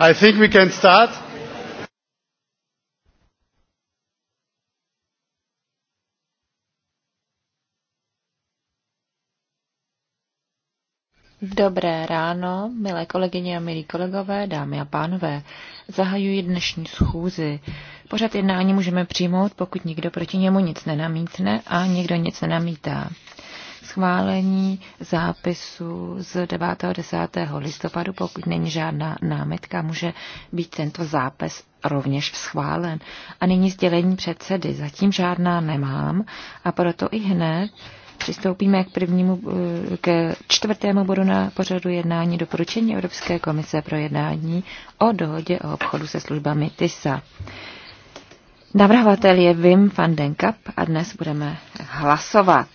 I think we can start. Dobré ráno, milé kolegyně a milí kolegové, dámy a pánové. Zahajuji dnešní schůzi. Pořád jednání můžeme přijmout, pokud nikdo proti němu nic nenamítne a nikdo nic nenamítá schválení zápisu z 9. 10. listopadu, pokud není žádná námitka, může být tento zápis rovněž schválen. A nyní sdělení předsedy. Zatím žádná nemám a proto i hned Přistoupíme k prvnímu, eh, k čtvrtému bodu na pořadu jednání doporučení Evropské komise pro jednání o dohodě o obchodu se službami TISA. Navrhovatel je Wim van den Kapp a dnes budeme hlasovat.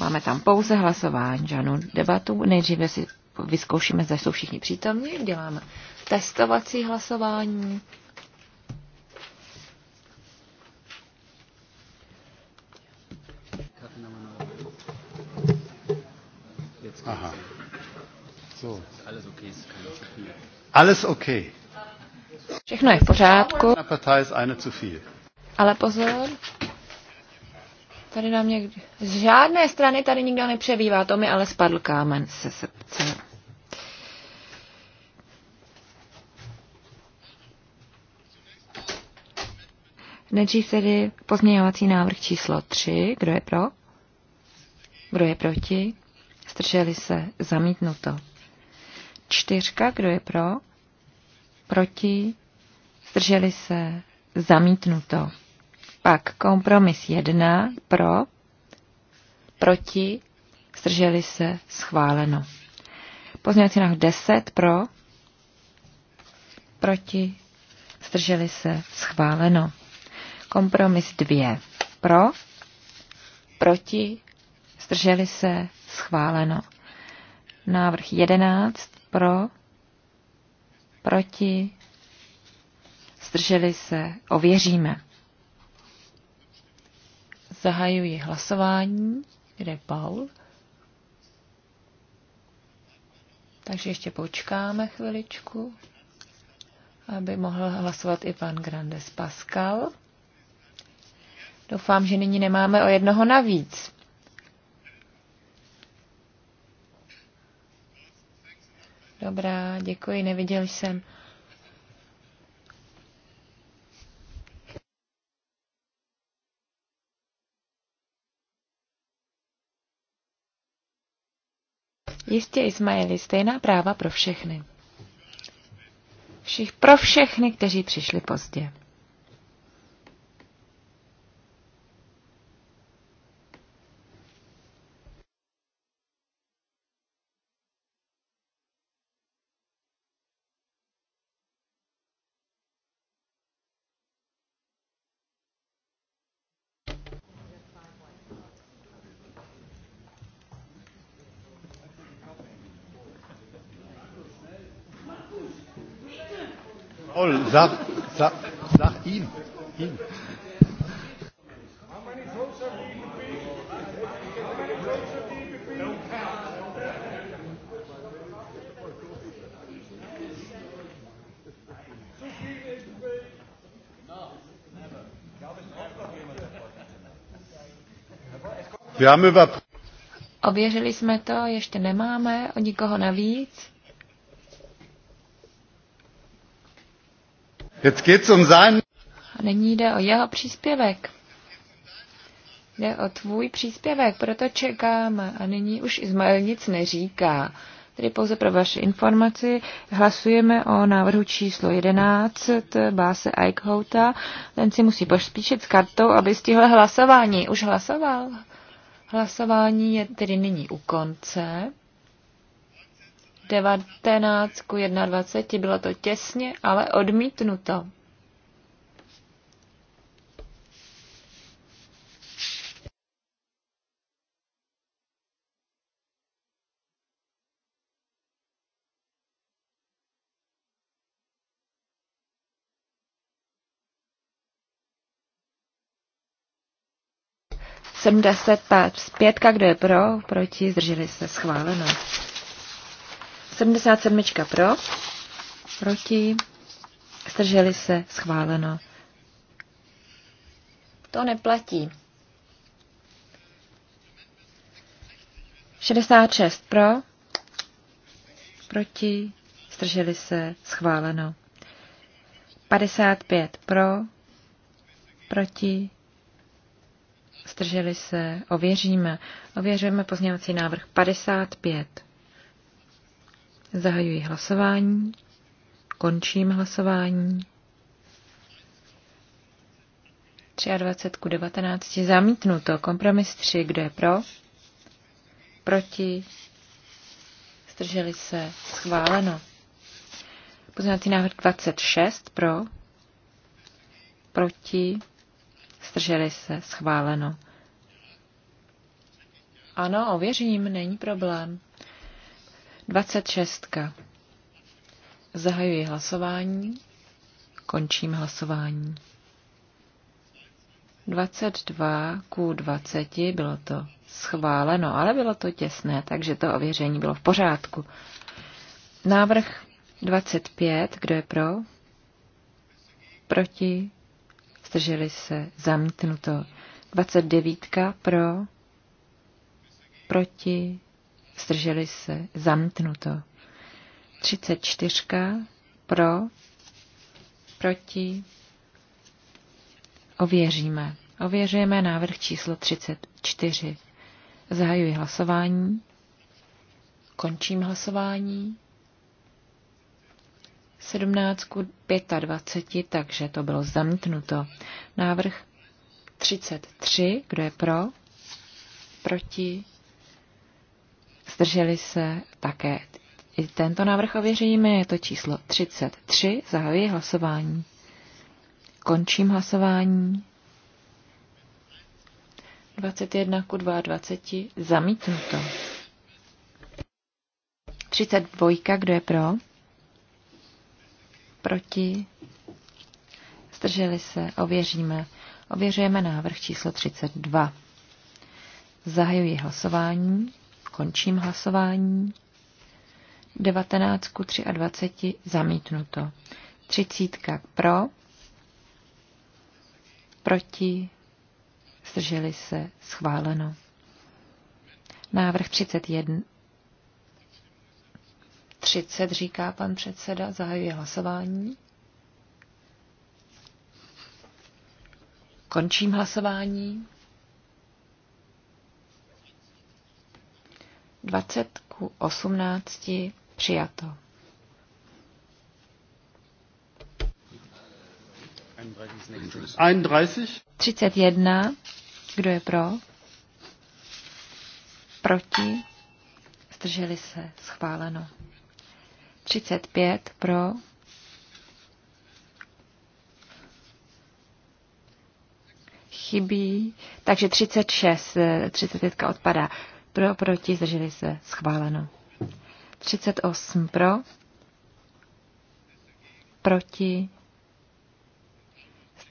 Máme tam pouze hlasování, žádnou debatu. Nejdříve si vyzkoušíme, zda jsou všichni přítomní. Děláme testovací hlasování. Aha. So. Alles okay. Všechno je v pořádku. Ale pozor, Tady nám někdo... Z žádné strany tady nikdo nepřebývá, to mi ale spadl kámen se srdce. Nejdřív tedy pozměňovací návrh číslo 3. Kdo je pro? Kdo je proti? Strželi se. Zamítnuto. Čtyřka. Kdo je pro? Proti? Strželi se. Zamítnuto. Pak kompromis jedna pro, proti, zdrželi se, schváleno. Pozměňovací návrh 10 pro, proti, zdrželi se, schváleno. Kompromis 2 pro, proti, zdrželi se, schváleno. Návrh 11 pro, proti, zdrželi se, ověříme. Zahajuji hlasování. Kde Paul? Takže ještě počkáme chviličku, aby mohl hlasovat i pan Grandes Pascal. Doufám, že nyní nemáme o jednoho navíc. Dobrá, děkuji, neviděl jsem. Jistě, Ismaili, stejná práva pro všechny. Všich, pro všechny, kteří přišli pozdě. Sag, sag, sag ihm. ihm. Ověřili jsme to, ještě nemáme o nikoho navíc. Jetzt geht's um sein... A nyní jde o jeho příspěvek. Jde o tvůj příspěvek, proto čekáme. A nyní už Izmael nic neříká. Tedy pouze pro vaši informaci hlasujeme o návrhu číslo 11 Báse Eichhouta. Ten si musí pospíšit s kartou, aby stihl hlasování. Už hlasoval. Hlasování je tedy nyní u konce. 19 ku 21. Bylo to těsně, ale odmítnuto. Sedmdeset pět, kdo je pro, proti, zdrželi se schváleno. 77 pro, proti, zdrželi se, schváleno. To neplatí. 66 pro, proti, zdrželi se, schváleno. 55 pro, proti, zdrželi se, ověříme. Ověřujeme pozněvací návrh 55. Zahajuji hlasování. Končím hlasování. 23 k 19 zamítnuto. Kompromis 3. Kdo je pro? Proti? Zdrželi se? Schváleno. Poznací návrh 26 pro? Proti? Zdrželi se? Schváleno. Ano, ověřím, není problém. 26. Zahajuji hlasování. Končím hlasování. 22 k 20 bylo to schváleno, ale bylo to těsné, takže to ověření bylo v pořádku. Návrh 25, kdo je pro? Proti? Zdrželi se zamítnuto. 29 pro? Proti? zdrželi se, zamknuto. 34 pro, proti, ověříme. Ověřujeme návrh číslo 34. Zahajuji hlasování. Končím hlasování. 17 k 25, takže to bylo zamítnuto. Návrh 33, kdo je pro? Proti? zdrželi se také. I tento návrh ověříme, je to číslo 33, zahajuji hlasování. Končím hlasování. 21 ku 22, zamítnuto. 32, kdo je pro? Proti? Zdrželi se, ověříme. Ověřujeme návrh číslo 32. Zahajuji hlasování. Končím hlasování. 19 ku 23 zamítnuto. 30 pro, proti, zdrželi se, schváleno. Návrh 31. 30, říká pan předseda, zahajuje hlasování. Končím hlasování. 20 ku 18 přijato. Třicet jedna. Kdo je pro? Proti? Zdrželi se. Schváleno. Třicet pět. pro. Chybí. Takže třicet 36. 35 eh, odpadá. Pro, proti, zdrželi se, schváleno. 38 pro, proti,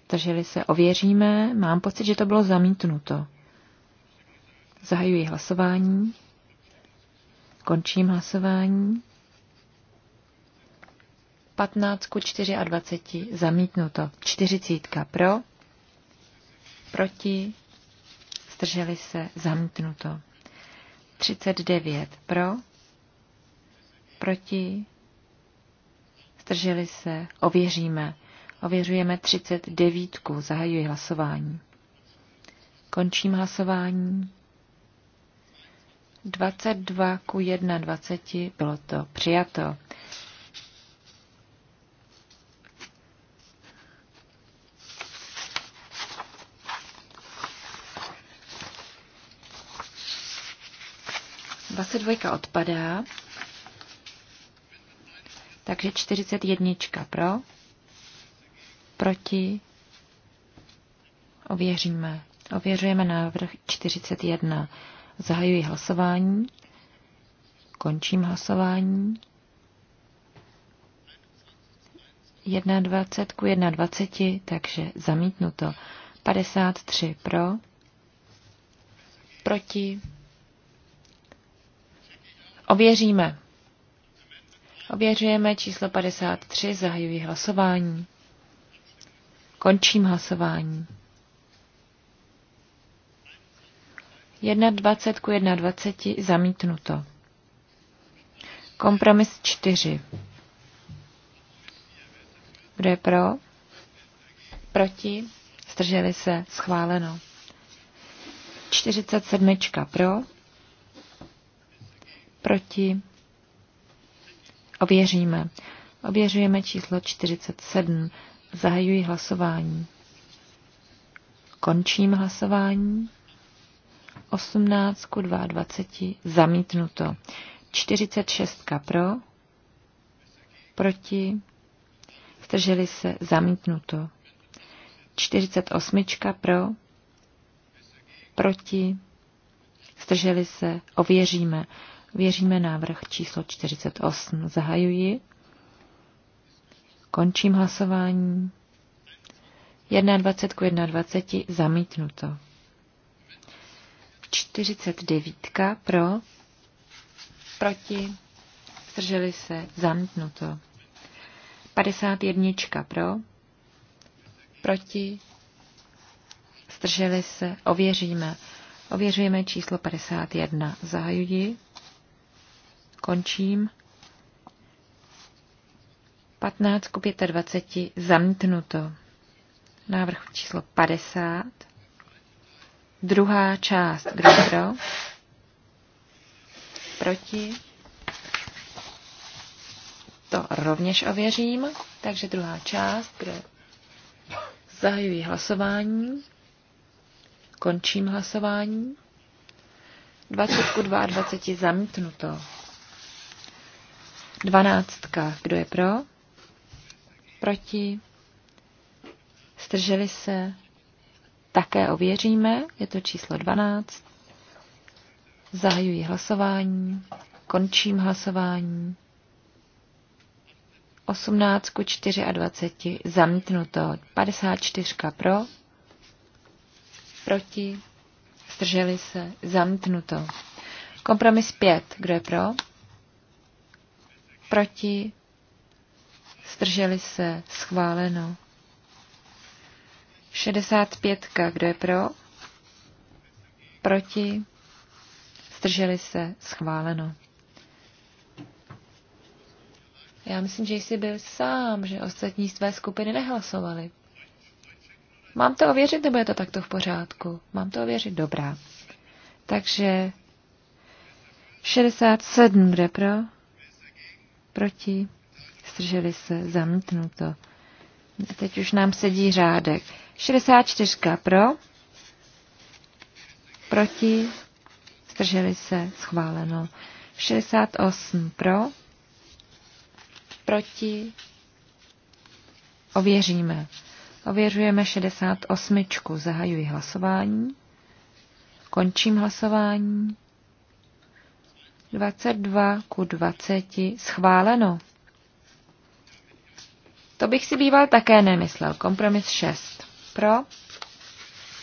zdrželi se, ověříme. Mám pocit, že to bylo zamítnuto. Zahajuji hlasování. Končím hlasování. 15 ku 24 zamítnuto. 40 pro, proti, zdrželi se, zamítnuto. 39 pro, proti, zdrželi se, ověříme. Ověřujeme 39. Zahajuji hlasování. Končím hlasování. 22 ku 21 bylo to přijato. dvojka odpadá. Takže 41 pro. Proti. Ověříme. Ověřujeme návrh 41. Zahajuji hlasování. Končím hlasování. 21 ku 21, takže zamítnuto. 53 pro, proti Ověříme. Ověřujeme číslo 53, zahajuji hlasování. Končím hlasování. 21 ku 21 zamítnuto. Kompromis 4. Kdo je pro? Proti? Zdrželi se? Schváleno. 47 pro? proti, ověříme. Ověřujeme číslo 47. Zahajuji hlasování. Končím hlasování. 18 ku 22 zamítnuto. 46 pro, proti, zdrželi se zamítnuto. 48 pro, proti, zdrželi se, ověříme. Věříme návrh číslo 48. Zahajuji. Končím hlasování. 21 k 21 zamítnuto. 49 pro, proti, zdrželi se, zamítnuto. 51 pro, proti, zdrželi se, ověříme. Ověřujeme číslo 51. Zahajuji. Končím. 15 ku 25 zamítnuto. Návrh číslo 50. Druhá část. Kdo pro? Proti? To rovněž ověřím. Takže druhá část, kdo zahajuji hlasování. Končím hlasování. 20 ku 22 zamítnuto. Dvanáctka. Kdo je pro? Proti? Strželi se? Také ověříme. Je to číslo 12. Zahajuji hlasování. Končím hlasování. 18 a 24 zamítnuto. 54 pro. Proti. Strželi se. Zamítnuto. Kompromis 5. Kdo je pro? proti, zdrželi se, schváleno. 65. Kdo je pro? Proti? Zdrželi se? Schváleno. Já myslím, že jsi byl sám, že ostatní z tvé skupiny nehlasovali. Mám to ověřit, nebo je to takto v pořádku? Mám to ověřit? Dobrá. Takže 67, kde pro? proti, strželi se, zamítnuto. Teď už nám sedí řádek. 64 pro, proti, strželi se, schváleno. 68 pro, proti, ověříme. Ověřujeme 68. Zahajuji hlasování. Končím hlasování. 22 ku 20 schváleno. To bych si býval také nemyslel. Kompromis 6. Pro,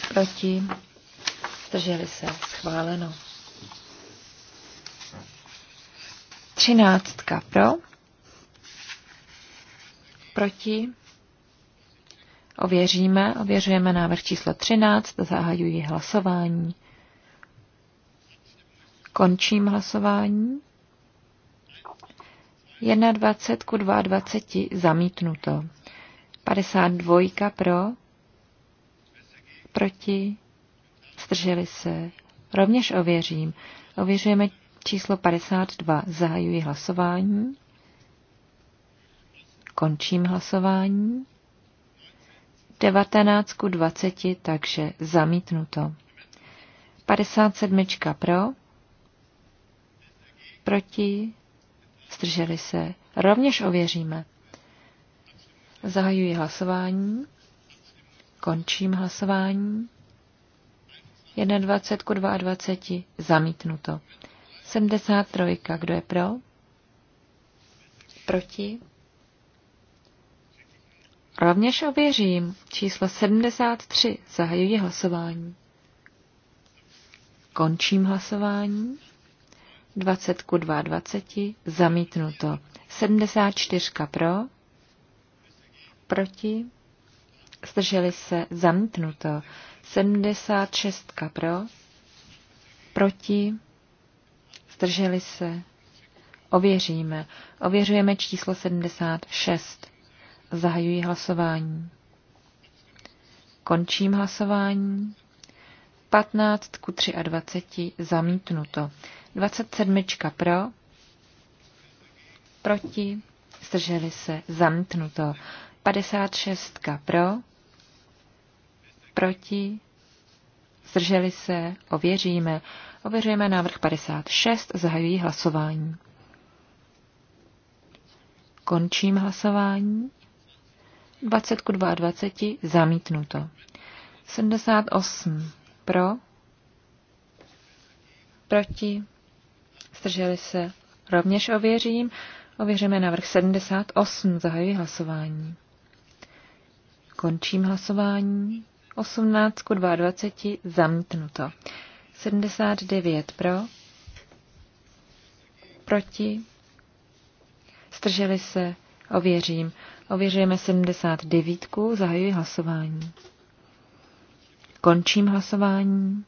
proti, zdrželi se, schváleno. 13 pro, proti, ověříme, ověřujeme návrh číslo 13, zahajuji hlasování. Končím hlasování. 21 ku 22 zamítnuto. 52 pro, proti, zdrželi se. Rovněž ověřím. Ověřujeme číslo 52. Zahajuji hlasování. Končím hlasování. 19 ku 20, takže zamítnuto. 57 pro, Proti? Zdrželi se. Rovněž ověříme. Zahajuji hlasování. Končím hlasování. 21 ku 22. Zamítnuto. 73. Kdo je pro? Proti? Rovněž ověřím. Číslo 73. Zahajuji hlasování. Končím hlasování. 20 ku 22, zamítnuto. 74 pro, proti, zdrželi se, zamítnuto. 76 pro, proti, zdrželi se, ověříme. Ověřujeme číslo 76. Zahajuji hlasování. Končím hlasování. 15 ku 23 zamítnuto. 27 pro, proti, zdrželi se, zamítnuto. 56 pro, proti, zdrželi se, ověříme. Ověřujeme návrh 56, zahajují hlasování. Končím hlasování. 20 k 22, zamítnuto. 78 pro, proti, zdrželi se, rovněž ověřím. Ověříme návrh 78, zahajuji hlasování. Končím hlasování. 18 k 22 zamítnuto. 79 pro, proti, Strželi se, ověřím. Ověřujeme 79, zahajuji hlasování. Končím hlasování.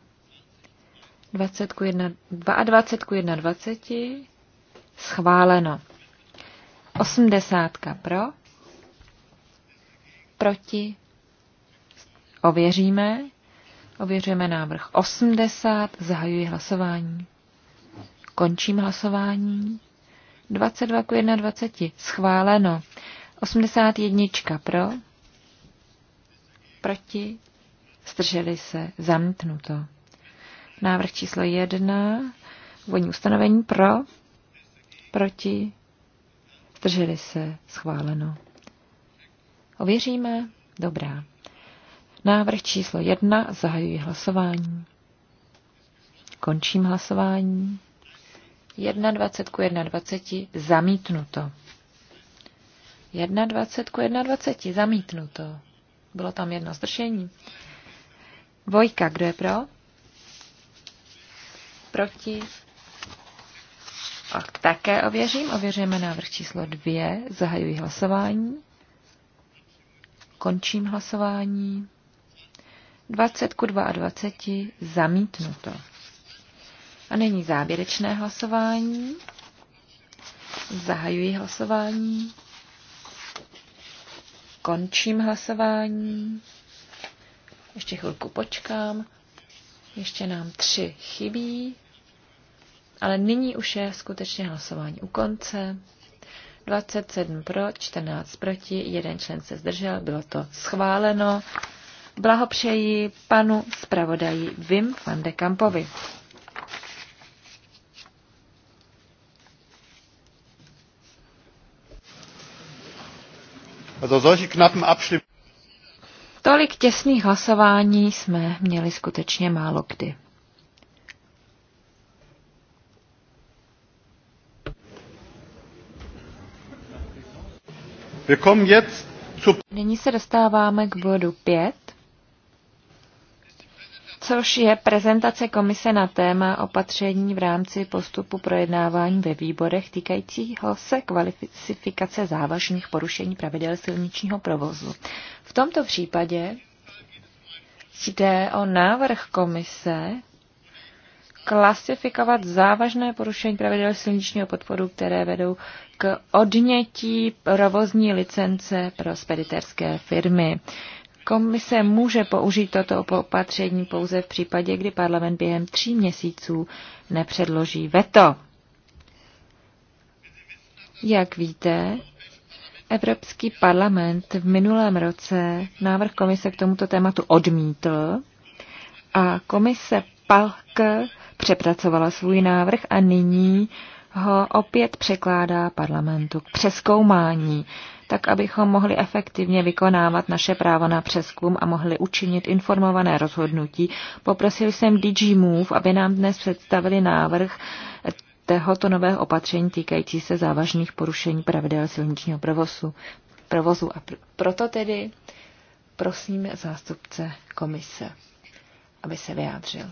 21, 22 schváleno. 80 pro, proti, ověříme, ověřujeme návrh 80, zahajuji hlasování. Končím hlasování. 22 k 21, schváleno. 81 pro, proti, strželi se, zamítnuto. Návrh číslo jedna. vodní ustanovení pro, proti, zdrželi se, schváleno. Ověříme? Dobrá. Návrh číslo jedna. zahajuji hlasování. Končím hlasování. 21 ku 21, zamítnuto. 21 ku 21, zamítnuto. Bylo tam jedno zdržení. Vojka, kdo je pro? proti. A také ověřím. Ověřujeme návrh číslo dvě. Zahajuji hlasování. Končím hlasování. 20 ku 22 zamítnuto. A není závěrečné hlasování. Zahajuji hlasování. Končím hlasování. Ještě chvilku počkám. Ještě nám tři chybí. Ale nyní už je skutečně hlasování u konce. 27 pro, 14 proti, jeden člen se zdržel, bylo to schváleno. Blahopřeji panu zpravodaji Vim van de Kampovi. Tolik těsných hlasování jsme měli skutečně málo kdy. Nyní se dostáváme k bodu 5, což je prezentace komise na téma opatření v rámci postupu projednávání ve výborech týkajícího se kvalifikace závažných porušení pravidel silničního provozu. V tomto případě jde o návrh komise klasifikovat závažné porušení pravidel silničního podporu, které vedou k odnětí provozní licence pro spediterské firmy. Komise může použít toto opatření pouze v případě, kdy parlament během tří měsíců nepředloží veto. Jak víte, Evropský parlament v minulém roce návrh komise k tomuto tématu odmítl a komise pak přepracovala svůj návrh a nyní ho opět překládá parlamentu k přeskoumání, tak abychom mohli efektivně vykonávat naše právo na přeskum a mohli učinit informované rozhodnutí. Poprosil jsem DG Move, aby nám dnes představili návrh tohoto nového opatření týkající se závažných porušení pravidel silničního provozu. provozu. A pr- proto tedy prosím zástupce komise, aby se vyjádřil.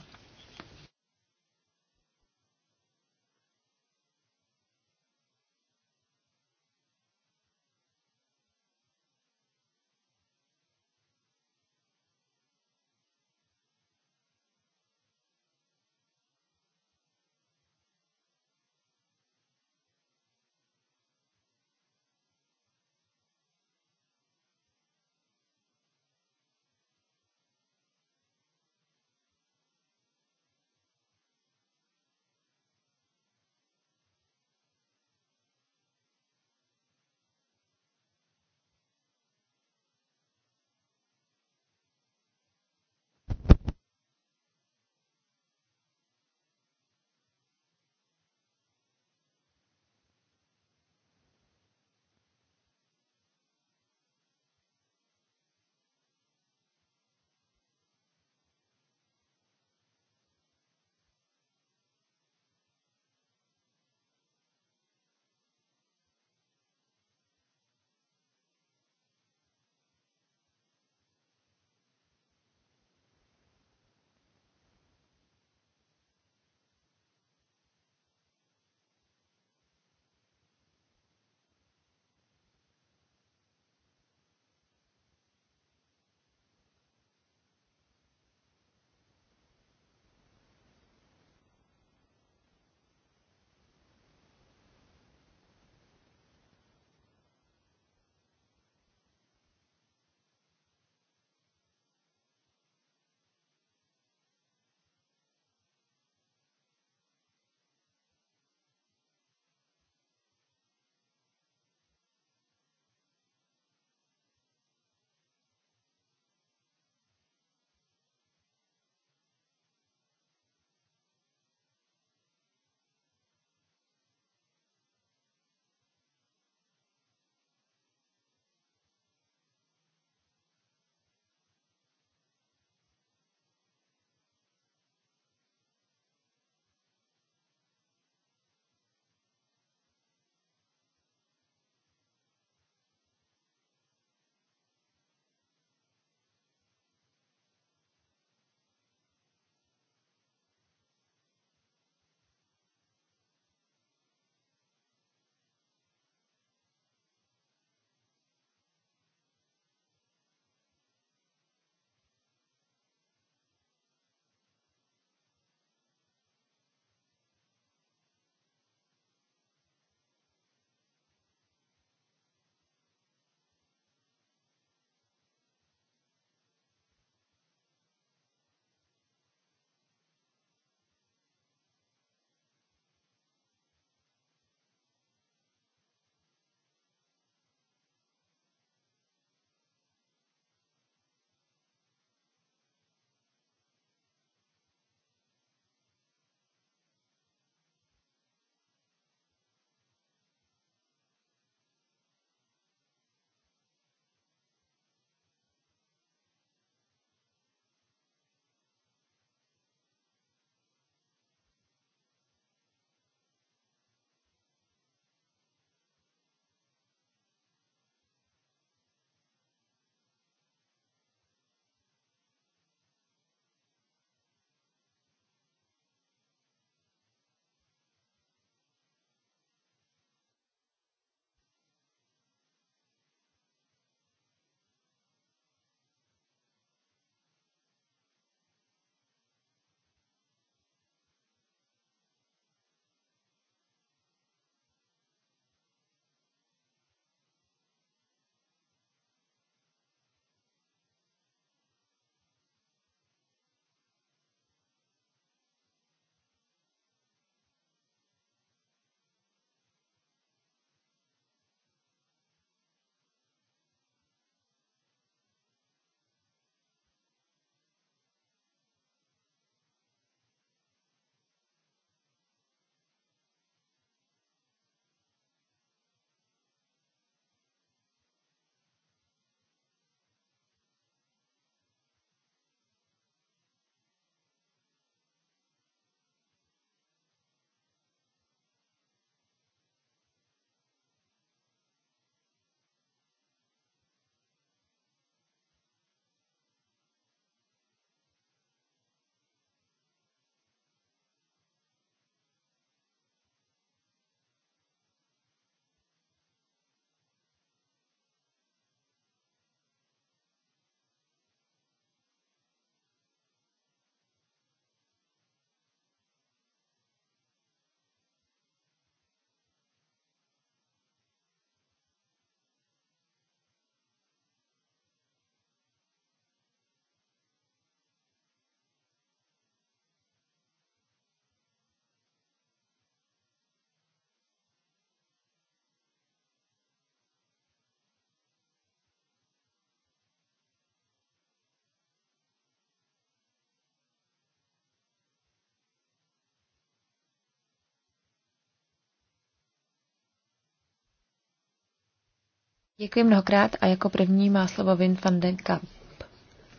Děkuji mnohokrát a jako první má slovo Wim van den Kamp.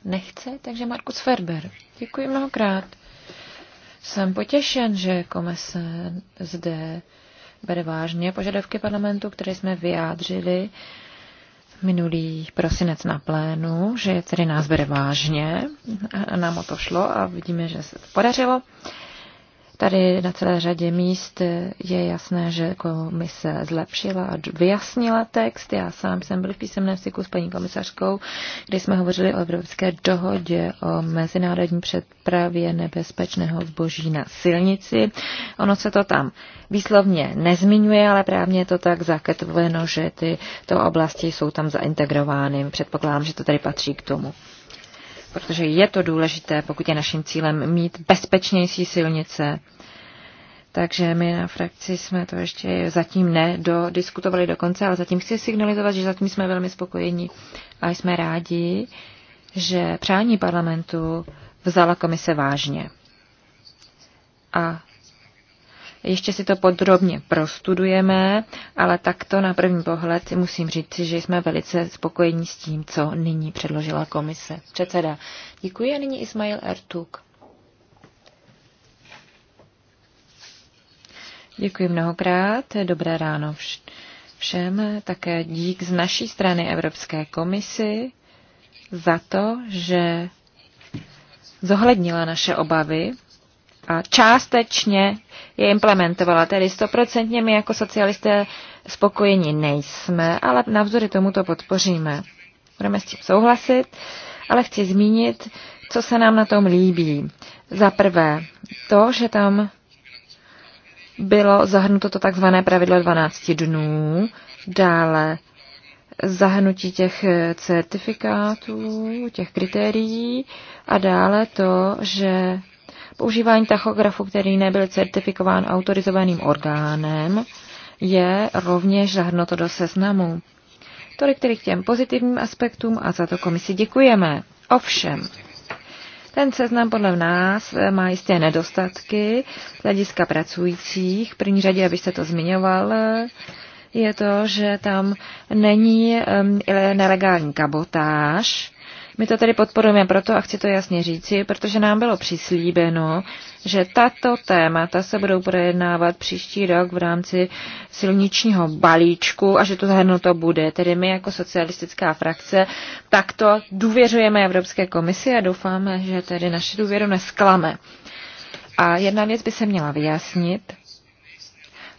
Nechce, takže Markus Ferber. Děkuji mnohokrát. Jsem potěšen, že komise zde bere vážně požadavky parlamentu, které jsme vyjádřili minulý prosinec na plénu, že tedy nás bere vážně a nám o to šlo a vidíme, že se to podařilo. Uh, Tady na celé řadě míst je jasné, že komise zlepšila a vyjasnila text. Já sám jsem byl v písemném styku s paní komisařkou, kdy jsme hovořili o Evropské dohodě o mezinárodní přepravě nebezpečného zboží na silnici. Ono se to tam výslovně nezmiňuje, ale právně je to tak zakotveno, že ty to oblasti jsou tam zaintegrovány. Předpokládám, že to tady patří k tomu protože je to důležité, pokud je naším cílem mít bezpečnější silnice. Takže my na frakci jsme to ještě zatím do dokonce, ale zatím chci signalizovat, že zatím jsme velmi spokojeni a jsme rádi, že přání parlamentu vzala komise vážně. A ještě si to podrobně prostudujeme, ale takto na první pohled musím říct, že jsme velice spokojení s tím, co nyní předložila komise. Předseda, děkuji a nyní Ismail Ertuk. Děkuji mnohokrát, dobré ráno všem, také dík z naší strany Evropské komisi za to, že zohlednila naše obavy a částečně je implementovala. Tedy stoprocentně my jako socialisté spokojeni nejsme, ale navzory tomu to podpoříme. Budeme s tím souhlasit, ale chci zmínit, co se nám na tom líbí. Za prvé, to, že tam bylo zahrnuto to takzvané pravidlo 12 dnů, dále zahrnutí těch certifikátů, těch kritérií a dále to, že Používání tachografu, který nebyl certifikován autorizovaným orgánem, je rovněž zahrnuto do seznamu. Tolik tedy k těm pozitivním aspektům a za to komisi děkujeme. Ovšem, ten seznam podle nás má jisté nedostatky z hlediska pracujících. V první řadě, abyste to zmiňoval, je to, že tam není um, nelegální kabotáž, my to tedy podporujeme proto, a chci to jasně říci, protože nám bylo přislíbeno, že tato témata se budou projednávat příští rok v rámci silničního balíčku a že to zahrnuto bude. Tedy my jako socialistická frakce takto důvěřujeme Evropské komisi a doufáme, že tedy naši důvěru nesklame. A jedna věc by se měla vyjasnit,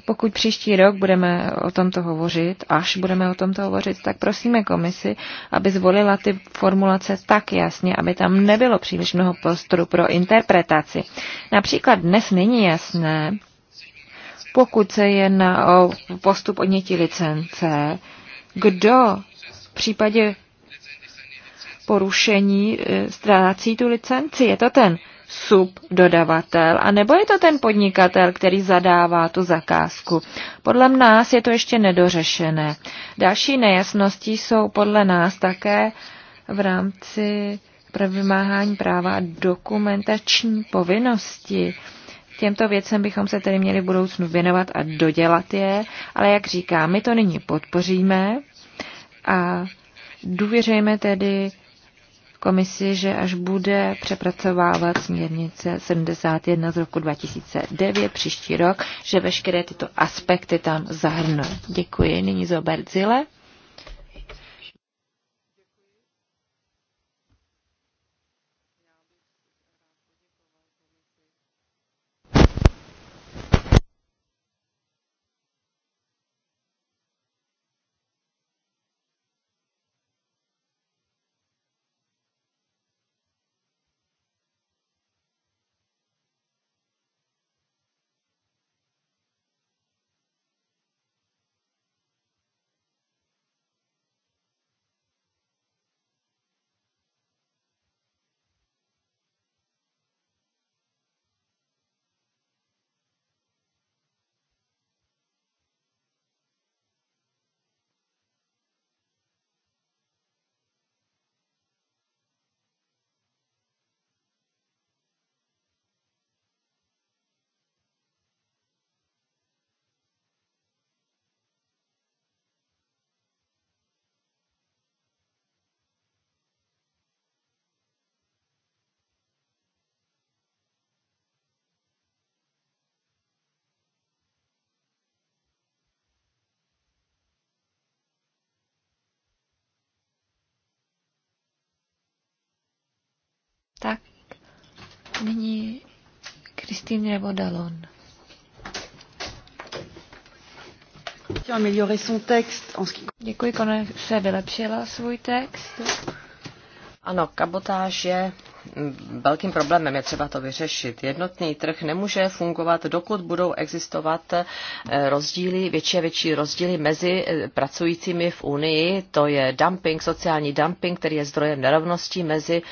pokud příští rok budeme o tomto hovořit, až budeme o tomto hovořit, tak prosíme komisi, aby zvolila ty formulace tak jasně, aby tam nebylo příliš mnoho prostoru pro interpretaci. Například dnes není jasné, pokud se jedná o postup odnětí licence, kdo v případě porušení eh, ztrácí tu licenci. Je to ten subdodavatel, a nebo je to ten podnikatel, který zadává tu zakázku. Podle nás je to ještě nedořešené. Další nejasnosti jsou podle nás také v rámci pro vymáhání práva a dokumentační povinnosti. Těmto věcem bychom se tedy měli v budoucnu věnovat a dodělat je, ale jak říkám, my to nyní podpoříme a důvěřujeme tedy komisi, že až bude přepracovávat směrnice 71 z roku 2009 příští rok, že veškeré tyto aspekty tam zahrnou. Děkuji. Nyní Zobert Zile. Nyní Kristýn nebo Dalon. Děkuji, konec se vylepšila svůj text. Ano, kabotáž je velkým problémem, je třeba to vyřešit. Jednotný trh nemůže fungovat, dokud budou existovat eh, rozdíly, větší a větší rozdíly mezi eh, pracujícími v Unii. To je dumping, sociální dumping, který je zdrojem nerovností mezi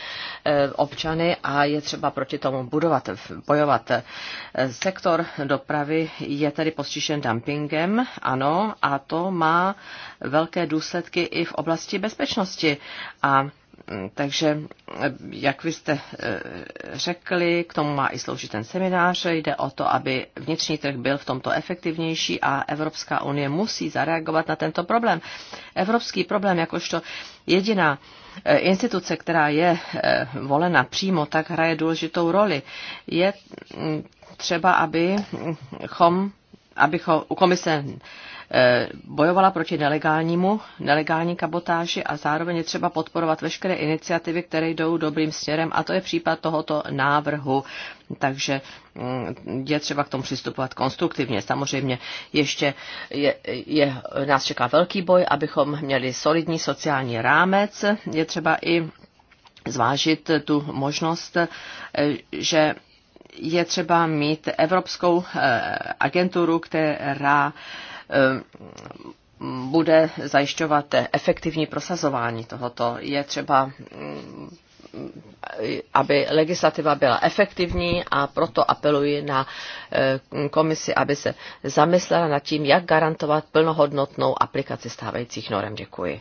eh, občany a je třeba proti tomu budovat, bojovat. Sektor dopravy je tedy postižen dumpingem, ano, a to má velké důsledky i v oblasti bezpečnosti. A Mm, takže, eh, jak vy jste eh, řekli, k tomu má i sloužit ten seminář. Jde o to, aby vnitřní trh byl v tomto efektivnější a Evropská unie musí zareagovat na tento problém. Evropský problém, jakožto jediná eh, instituce, která je volena přímo, tak hraje důležitou roli. Je mm, třeba, abychom, abychom u komise Eh, bojovala proti nelegálnímu, nelegální kabotáži a zároveň je třeba podporovat veškeré iniciativy, které jdou dobrým směrem a to je případ tohoto návrhu. Takže mm, je třeba k tomu přistupovat konstruktivně. Samozřejmě ještě je, je, nás čeká velký boj, abychom měli solidní sociální rámec. Je třeba i zvážit tu možnost, eh, že je třeba mít Evropskou eh, agenturu, která Eh, bude zajišťovat efektivní prosazování tohoto. Je třeba mm, aby legislativa byla efektivní a proto apeluji na eh, komisi, aby se zamyslela nad tím, jak garantovat plnohodnotnou aplikaci stávajících norem. Děkuji.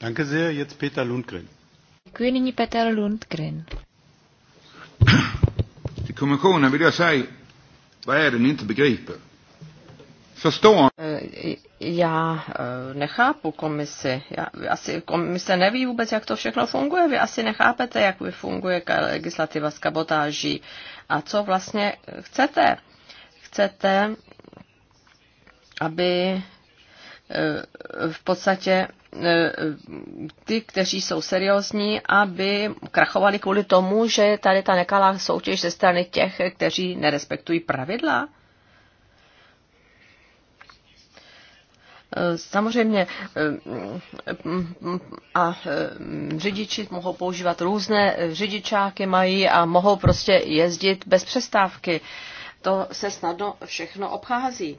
Danke sehr, jetzt Peter Lundgren. Děkuji, nyní Peter Lundgren. Till kommissionen vill jag Vad är det ni inte begriper? Förstår eh, Já eh, nechápu komisi. Já, asi komise neví vůbec, jak to všechno funguje. Vy asi nechápete, jak funguje legislativa s kabotáží a co vlastně chcete. Chcete, aby eh, v podstatě E, ty, kteří jsou seriózní, aby krachovali kvůli tomu, že tady ta nekalá soutěž ze strany těch, kteří nerespektují pravidla? E, samozřejmě e, a řidiči mohou používat různé řidičáky mají a mohou prostě jezdit bez přestávky. To se snadno všechno obchází.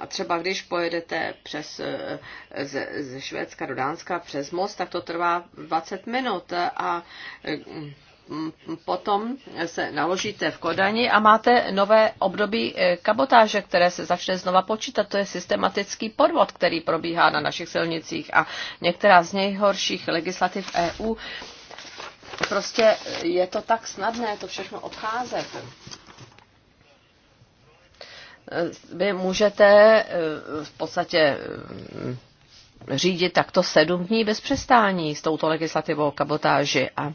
A třeba když pojedete přes, e, ze, ze Švédska do Dánska přes most, tak to trvá 20 minut a e, potom se naložíte v Kodani a máte nové období e, kabotáže, které se začne znova počítat. To je systematický podvod, který probíhá na našich silnicích a některá z nejhorších legislativ EU. Prostě je to tak snadné to všechno obcházet. Eh, vy můžete eh, v podstatě eh, řídit takto sedm dní bez přestání s touto legislativou kabotáži. A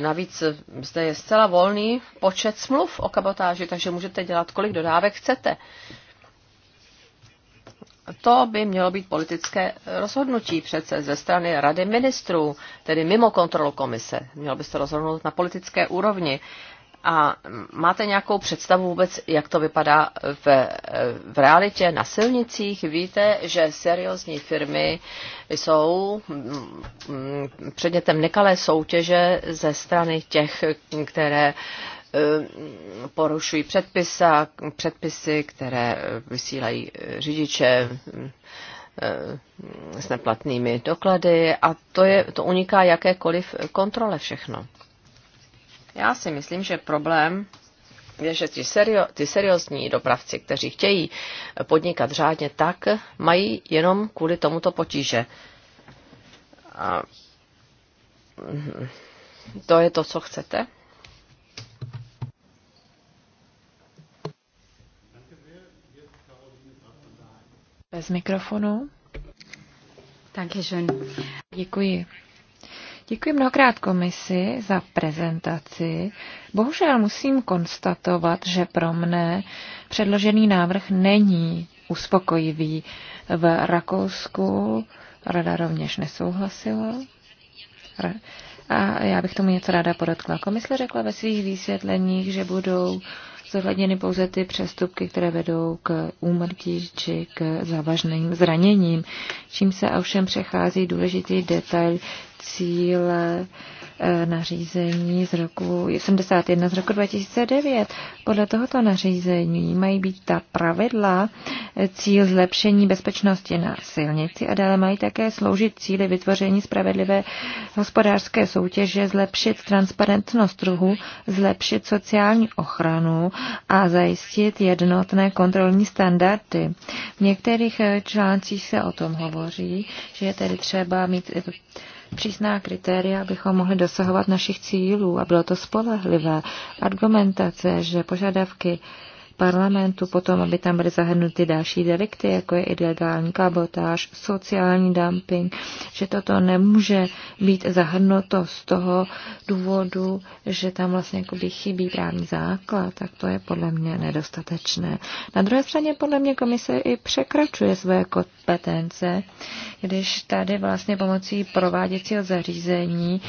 navíc zde je zcela volný počet smluv o kabotáži, takže můžete dělat, kolik dodávek chcete. To by mělo být politické rozhodnutí přece ze strany Rady ministrů, tedy mimo kontrolu komise. Mělo by se rozhodnout na politické úrovni. A máte nějakou představu vůbec, jak to vypadá v, v realitě na silnicích? Víte, že seriózní firmy jsou mm, mm, předmětem nekalé soutěže ze strany těch, které mm, porušují předpisa, předpisy, které vysílají řidiče s neplatnými doklady a to, je, to uniká jakékoliv kontrole všechno. Já si myslím, že problém je, že ti, serio, ty seriózní dopravci, kteří chtějí podnikat řádně, tak mají jenom kvůli tomuto potíže. A mm, to je to, co chcete? Bez mikrofonu. Takže děkuji. Děkuji mnohokrát komisi za prezentaci. Bohužel musím konstatovat, že pro mne předložený návrh není uspokojivý. V Rakousku rada rovněž nesouhlasila. A já bych tomu něco ráda podotkla. Komise řekla ve svých vysvětleních, že budou zohledněny pouze ty přestupky, které vedou k úmrtí či k závažným zraněním, čím se ovšem přechází důležitý detail cíle eh, nařízení z roku 71 z roku 2009. Podle tohoto nařízení mají být ta pravidla eh, cíl zlepšení bezpečnosti na silnici a dále mají také sloužit cíli vytvoření spravedlivé hospodářské soutěže, zlepšit transparentnost trhu, zlepšit sociální ochranu a zajistit jednotné kontrolní standardy. V některých eh, článcích se o tom hovoří, že je tedy třeba mít přísná kritéria, abychom mohli dosahovat našich cílů a bylo to spolehlivé. Argumentace, že požadavky parlamentu, potom, aby tam byly zahrnuty další delikty, jako je ilegální kabotáž, sociální dumping, že toto nemůže být zahrnuto z toho důvodu, že tam vlastně chybí právní základ, tak to je podle mě nedostatečné. Na druhé straně podle mě komise i překračuje své kompetence, když tady vlastně pomocí prováděcího zařízení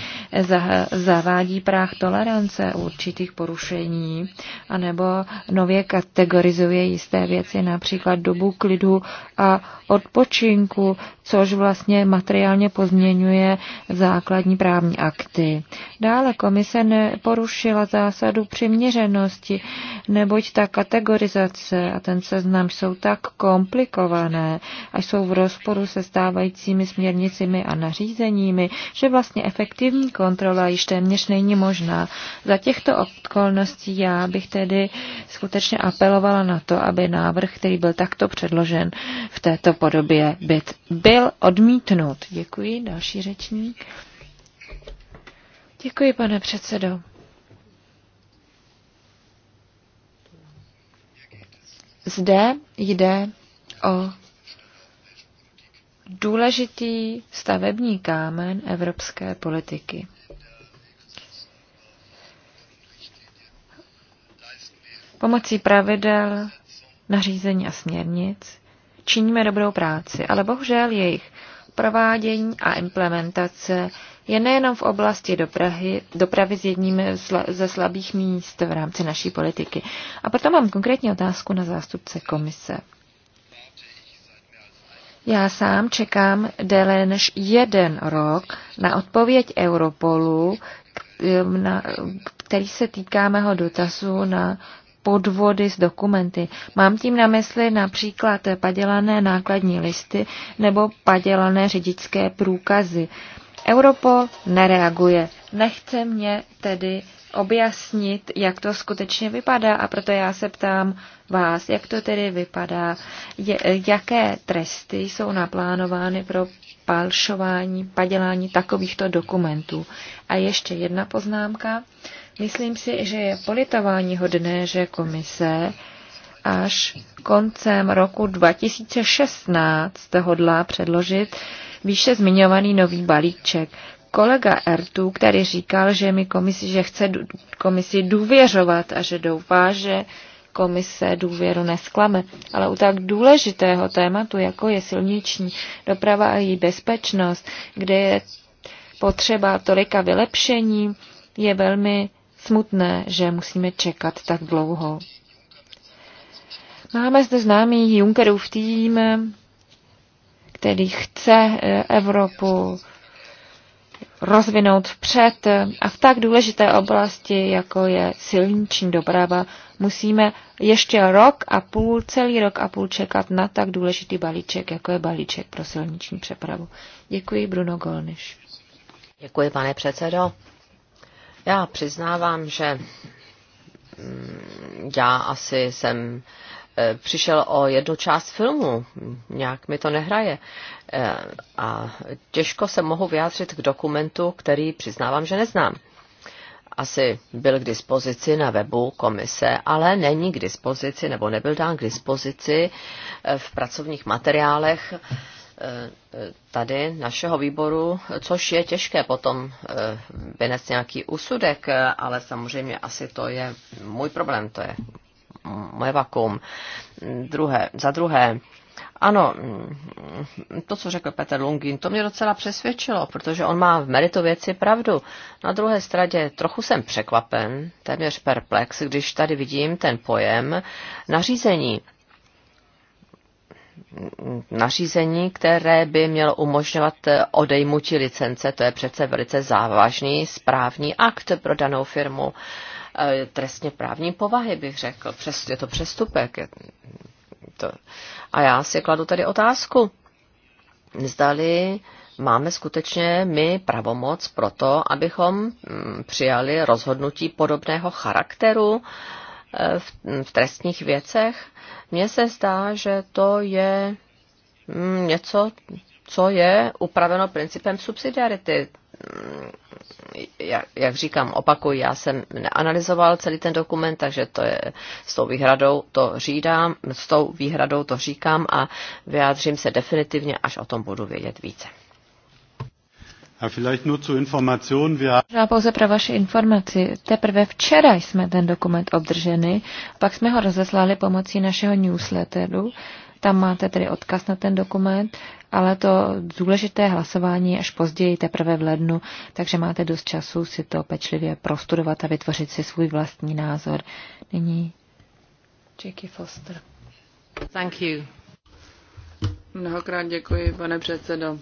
zavádí práh tolerance určitých porušení, anebo nově kategorizuje jisté věci, například dobu klidu a odpočinku, což vlastně materiálně pozměňuje základní právní akty. Dále komise neporušila zásadu přiměřenosti, neboť ta kategorizace a ten seznam jsou tak komplikované a jsou v rozporu se stávajícími směrnicemi a nařízeními, že vlastně efektivní kontrola již téměř není možná. Za těchto okolností já bych tedy skutečně apelovala na to, aby návrh, který byl takto předložen v této podobě, byt, byl odmítnut. Děkuji. Další řečník. Děkuji, pane předsedo. Zde jde o důležitý stavební kámen evropské politiky. Pomocí pravidel, nařízení a směrnic činíme dobrou práci, ale bohužel jejich provádění a implementace je nejenom v oblasti dopravy, dopravy s jedním ze slabých míst v rámci naší politiky. A proto mám konkrétní otázku na zástupce komise. Já sám čekám déle než jeden rok na odpověď Europolu, který se týká mého dotazu na podvody s dokumenty. Mám tím na mysli například padělané nákladní listy nebo padělané řidičské průkazy. Europol nereaguje. Nechce mě tedy objasnit, jak to skutečně vypadá a proto já se ptám vás, jak to tedy vypadá, je, jaké tresty jsou naplánovány pro palšování, padělání takovýchto dokumentů. A ještě jedna poznámka. Myslím si, že je politování hodné, že komise až koncem roku 2016 hodlá předložit výše zmiňovaný nový balíček. Kolega Ertu, který říkal, že mi komisi, že chce komisi důvěřovat a že doufá, že komise důvěru nesklame. Ale u tak důležitého tématu, jako je silniční doprava a její bezpečnost, kde je potřeba tolika vylepšení, je velmi smutné, že musíme čekat tak dlouho. Máme zde známý Junckerův tým, který chce eh, Evropu rozvinout vpřed eh, a v tak důležité oblasti, jako je silniční doprava, musíme ještě rok a půl, celý rok a půl čekat na tak důležitý balíček, jako je balíček pro silniční přepravu. Děkuji, Bruno Golniš. Děkuji, pane předsedo. Já přiznávám, že mm, já asi jsem e, přišel o jednu část filmu, nějak mi to nehraje. E, a těžko se mohu vyjádřit k dokumentu, který přiznávám, že neznám. Asi byl k dispozici na webu komise, ale není k dispozici, nebo nebyl dán k dispozici e, v pracovních materiálech tady našeho výboru, což je těžké potom eh, vynést nějaký úsudek, ale samozřejmě asi to je můj problém, to je moje vakuum. Druhé, za druhé, ano, to, co řekl Petr Lungin, to mě docela přesvědčilo, protože on má v meritu věci pravdu. Na druhé straně trochu jsem překvapen, téměř perplex, když tady vidím ten pojem nařízení nařízení, které by mělo umožňovat eh, odejmutí licence. To je přece velice závažný správní akt pro danou firmu eh, trestně právní povahy, bych řekl. je to přestupek. A já si kladu tady otázku. Zdali máme skutečně my pravomoc pro to, abychom mm, přijali rozhodnutí podobného charakteru eh, v trestních věcech? Mně se zdá, že to je mm, něco, co je upraveno principem subsidiarity. Mm, jak, jak říkám, opakuji, já jsem neanalyzoval celý ten dokument, takže to je s tou výhradou to řídám, s tou výhradou to říkám a vyjádřím se definitivně, až o tom budu vědět více. Možná pouze pro vaši informaci. Teprve včera jsme ten dokument obdrženi, pak jsme ho rozeslali pomocí našeho newsletteru. Tam máte tedy odkaz na ten dokument, ale to důležité hlasování až později, teprve v lednu, takže máte dost času si to pečlivě prostudovat a vytvořit si svůj vlastní názor. Nyní Jackie Foster. Thank you. Mnohokrát děkuji, pane předsedo.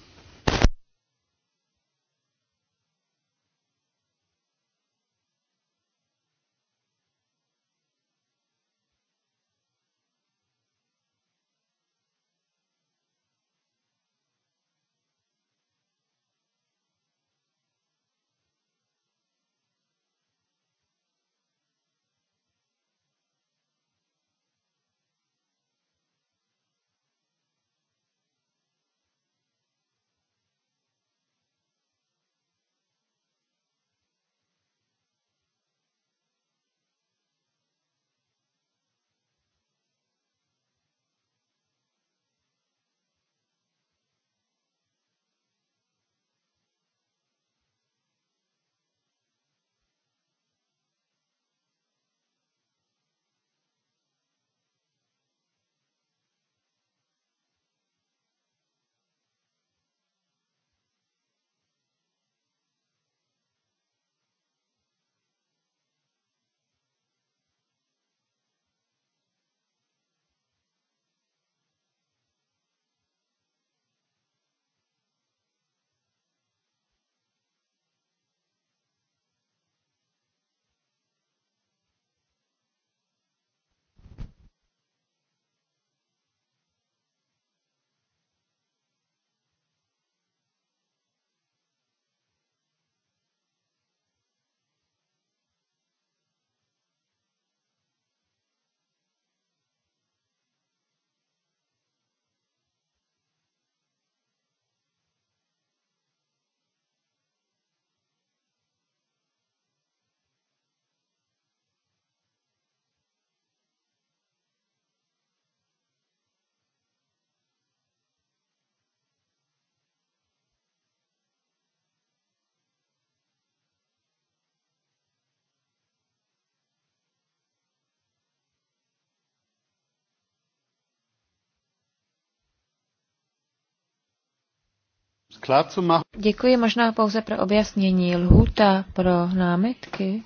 Děkuji možná pouze pro objasnění. Lhuta pro námitky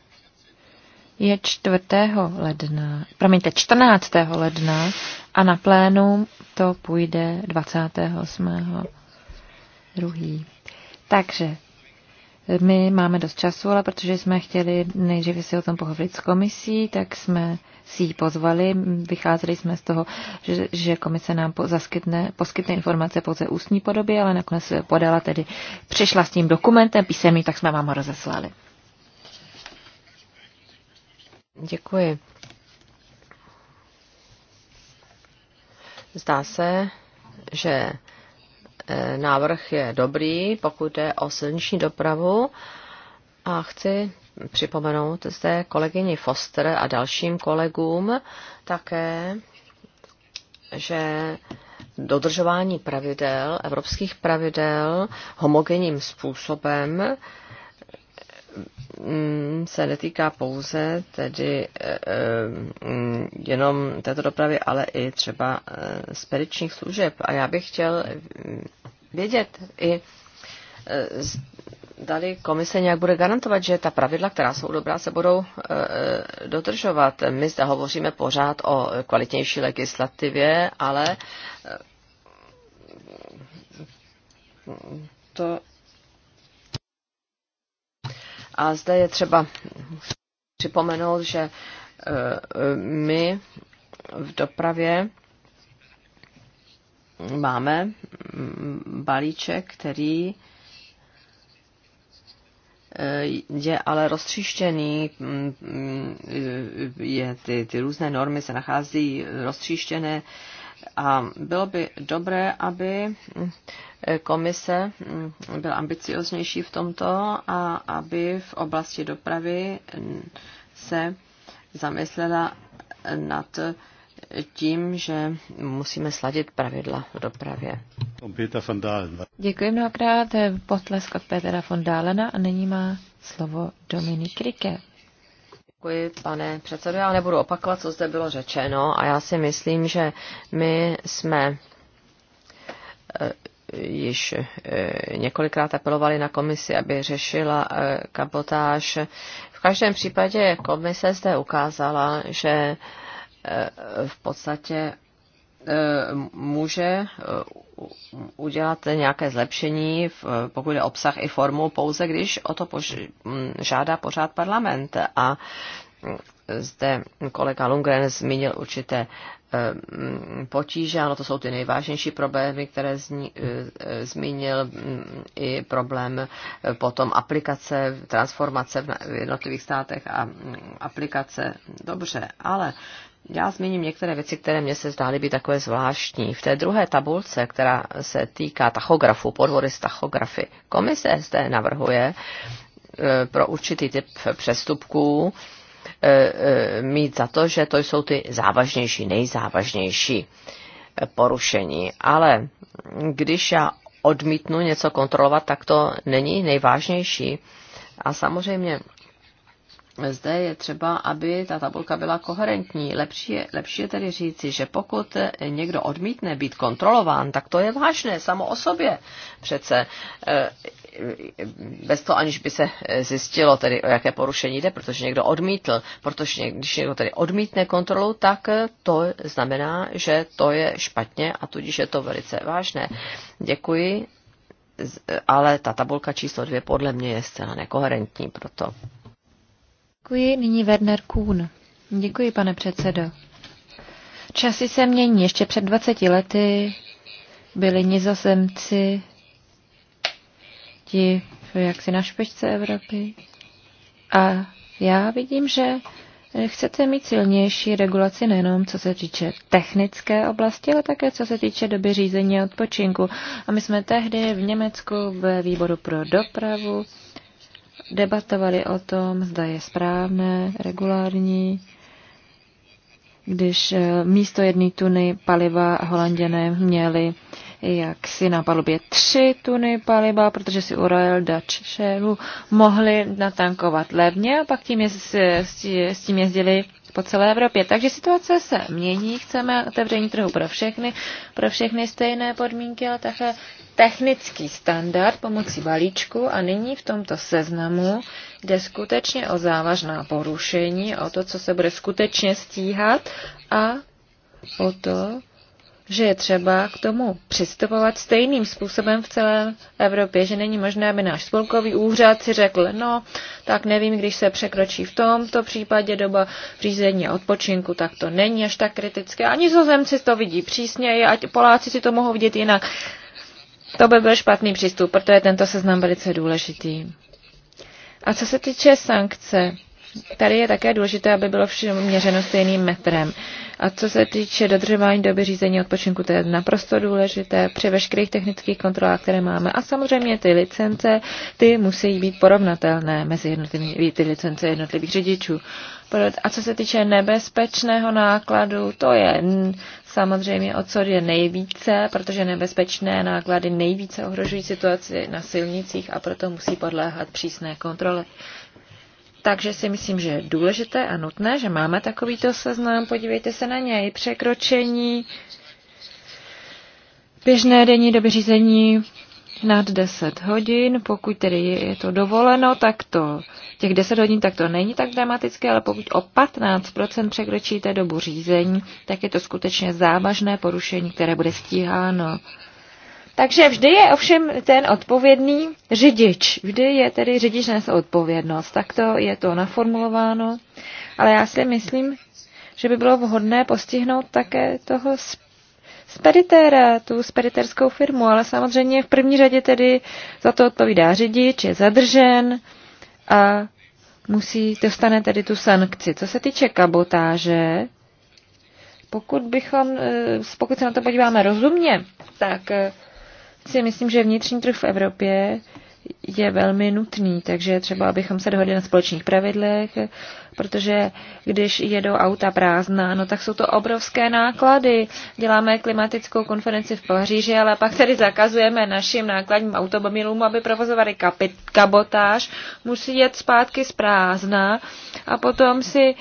je 4. ledna, promiňte, 14. ledna a na plénum to půjde 28. 2. Takže my máme dost času, ale protože jsme chtěli nejdříve si o tom pohovit s komisí, tak jsme si ji pozvali. Vycházeli jsme z toho, že, že komise nám po, zaskytne, poskytne informace pouze ústní podobě, ale nakonec podala tedy, přišla s tím dokumentem písemný, tak jsme vám ho rozeslali. Děkuji. Zdá se, že Eh, návrh je dobrý, pokud jde o silniční dopravu. A chci připomenout zde kolegyni Foster a dalším kolegům také, že dodržování pravidel, evropských pravidel, homogenním způsobem Mm, se netýká pouze tedy eh, eh, jenom této dopravy, ale i třeba eh, spedičních služeb. A já bych chtěl mm, vědět i, dali komise nějak bude garantovat, že ta pravidla, která jsou dobrá, se budou dodržovat. My zde hovoříme pořád o kvalitnější legislativě, ale to a zde je třeba připomenout, že e, my v dopravě máme mm, balíček, který e, je ale roztříštěný, mm, mm, je, ty, ty různé normy se nachází roztříštěné a bylo by dobré, aby komise byla ambicioznější v tomto a aby v oblasti dopravy se zamyslela nad tím, že musíme sladit pravidla v dopravě. Děkuji mnohokrát. Potlesk od Petra von Dálena a nyní má slovo Dominik Rike. Děkuji, pane předsedo. Já nebudu opakovat, co zde bylo řečeno a já si myslím, že my jsme eh, již eh, několikrát apelovali na komisi, aby řešila eh, kabotáž. V každém případě komise zde ukázala, že v podstatě může e, udělat nějaké zlepšení, pokud je obsah i formu, pouze když o to žádá pořád parlament. A zde kolega Lundgren zmínil určité e, potíže, ano, to jsou ty nejvážnější problémy, které zni, e, zmínil i problém potom aplikace, transformace v jednotlivých státech a aplikace. Dobře, ale já zmíním některé věci, které mě se zdály být takové zvláštní. V té druhé tabulce, která se týká tachografu, podvody z tachografy, komise zde navrhuje e, pro určitý typ přestupků e, e, mít za to, že to jsou ty závažnější, nejzávažnější porušení. Ale když já odmítnu něco kontrolovat, tak to není nejvážnější. A samozřejmě zde je třeba, aby ta tabulka byla koherentní. Lepší je, lepší je tedy říci, že pokud někdo odmítne být kontrolován, tak to je vážné samo o sobě. Přece eh, bez toho, aniž by se eh, zjistilo, tedy o jaké porušení jde, protože někdo odmítl, protože když někdo tedy odmítne kontrolu, tak eh, to znamená, že to je špatně a tudíž je to velice vážné. Děkuji, ale ta tabulka číslo dvě podle mě je zcela nekoherentní proto. Děkuji, nyní Werner Kuhn. Děkuji, pane předsedo. Časy se mění. Ještě před 20 lety byli nizozemci ti jaksi na špičce Evropy. A já vidím, že chcete mít silnější regulaci nejenom co se týče technické oblasti, ale také co se týče doby řízení a odpočinku. A my jsme tehdy v Německu ve výboru pro dopravu debatovali o tom, zda je správné, regulární, když eh, místo jedné tuny paliva holanděné měli jak si na palubě tři tuny paliva, protože si u Royal Dutch Shellu mohli natankovat levně a pak tím je, s, s tím jezdili po celé Evropě. Takže situace se mění, chceme otevření trhu pro všechny, pro všechny stejné podmínky, ale také technický standard pomocí balíčku a nyní v tomto seznamu jde skutečně o závažná porušení, o to, co se bude skutečně stíhat a o to, že je třeba k tomu přistupovat stejným způsobem v celé Evropě, že není možné, aby náš spolkový úřad si řekl, no, tak nevím, když se překročí v tomto případě doba řízení a odpočinku, tak to není až tak kritické. Ani zozemci to vidí přísněji, ať Poláci si to mohou vidět jinak. To by byl špatný přístup, protože tento seznam velice důležitý. A co se týče sankce, Tady je také důležité, aby bylo všem měřeno stejným metrem. A co se týče dodržování doby řízení odpočinku, to je naprosto důležité při veškerých technických kontrolách, které máme. A samozřejmě ty licence, ty musí být porovnatelné mezi jednotlivými, ty licence jednotlivých řidičů. A co se týče nebezpečného nákladu, to je samozřejmě o co je nejvíce, protože nebezpečné náklady nejvíce ohrožují situaci na silnicích a proto musí podléhat přísné kontrole. Takže si myslím, že je důležité a nutné, že máme takovýto seznam. Podívejte se na něj. Překročení běžné denní doby řízení nad 10 hodin, pokud tedy je to dovoleno, tak to těch 10 hodin tak to není tak dramatické, ale pokud o 15% překročíte dobu řízení, tak je to skutečně závažné porušení, které bude stíháno. Takže vždy je ovšem ten odpovědný řidič. Vždy je tedy řidič nese odpovědnost. Tak to je to naformulováno. Ale já si myslím, že by bylo vhodné postihnout také toho speditéra, tu speditérskou firmu, ale samozřejmě v první řadě tedy za to odpovídá řidič, je zadržen a musí, dostane tedy tu sankci. Co se týče kabotáže, pokud bychom, eh, pokud se na to podíváme rozumně, tak eh, si myslím, že vnitřní trh v Evropě je velmi nutný, takže třeba abychom se dohodli na společných pravidlech, protože když jedou auta prázdná, no tak jsou to obrovské náklady. Děláme klimatickou konferenci v Paříži, ale pak tady zakazujeme našim nákladním automobilům, aby provozovali kapit, kabotáž, musí jet zpátky z prázdna a potom si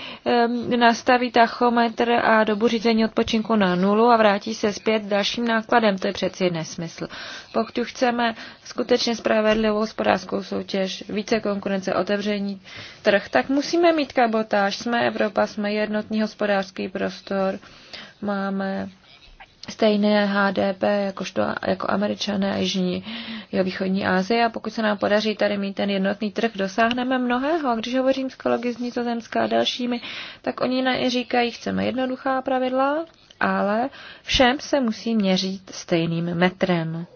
um, nastaví tachometr a dobu řízení odpočinku na nulu a vrátí se zpět dalším nákladem. To je přeci nesmysl. Pokud chceme skutečně spravedlivou hospodářskou soutěž, více konkurence, otevření trh, tak musíme mít sabotáž. Jsme Evropa, jsme jednotný hospodářský prostor, máme stejné HDP jakožto, jako američané a jižní jo, východní Asie a pokud se nám podaří tady mít ten jednotný trh, dosáhneme mnohého. A když hovořím s kolegy z Nizozemska a dalšími, tak oni na říkají, chceme jednoduchá pravidla, ale všem se musí měřit stejným metrem.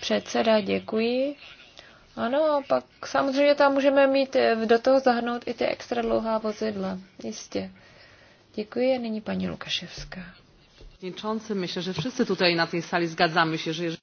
Předseda, děkuji. Ano, pak samozřejmě tam můžeme mít eh, do toho zahrnout i ty extra dlouhá vozidla. Jistě. Děkuji a nyní paní Lukaševská. Przewodniczący, myslím, že všichni tady na té sali zgadzáme se, že.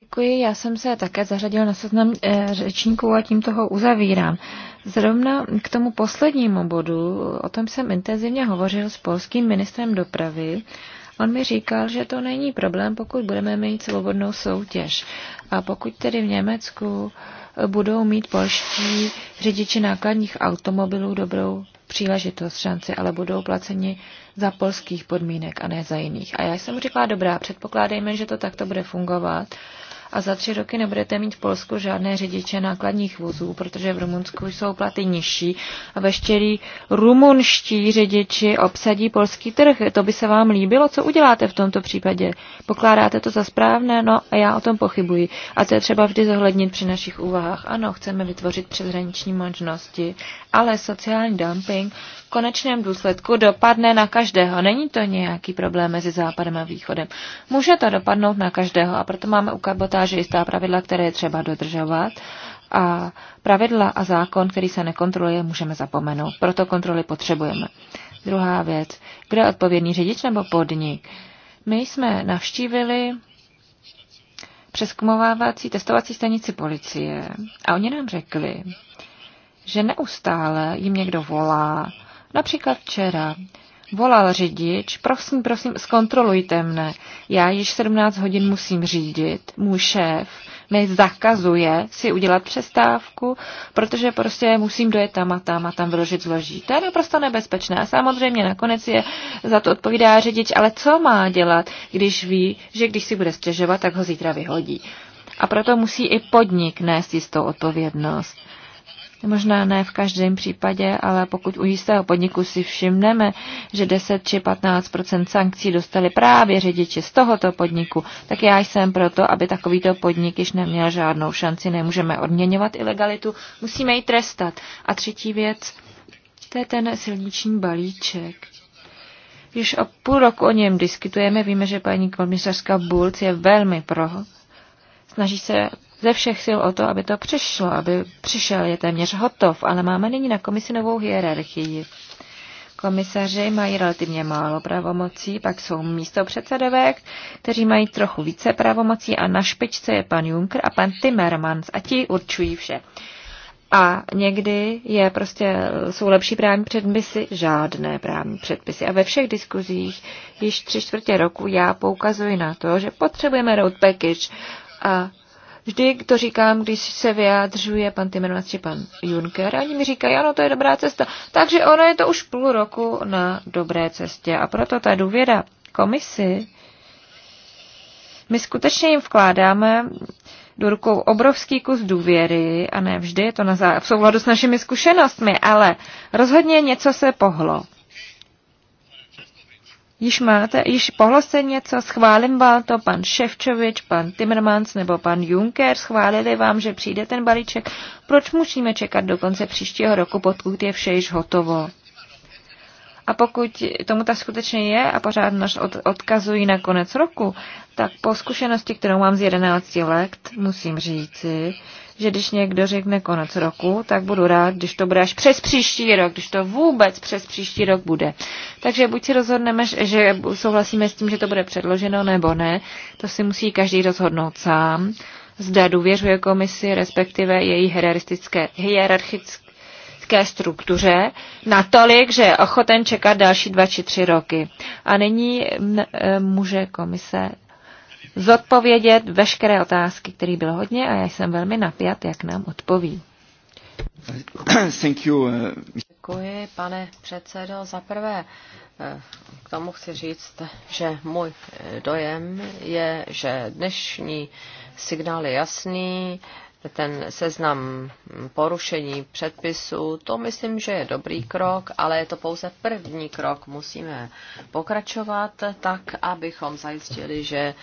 Děkuji, já jsem se také zařadil na seznam eh, řečníků a tím toho uzavírám. Zrovna k tomu poslednímu bodu, o tom jsem intenzivně hovořil s polským ministrem dopravy. On mi říkal, že to není problém, pokud budeme mít svobodnou soutěž. A pokud tedy v Německu uh, budou mít polští řidiči nákladních automobilů dobrou příležitost, šanci, ale budou placeni za polských podmínek a ne za jiných. A já jsem říkala, dobrá, předpokládejme, že to takto bude fungovat a za tři roky nebudete mít v Polsku žádné řidiče nákladních vozů, protože v Rumunsku jsou platy nižší a veškerý rumunští řidiči obsadí polský trh. To by se vám líbilo? Co uděláte v tomto případě? Pokládáte to za správné? No a já o tom pochybuji. A to je třeba vždy zohlednit při našich úvahách. Ano, chceme vytvořit přeshraniční možnosti, ale sociální dumping v konečném důsledku dopadne na každého. Není to nějaký problém mezi západem a východem. Může to dopadnout na každého a proto máme u kabota ukáže jistá pravidla, které je třeba dodržovat a pravidla a zákon, který se nekontroluje, můžeme zapomenout. Proto kontroly potřebujeme. Druhá věc. Kdo je odpovědný řidič nebo podnik? My jsme navštívili přeskumovávací testovací stanici policie a oni nám řekli, že neustále jim někdo volá, například včera, volal řidič, prosím, prosím, zkontrolujte mne. Já již 17 hodin musím řídit, můj šéf mi zakazuje si udělat přestávku, protože prostě musím dojet tam a tam a tam vyložit zloží. To je naprosto nebezpečné. A samozřejmě nakonec je za to odpovídá řidič, ale co má dělat, když ví, že když si bude stěžovat, tak ho zítra vyhodí. A proto musí i podnik nést jistou odpovědnost. Možná ne v každém případě, ale pokud u jistého podniku si všimneme, že 10 či 15 sankcí dostali právě řidiči z tohoto podniku, tak já jsem proto, aby takovýto podnik již neměl žádnou šanci. Nemůžeme odměňovat ilegalitu, musíme ji trestat. A třetí věc, to je ten silniční balíček. Když o půl roku o něm diskutujeme, víme, že paní komisařka Bulc je velmi pro. Snaží se ze všech sil o to, aby to přišlo, aby přišel, je téměř hotov, ale máme nyní na komisi novou hierarchii. Komisaři mají relativně málo pravomocí, pak jsou místo předsedové, kteří mají trochu více pravomocí a na špičce je pan Juncker a pan Timmermans a ti určují vše. A někdy je prostě, jsou lepší právní předpisy, žádné právní předpisy. A ve všech diskuzích již tři čtvrtě roku já poukazuji na to, že potřebujeme road package a Vždy to říkám, když se vyjádřuje pan Timmermans či pan Juncker, a oni mi říkají, ano, to je dobrá cesta. Takže ono je to už půl roku na dobré cestě a proto ta důvěra komisi, my skutečně jim vkládáme do rukou obrovský kus důvěry a ne vždy je to na zá- v souladu s našimi zkušenostmi, ale rozhodně něco se pohlo. Již máte, již pohlo se něco, schválil to pan Ševčovič, pan Timmermans nebo pan Juncker, schválili vám, že přijde ten balíček. Proč musíme čekat do konce příštího roku, pokud je vše již hotovo? A pokud tomu tak skutečně je a pořád nás od, odkazují na konec roku, tak po zkušenosti, kterou mám z 11 let, musím říci, že když někdo řekne konec roku, tak budu rád, když to bude až přes příští rok, když to vůbec přes příští rok bude. Takže buď si rozhodneme, že souhlasíme s tím, že to bude předloženo, nebo ne, to si musí každý rozhodnout sám. Zda důvěřuje komisi, respektive její hierarchické, hierarchické struktuře, natolik, že je ochoten čekat další dva či tři roky. A nyní e, může komise zodpovědět veškeré otázky, které bylo hodně a já jsem velmi napjat, jak nám odpoví. Thank you. Uh, Děkuji, pane předsedo. Za prvé, eh, k tomu chci říct, že můj dojem je, že dnešní signál je jasný, ten seznam porušení předpisů, to myslím, že je dobrý krok, ale je to pouze první krok. Musíme pokračovat tak, abychom zajistili, že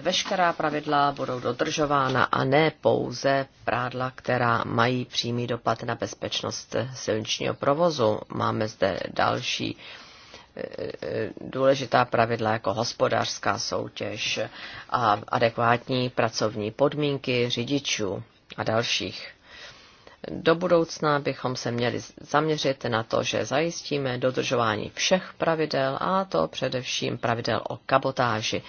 veškerá pravidla budou dodržována a ne pouze prádla, která mají přímý dopad na bezpečnost silničního provozu. Máme zde další e, e, důležitá pravidla jako hospodářská soutěž a adekvátní pracovní podmínky řidičů a dalších. Do budoucna bychom se měli zaměřit na to, že zajistíme dodržování všech pravidel, a to především pravidel o kabotáži,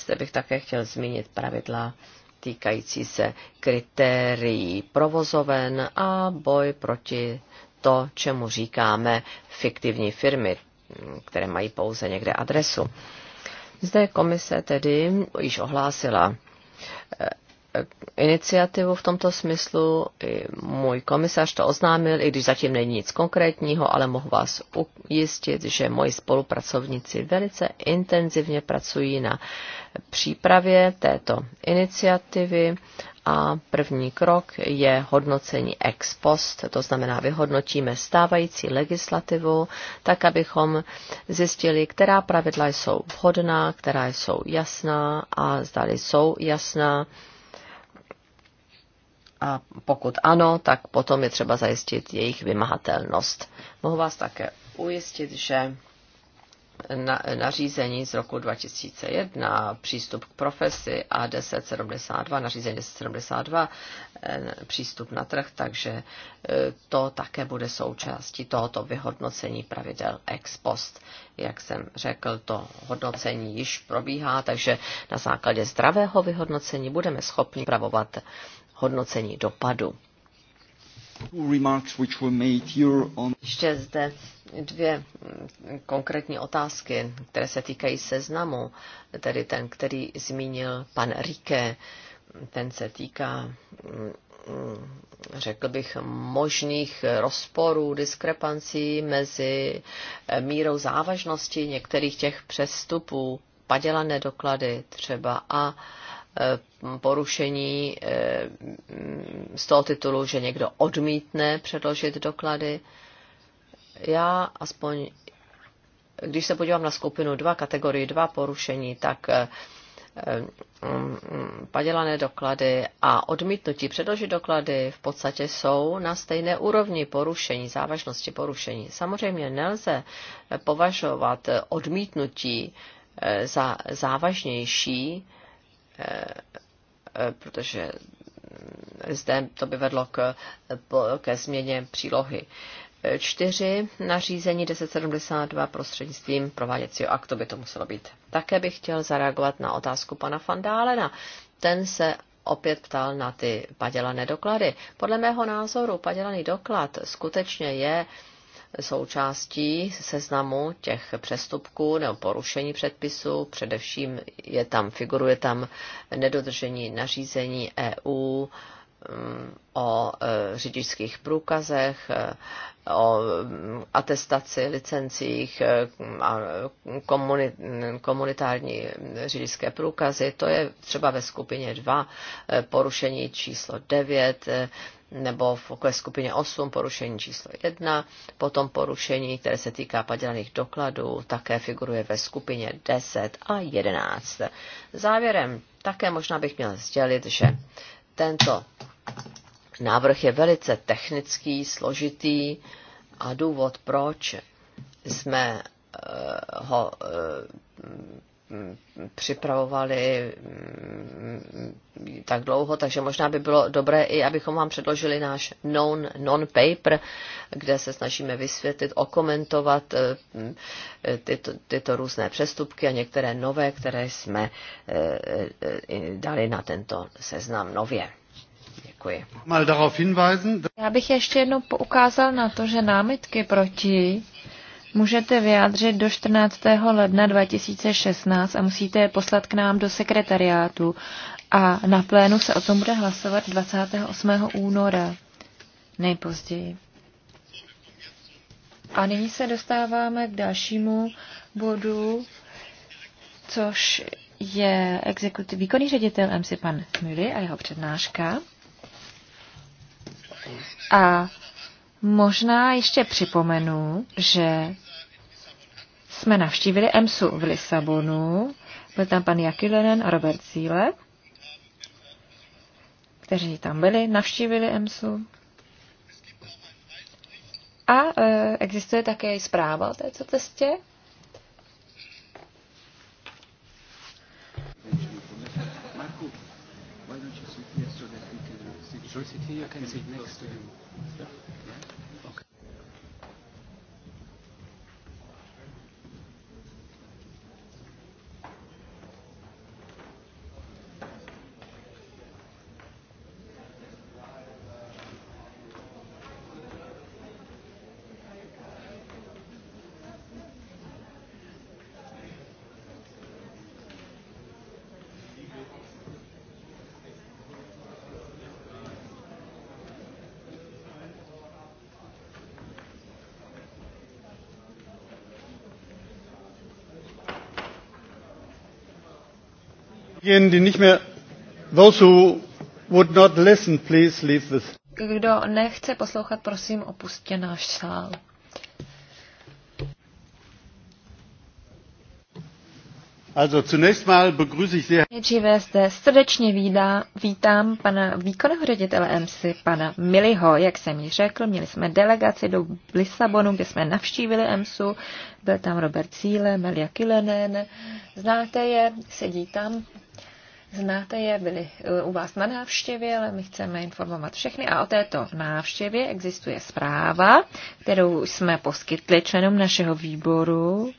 zde bych také chtěl zmínit pravidla týkající se kritérií provozoven a boj proti to, čemu říkáme fiktivní firmy, které mají pouze někde adresu. Zde komise tedy již ohlásila iniciativu v tomto smyslu. I můj komisař to oznámil, i když zatím není nic konkrétního, ale mohu vás ujistit, že moji spolupracovníci velice intenzivně pracují na přípravě této iniciativy a první krok je hodnocení ex post, to znamená vyhodnotíme stávající legislativu, tak abychom zjistili, která pravidla jsou vhodná, která jsou jasná a zdali jsou jasná a pokud ano, tak potom je třeba zajistit jejich vymahatelnost. Mohu vás také ujistit, že na, nařízení z roku 2001, přístup k profesi a 1072, nařízení 1072, eh, přístup na trh, takže eh, to také bude součástí tohoto vyhodnocení pravidel ex post. Jak jsem řekl, to hodnocení již probíhá, takže na základě zdravého vyhodnocení budeme schopni pravovat hodnocení dopadu. Ještě zde dvě konkrétní otázky, které se týkají seznamu, tedy ten, který zmínil pan Rike, ten se týká, mm, řekl bych, možných rozporů, diskrepancí mezi mírou závažnosti některých těch přestupů, padělané doklady třeba a Eh, porušení eh, z toho titulu, že někdo odmítne předložit doklady. Já aspoň, když se podívám na skupinu 2, kategorii 2 porušení, tak eh, padělané doklady a odmítnutí předložit doklady v podstatě jsou na stejné úrovni porušení, závažnosti porušení. Samozřejmě nelze považovat odmítnutí za závažnější Eh, eh, protože zde to by vedlo k, ke změně přílohy. 4 eh, nařízení 1072 prostřednictvím prováděcího aktu by to muselo být. Také bych chtěl zareagovat na otázku pana Fandálena. Ten se opět ptal na ty padělané doklady. Podle mého názoru padělaný doklad skutečně je eh, součástí seznamu těch přestupků nebo porušení předpisů. Především je tam, figuruje tam nedodržení nařízení EU, Mm, o eh, řidičských průkazech, eh, o mm, atestaci, licencích eh, a mm, komunitární řidičské průkazy. To je třeba ve skupině 2 porušení číslo 9 nebo v okolí skupině 8 porušení číslo 1, potom porušení, které se týká padělaných dokladů, také figuruje ve skupině 10 a 11. Závěrem také možná bych měl sdělit, že tento Návrh je velice technický, složitý a důvod, proč jsme eh, ho eh, připravovali mm, tak dlouho, takže možná by bylo dobré i, abychom vám předložili náš non-paper, kde se snažíme vysvětlit, okomentovat eh, mm, tyto, tyto různé přestupky a některé nové, které jsme dali na tento seznam nově. Děkuji. Já bych ještě jednou poukázal na to, že námitky proti můžete vyjádřit do 14. ledna 2016 a musíte je poslat k nám do sekretariátu a na plénu se o tom bude hlasovat 28. února nejpozději. A nyní se dostáváme k dalšímu bodu, což je exekutiv, výkonný ředitel MC pan Müller a jeho přednáška. A možná ještě připomenu, že jsme navštívili EMSu v Lisabonu, byl tam pan Jakilenen a Robert Zíle, kteří tam byli, navštívili EMSu. A e, existuje také zpráva o této cestě, Should sit here, I can sit next to you. Yeah. Kdo nechce poslouchat, prosím, opustě náš sál. Also zunächst mal begrüße ich sehr. Nejdříve zde srdečně vídá, vítám pana výkonného ředitele MC, pana Miliho. Jak jsem ji řekl, měli jsme delegaci do Lisabonu, kde jsme navštívili MSU. Byl tam Robert Cíle, Melia Kilenen. Znáte je, sedí tam Znáte je, byli eh, u vás na návštěvě, ale my chceme informovat všechny. A o této návštěvě existuje zpráva, kterou jsme poskytli členům našeho výboru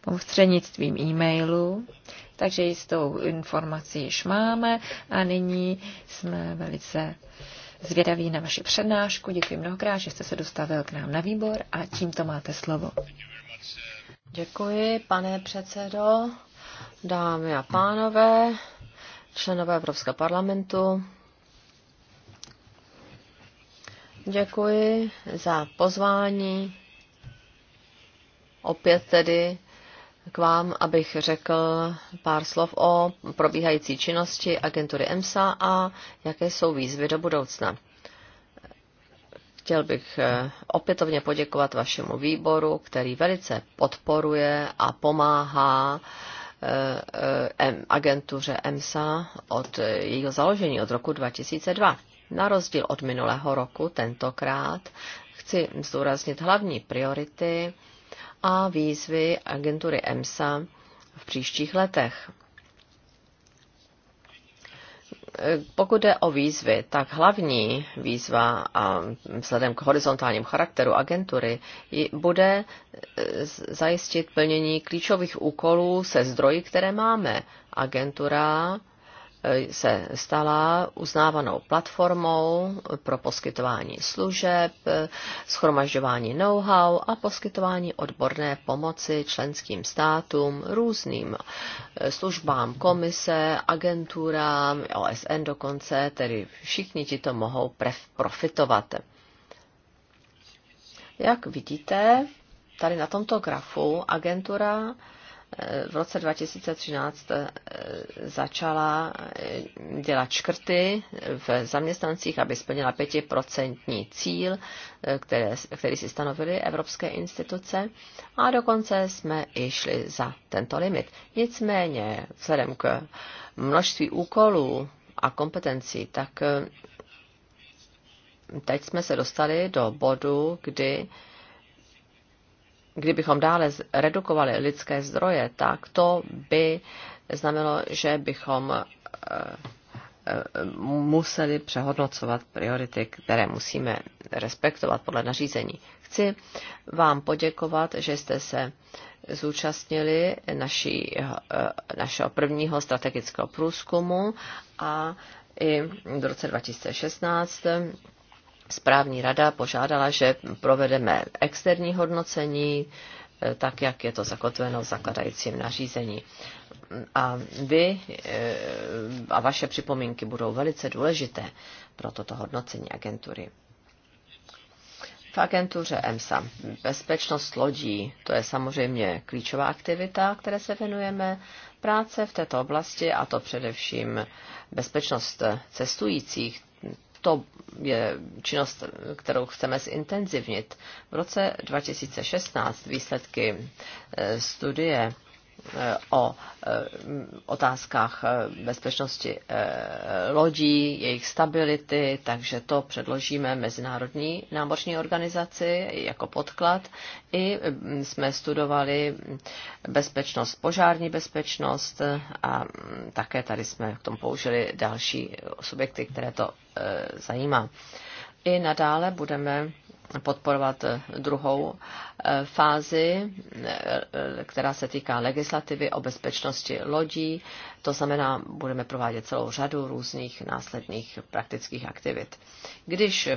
prostřednictvím e-mailu, takže jistou informaci již máme a nyní jsme velice zvědaví na vaši přednášku. Děkuji mnohokrát, že jste se dostavil k nám na výbor a tímto máte slovo. Děkuji, pane předsedo, dámy a pánové členové Evropského parlamentu. Děkuji za pozvání. Opět tedy k vám, abych řekl pár slov o probíhající činnosti agentury EMSA a jaké jsou výzvy do budoucna. Chtěl bych eh, opětovně poděkovat vašemu výboru, který velice podporuje a pomáhá uh, Eh, eh, agentuře EMSA od jejího založení od roku 2002. Na rozdíl od minulého roku, tentokrát chci zdůraznit hlavní priority a výzvy agentury EMSA v příštích letech. Pokud jde o výzvy, tak hlavní výzva a vzhledem k horizontálním charakteru agentury bude e, zajistit plnění klíčových úkolů se zdroji, které máme. Agentura se stala uznávanou platformou pro poskytování služeb, schromažďování know-how a poskytování odborné pomoci členským státům, různým eh, službám komise, agenturám, OSN dokonce, tedy všichni ti to mohou profitovat. Jak vidíte, tady na tomto grafu agentura v roce 2013 eh, začala eh, dělat škrty v zaměstnancích, aby splnila pětiprocentní cíl, eh, které, který si stanovily evropské instituce a dokonce jsme i šli za tento limit. Nicméně, vzhledem k množství úkolů a kompetencí, tak teď jsme se dostali do bodu, kdy kdybychom dále redukovali lidské zdroje, tak to by znamenalo, že bychom eh, eh, museli přehodnocovat priority, které musíme respektovat podle nařízení. Chci vám poděkovat, že jste se zúčastnili naší, eh, našeho prvního strategického průzkumu a i v roce 2016 správní rada požádala, že provedeme externí hodnocení, eh, tak jak je to zakotveno v zakladajícím nařízení. A vy eh, a vaše připomínky budou velice důležité pro toto hodnocení agentury. V agentuře EMSA bezpečnost lodí, to je samozřejmě klíčová aktivita, které se věnujeme. Práce v této oblasti, a to především bezpečnost cestujících, to je činnost, kterou chceme zintenzivnit. V roce 2016 výsledky eh, studie o eh, otázkách eh, bezpečnosti eh, lodí, jejich stability, takže to předložíme Mezinárodní námořní organizaci jako podklad. I mm, jsme studovali bezpečnost, požární bezpečnost a mm, také tady jsme k tomu použili další subjekty, které to zajímá. I nadále budeme podporovat eh, druhou eh, fázi, eh, která se týká legislativy o bezpečnosti lodí. To znamená, budeme provádět celou řadu různých následných praktických aktivit. Když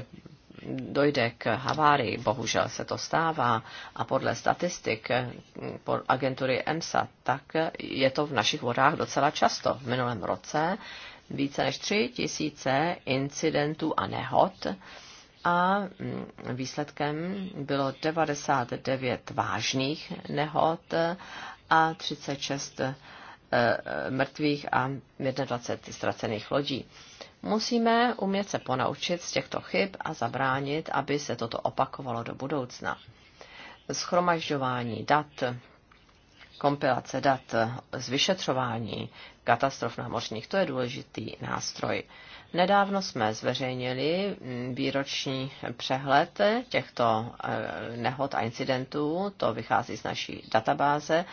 dojde k havárii, bohužel se to stává a podle statistik pod agentury EMSA, tak je to v našich vodách docela často. V minulém roce více než tři tisíce incidentů a nehod a výsledkem bylo 99 vážných nehod a 36 eh, mrtvých a 21 ztracených lodí. Musíme umět se ponaučit z těchto chyb a zabránit, aby se toto opakovalo do budoucna. Schromažďování dat, kompilace dat zvyšetřování katastrof na mořních, to je důležitý nástroj. Nedávno jsme zveřejnili mm, výroční přehled těchto eh, nehod a incidentů, to vychází z naší databáze,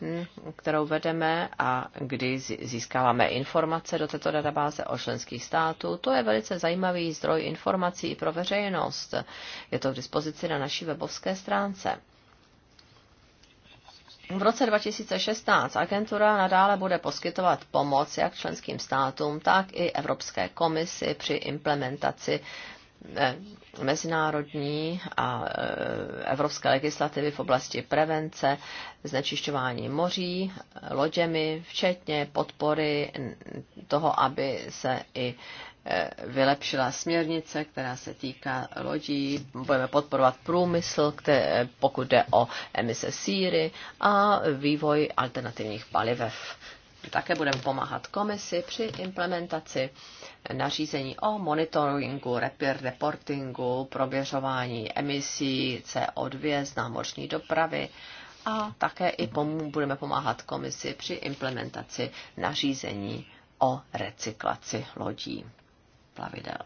mm, kterou vedeme a kdy získáváme informace do této databáze o členských států. To je velice zajímavý zdroj informací pro veřejnost. Je to k dispozici na naší webovské stránce. V roce 2016 agentura nadále bude poskytovat pomoc jak členským státům, tak i Evropské komisi při implementaci eh, mezinárodní a eh, evropské legislativy v oblasti prevence znečišťování moří loděmi, včetně podpory toho, aby se i Eh, vylepšila směrnice, která se týká lodí. Budeme podporovat průmysl, které, pokud jde o emise síry a vývoj alternativních palivev. Také budeme pomáhat komisi při implementaci nařízení o monitoringu, repair reportingu, proběřování emisí CO2 z námořní dopravy a také i pom- budeme pomáhat komisi při implementaci nařízení o recyklaci lodí plavidel.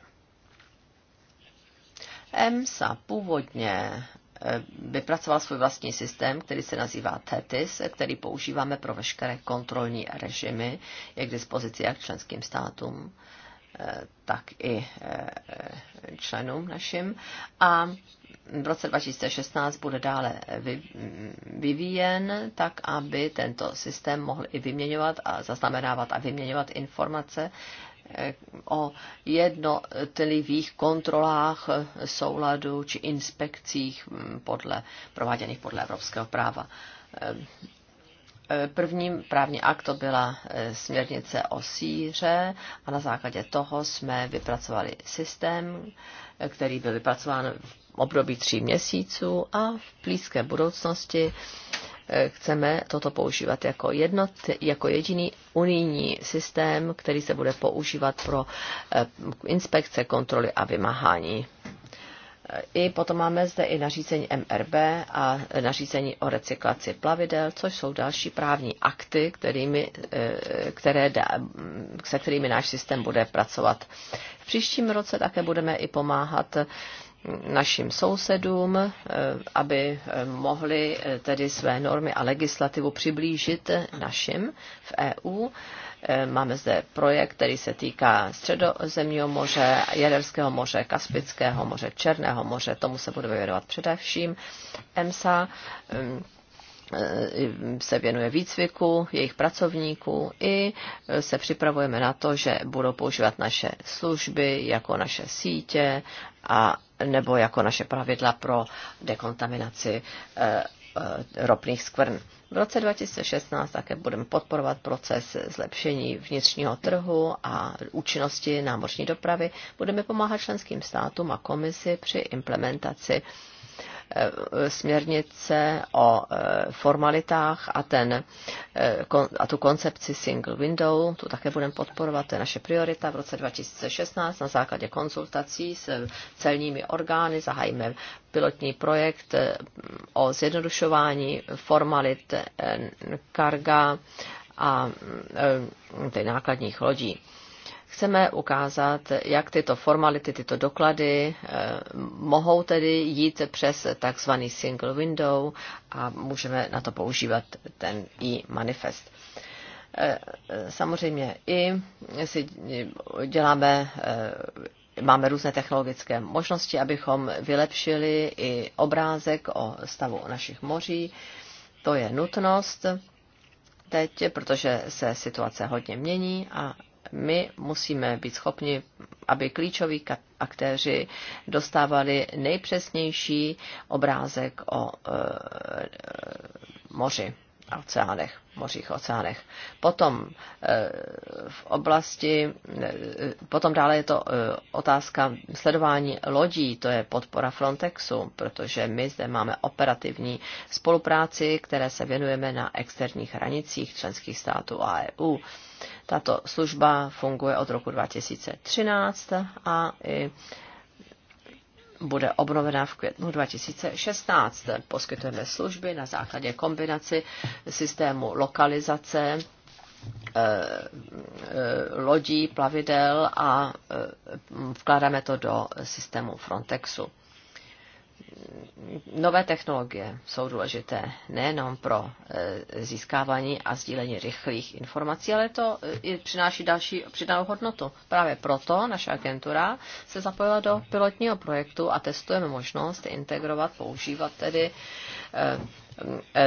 EMSA původně eh, vypracoval svůj vlastní systém, který se nazývá TETIS, eh, který používáme pro veškeré kontrolní režimy, je k dispozici jak členským státům, eh, tak i členům našim. A v roce 2016 bude dále mm, vyvíjen, tak aby tento systém mohl i vyměňovat a zaznamenávat a vyměňovat informace o jednotlivých kontrolách eh, souladu či inspekcích mm, podle, prováděných podle evropského práva. Eh, eh, Prvním právní akt to byla směrnice o síře a na základě toho jsme vypracovali systém, který byl vypracován v období tří měsíců a v blízké budoucnosti Eh, chceme toto používat jako jednot, jako jediný unijní systém, který se bude používat pro eh, inspekce, kontroly a vymáhání. Eh, I potom máme zde i nařízení MRB a nařízení o recyklaci plavidel, což jsou další právní akty, kterými, které dá, se kterými náš systém bude pracovat. V příštím roce také budeme i pomáhat našim sousedům, eh, aby eh, mohli eh, tedy své normy a legislativu přiblížit našim v EU. Máme zde projekt, který se týká Středozemního moře, Jaderského moře, Kaspického moře, Černého moře, tomu se budeme věnovat především. EMSA hm, se věnuje výcviku jejich pracovníků i se připravujeme na to, že budou používat naše služby jako naše sítě a nebo jako naše pravidla pro dekontaminaci eh, eh, ropných skvrn. V roce 2016 také budeme podporovat proces zlepšení vnitřního trhu a účinnosti námořní dopravy. Budeme pomáhat členským státům a komisi při implementaci uh, Eh, směrnice o eh, formalitách a, ten, eh, a tu koncepci single window, tu také budeme podporovat, to je naše priorita v roce 2016 na základě konzultací s celními orgány zahajíme pilotní projekt o zjednodušování formalit karga a tedy nákladních lodí. Chceme ukázat, jak tyto formality, tyto doklady eh, mohou tedy jít přes takzvaný single window a můžeme na to používat ten e-manifest eh, samozřejmě i si děláme, eh, máme různé technologické možnosti, abychom vylepšili i obrázek o stavu našich moří. To je nutnost teď, protože se situace hodně mění a my musíme být schopni, aby klíčoví aktéři dostávali nejpřesnější obrázek o e, moři a oceánech, mořích oceánech. Potom e, v oblasti, e, potom dále je to e, otázka sledování lodí, to je podpora Frontexu, protože my zde máme operativní spolupráci, které se věnujeme na externích hranicích členských států a EU. Tato služba funguje od roku 2013 a i bude obnovena v květnu 2016. Poskytujeme služby na základě kombinaci systému lokalizace eh, eh, lodí, plavidel a eh, vkládáme to do systému Frontexu nové technologie jsou důležité nejenom pro eh, získávání a sdílení rychlých informací, ale to eh, i přináší další přidanou hodnotu. Právě proto naše agentura se zapojila do pilotního projektu a testujeme možnost integrovat, používat tedy eh,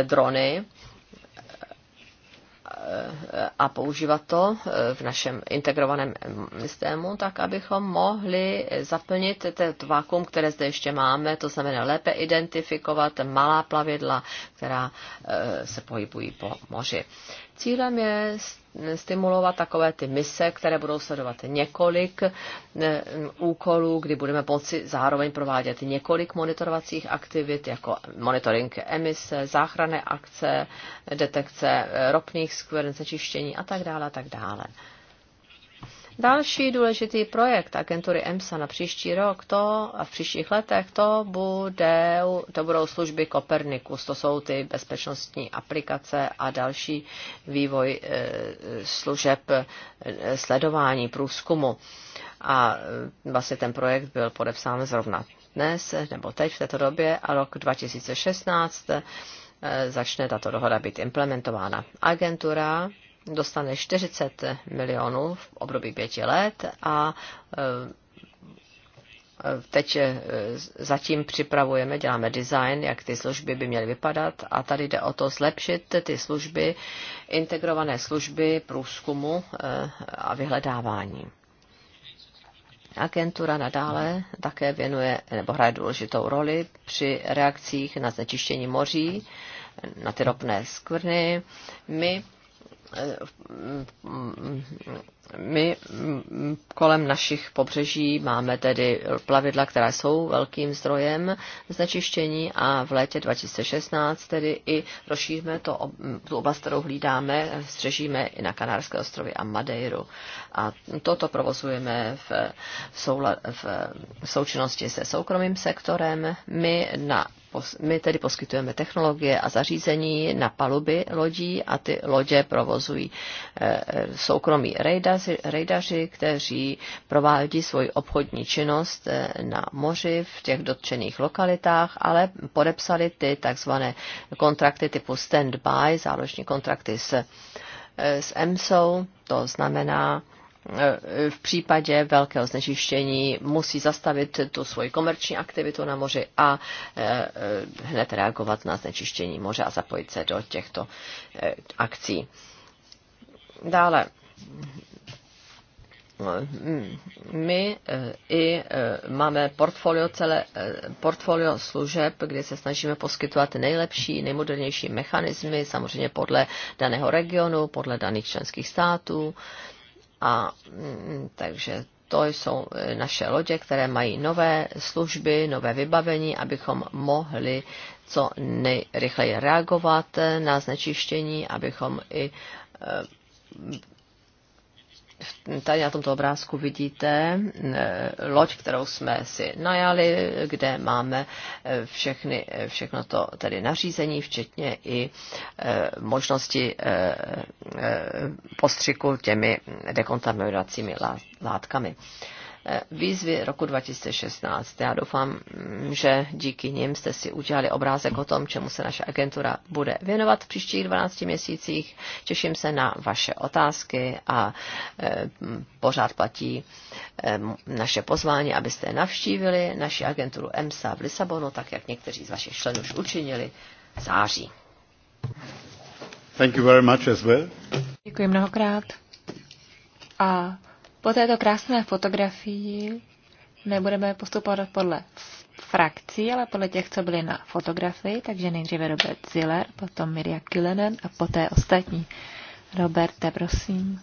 drony a používat to eh, v našem integrovaném mm, systému, tak abychom mohli zaplnit ten vákum, které zde ještě máme, to znamená lépe identifikovat malá plavidla, která eh, se pohybují po moři. Cílem je stimulovat takové ty mise, které budou sledovat několik eh, úkolů, kdy budeme moci zároveň provádět několik monitorovacích aktivit, jako monitoring emise, záchranné akce, detekce eh, ropných skvrn, znečištění a tak dále a tak dále. Další důležitý projekt agentury EMSA na příští rok to, a v příštích letech to, bude, to budou služby Copernicus. To jsou ty bezpečnostní aplikace a další vývoj e, služeb e, sledování průzkumu. A e, vlastně ten projekt byl podepsán zrovna dnes, nebo teď v této době, a rok 2016 začne tato dohoda být implementována. Agentura dostane 40 milionů v období pěti let a eh, teď eh, zatím připravujeme, děláme design, jak ty služby by měly vypadat a tady jde o to zlepšit ty služby, integrované služby průzkumu eh, a vyhledávání. Agentura nadále také věnuje nebo hraje důležitou roli při reakcích na znečištění moří, na ty ropné skvrny. My my kolem našich pobřeží máme tedy plavidla, která jsou velkým zdrojem znečištění a v létě 2016 tedy i rozšíříme to, tu oblast, kterou hlídáme, střežíme i na Kanárské ostrovy a Madeiru. A toto provozujeme v, soula, v součinnosti se soukromým sektorem. My na my tedy poskytujeme technologie a zařízení na paluby lodí a ty lodě provozují eh, eh, soukromí rejdaři, rejdaři kteří provádí svoji obchodní činnost eh, na moři v těch dotčených lokalitách, ale podepsali ty takzvané kontrakty typu stand-by, záložní kontrakty s, s EMSO, to znamená, Eh, v případě velkého znečištění musí zastavit tu svoji komerční aktivitu na moři a eh, hned reagovat na znečištění moře a zapojit se do těchto eh, akcí. Dále my i máme portfolio, celé, portfolio služeb, kde se snažíme poskytovat nejlepší, nejmodernější mechanismy, samozřejmě podle daného regionu, podle daných členských států. A mm, takže to jsou eh, naše lodě, které mají nové služby, nové vybavení, abychom mohli co nejrychleji reagovat eh, na znečištění, abychom i eh, tady na tomto obrázku vidíte eh, loď, kterou jsme si najali, kde máme eh, všechny, eh, všechno to tedy nařízení, včetně i možnosti postřiku těmi dekontaminacími látkami. Eh, výzvy roku 2016. Já doufám, mm, že díky nim jste si udělali obrázek o tom, čemu se naše agentura bude věnovat v příštích 12 měsících. Těším se na vaše otázky a eh, mm, pořád platí eh, naše pozvání, abyste navštívili naši agenturu EMSA v Lisabonu, tak jak někteří z vašich členů už učinili v září. Thank you very much as well. Děkuji mnohokrát. A po této krásné fotografii nebudeme postupovat podle frakcí, ale podle těch, co byli na fotografii, takže nejdříve Robert Ziller, potom Mirja Kilenen a poté ostatní. Roberte, prosím.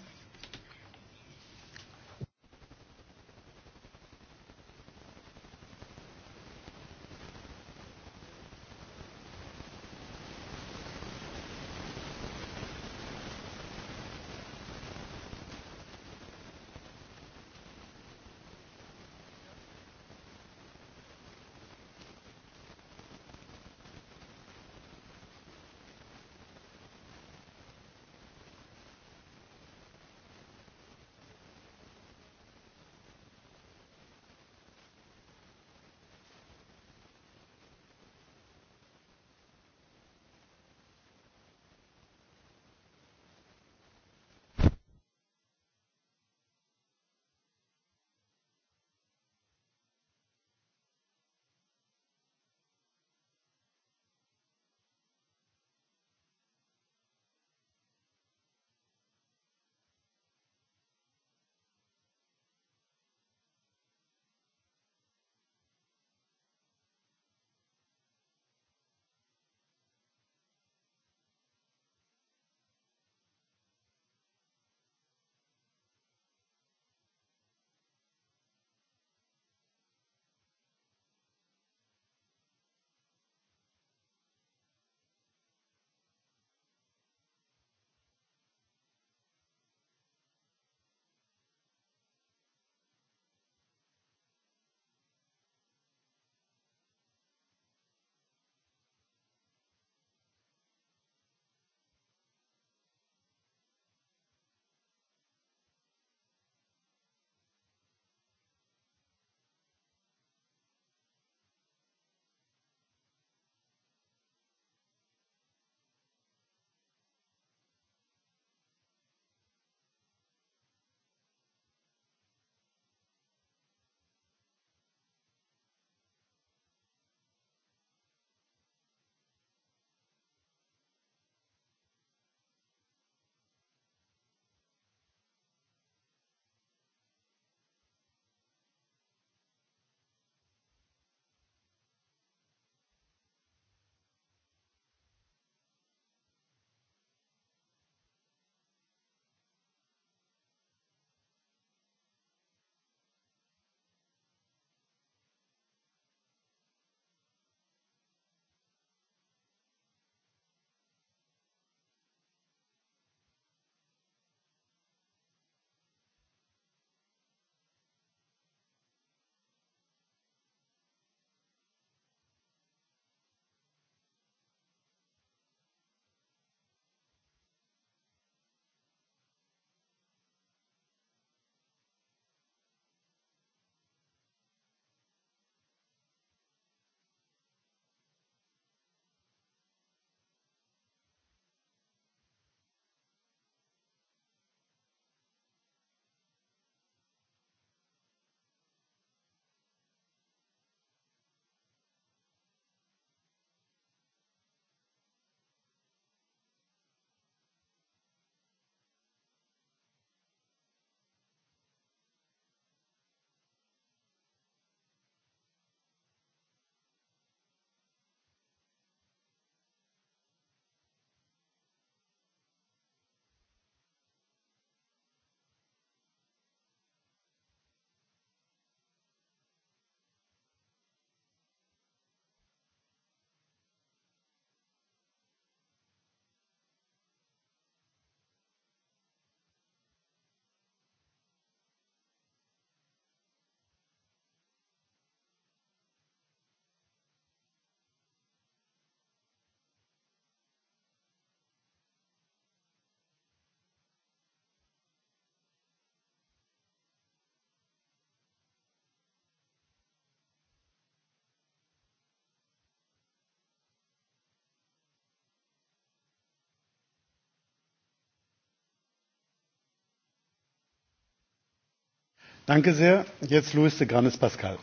Danke sehr. Jetzt Luis de Grandes Pascal.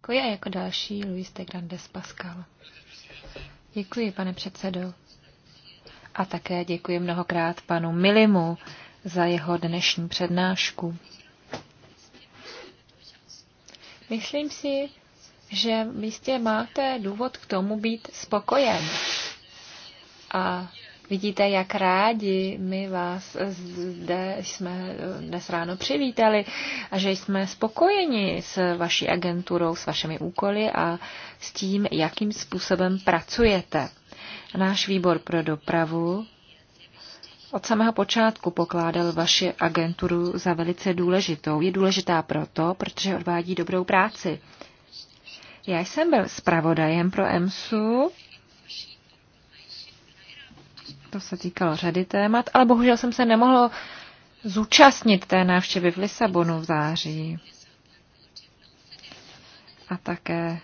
Děkuji jako další Luis de Grandes Pascal. Děkuji, pane předsedo. A také děkuji mnohokrát panu Milimu za jeho dnešní přednášku. Myslím si, že jistě máte důvod k tomu být spokojen. A Vidíte, jak rádi my vás zde jsme dnes ráno přivítali a že jsme spokojeni s vaší agenturou, s vašimi úkoly a s tím, jakým způsobem pracujete. Náš výbor pro dopravu od samého počátku pokládal vaši agenturu za velice důležitou. Je důležitá proto, protože odvádí dobrou práci. Já jsem byl zpravodajem pro EMSu to se týkalo řady témat, ale bohužel jsem se nemohl zúčastnit té návštěvy v Lisabonu v září. A také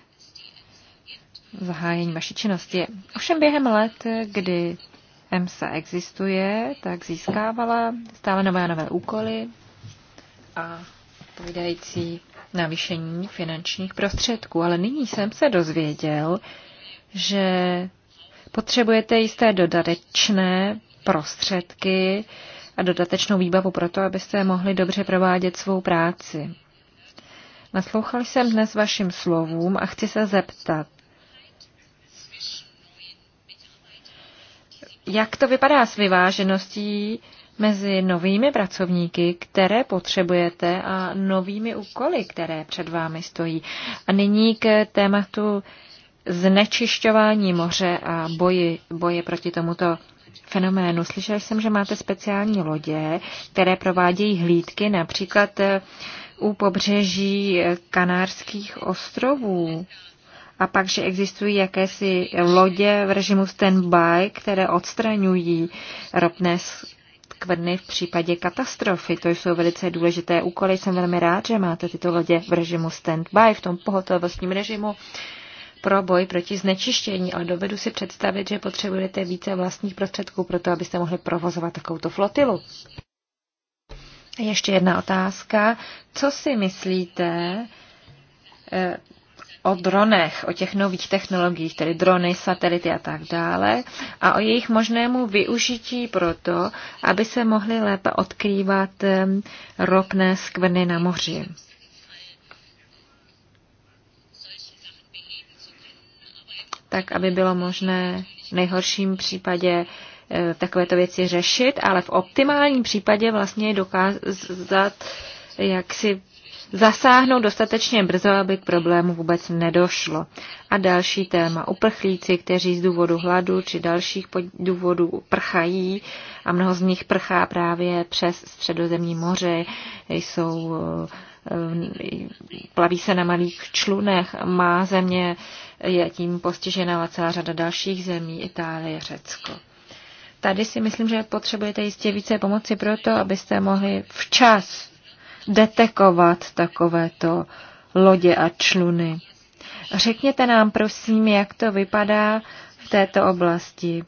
zahájení vaší činnosti. Ovšem během let, kdy EMSA existuje, tak získávala stále nové a nové úkoly a odpovídající navýšení finančních prostředků. Ale nyní jsem se dozvěděl, že potřebujete jisté dodatečné prostředky a dodatečnou výbavu pro to, abyste mohli dobře provádět svou práci. Naslouchal jsem dnes vašim slovům a chci se zeptat, jak to vypadá s vyvážeností mezi novými pracovníky, které potřebujete a novými úkoly, které před vámi stojí. A nyní k tématu znečišťování moře a boji, boje proti tomuto fenoménu. Slyšel jsem, že máte speciální lodě, které provádějí hlídky například eh, u pobřeží eh, Kanárských ostrovů. A pak, že existují jakési lodě v režimu stand-by, které odstraňují ropné skvrny v případě katastrofy. To jsou velice důležité úkoly. Jsem velmi rád, že máte tyto lodě v režimu stand-by, v tom pohotovostním režimu pro boj proti znečištění, ale dovedu si představit, že potřebujete více vlastních prostředků pro to, abyste mohli provozovat takovouto flotilu. Ještě jedna otázka. Co si myslíte eh, o dronech, o těch nových technologiích, tedy drony, satelity a tak dále, a o jejich možnému využití pro to, aby se mohly lépe odkrývat eh, ropné skvrny na moři? tak aby bylo možné v nejhorším případě eh, takovéto věci řešit, ale v optimálním případě vlastně dokázat, jak si zasáhnout dostatečně brzo, aby k problému vůbec nedošlo. A další téma. Uprchlíci, kteří z důvodu hladu či dalších důvodů prchají a mnoho z nich prchá právě přes středozemní moře, jsou eh, eh, plaví se na malých člunech. Má země je tím postižena celá řada dalších zemí, Itálie, Řecko. Tady si myslím, že potřebujete jistě více pomoci pro to, abyste mohli včas detekovat takovéto lodě a čluny. Řekněte nám, prosím, jak to vypadá v této oblasti.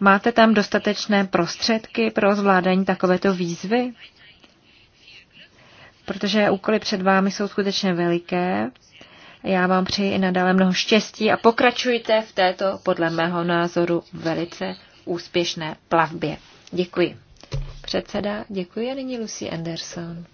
Máte tam dostatečné prostředky pro zvládání takovéto výzvy? Protože úkoly před vámi jsou skutečně veliké já vám přeji i nadále mnoho štěstí a pokračujte v této, podle mého názoru, velice úspěšné plavbě. Děkuji. Předseda, děkuji a nyní Lucy Anderson.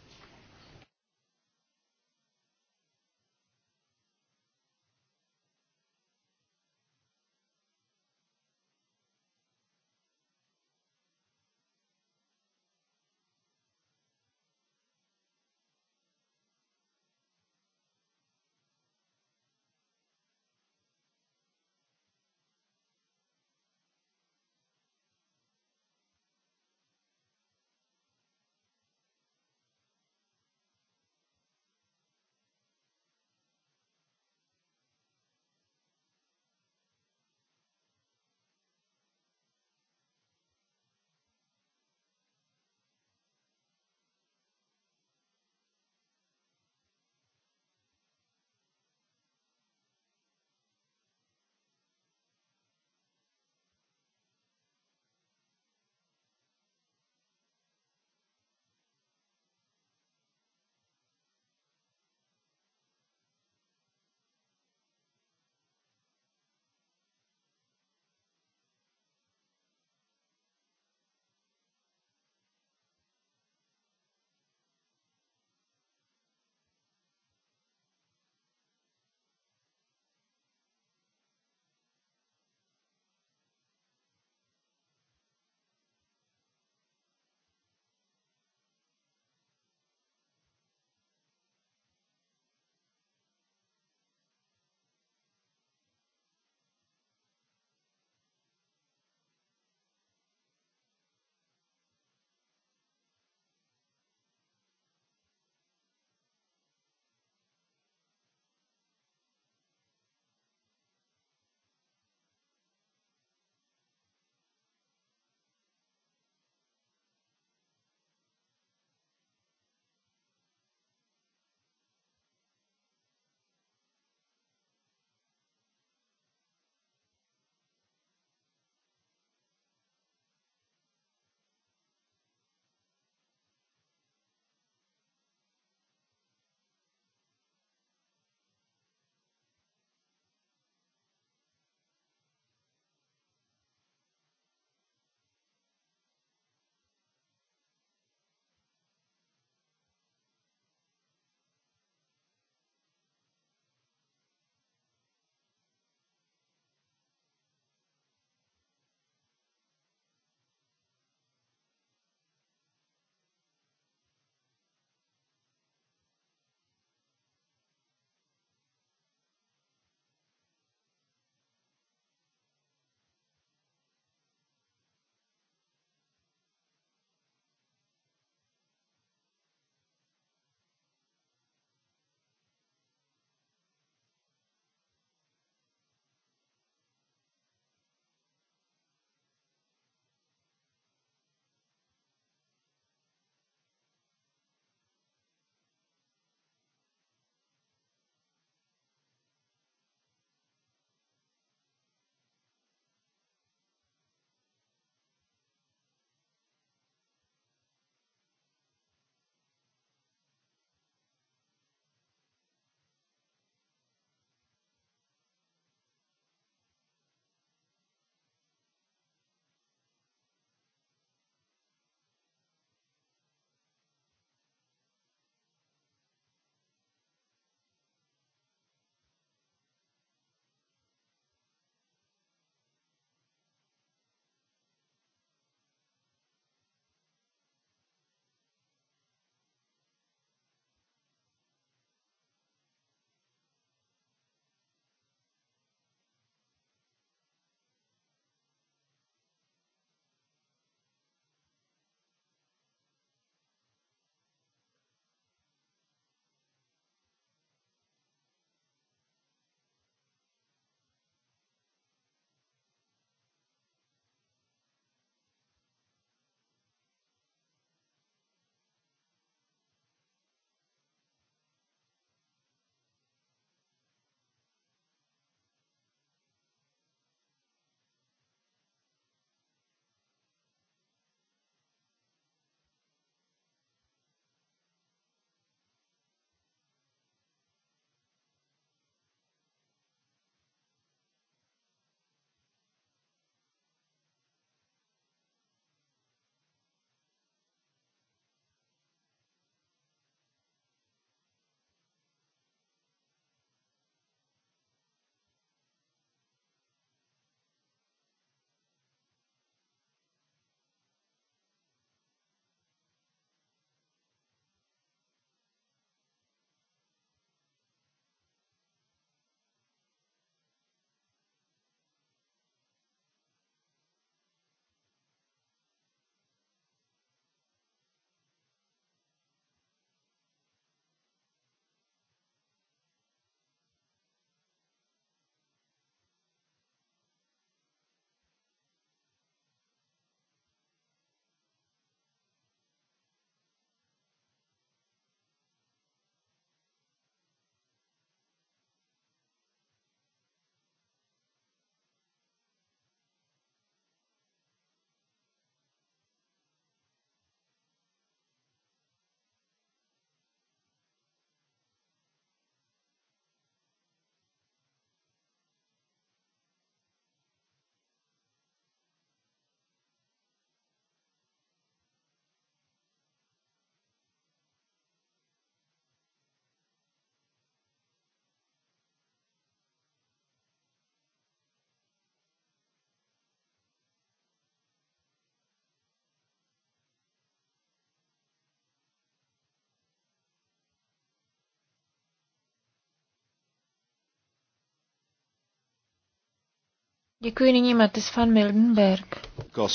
Děkuji nyní Matis van Mildenberg. Uh,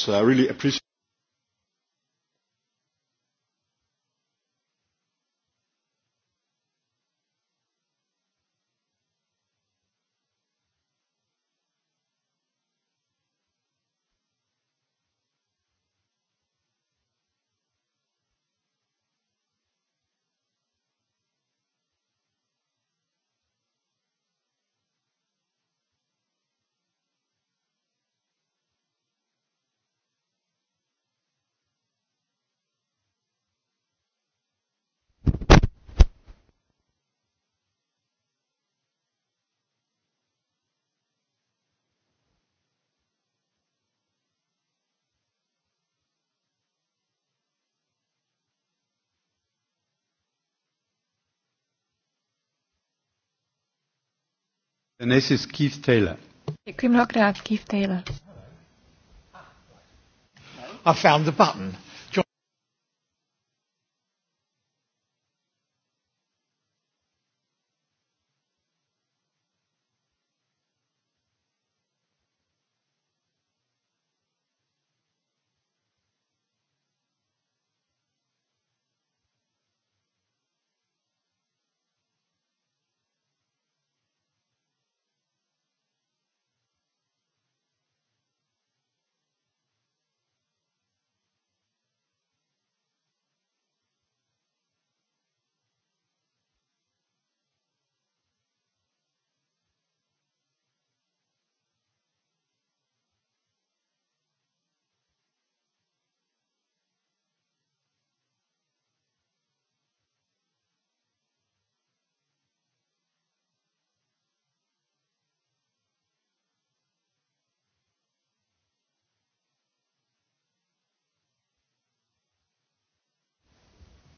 Dnes je Keith Taylor. Děkuji mnohokrát, Keith Taylor. I found the button.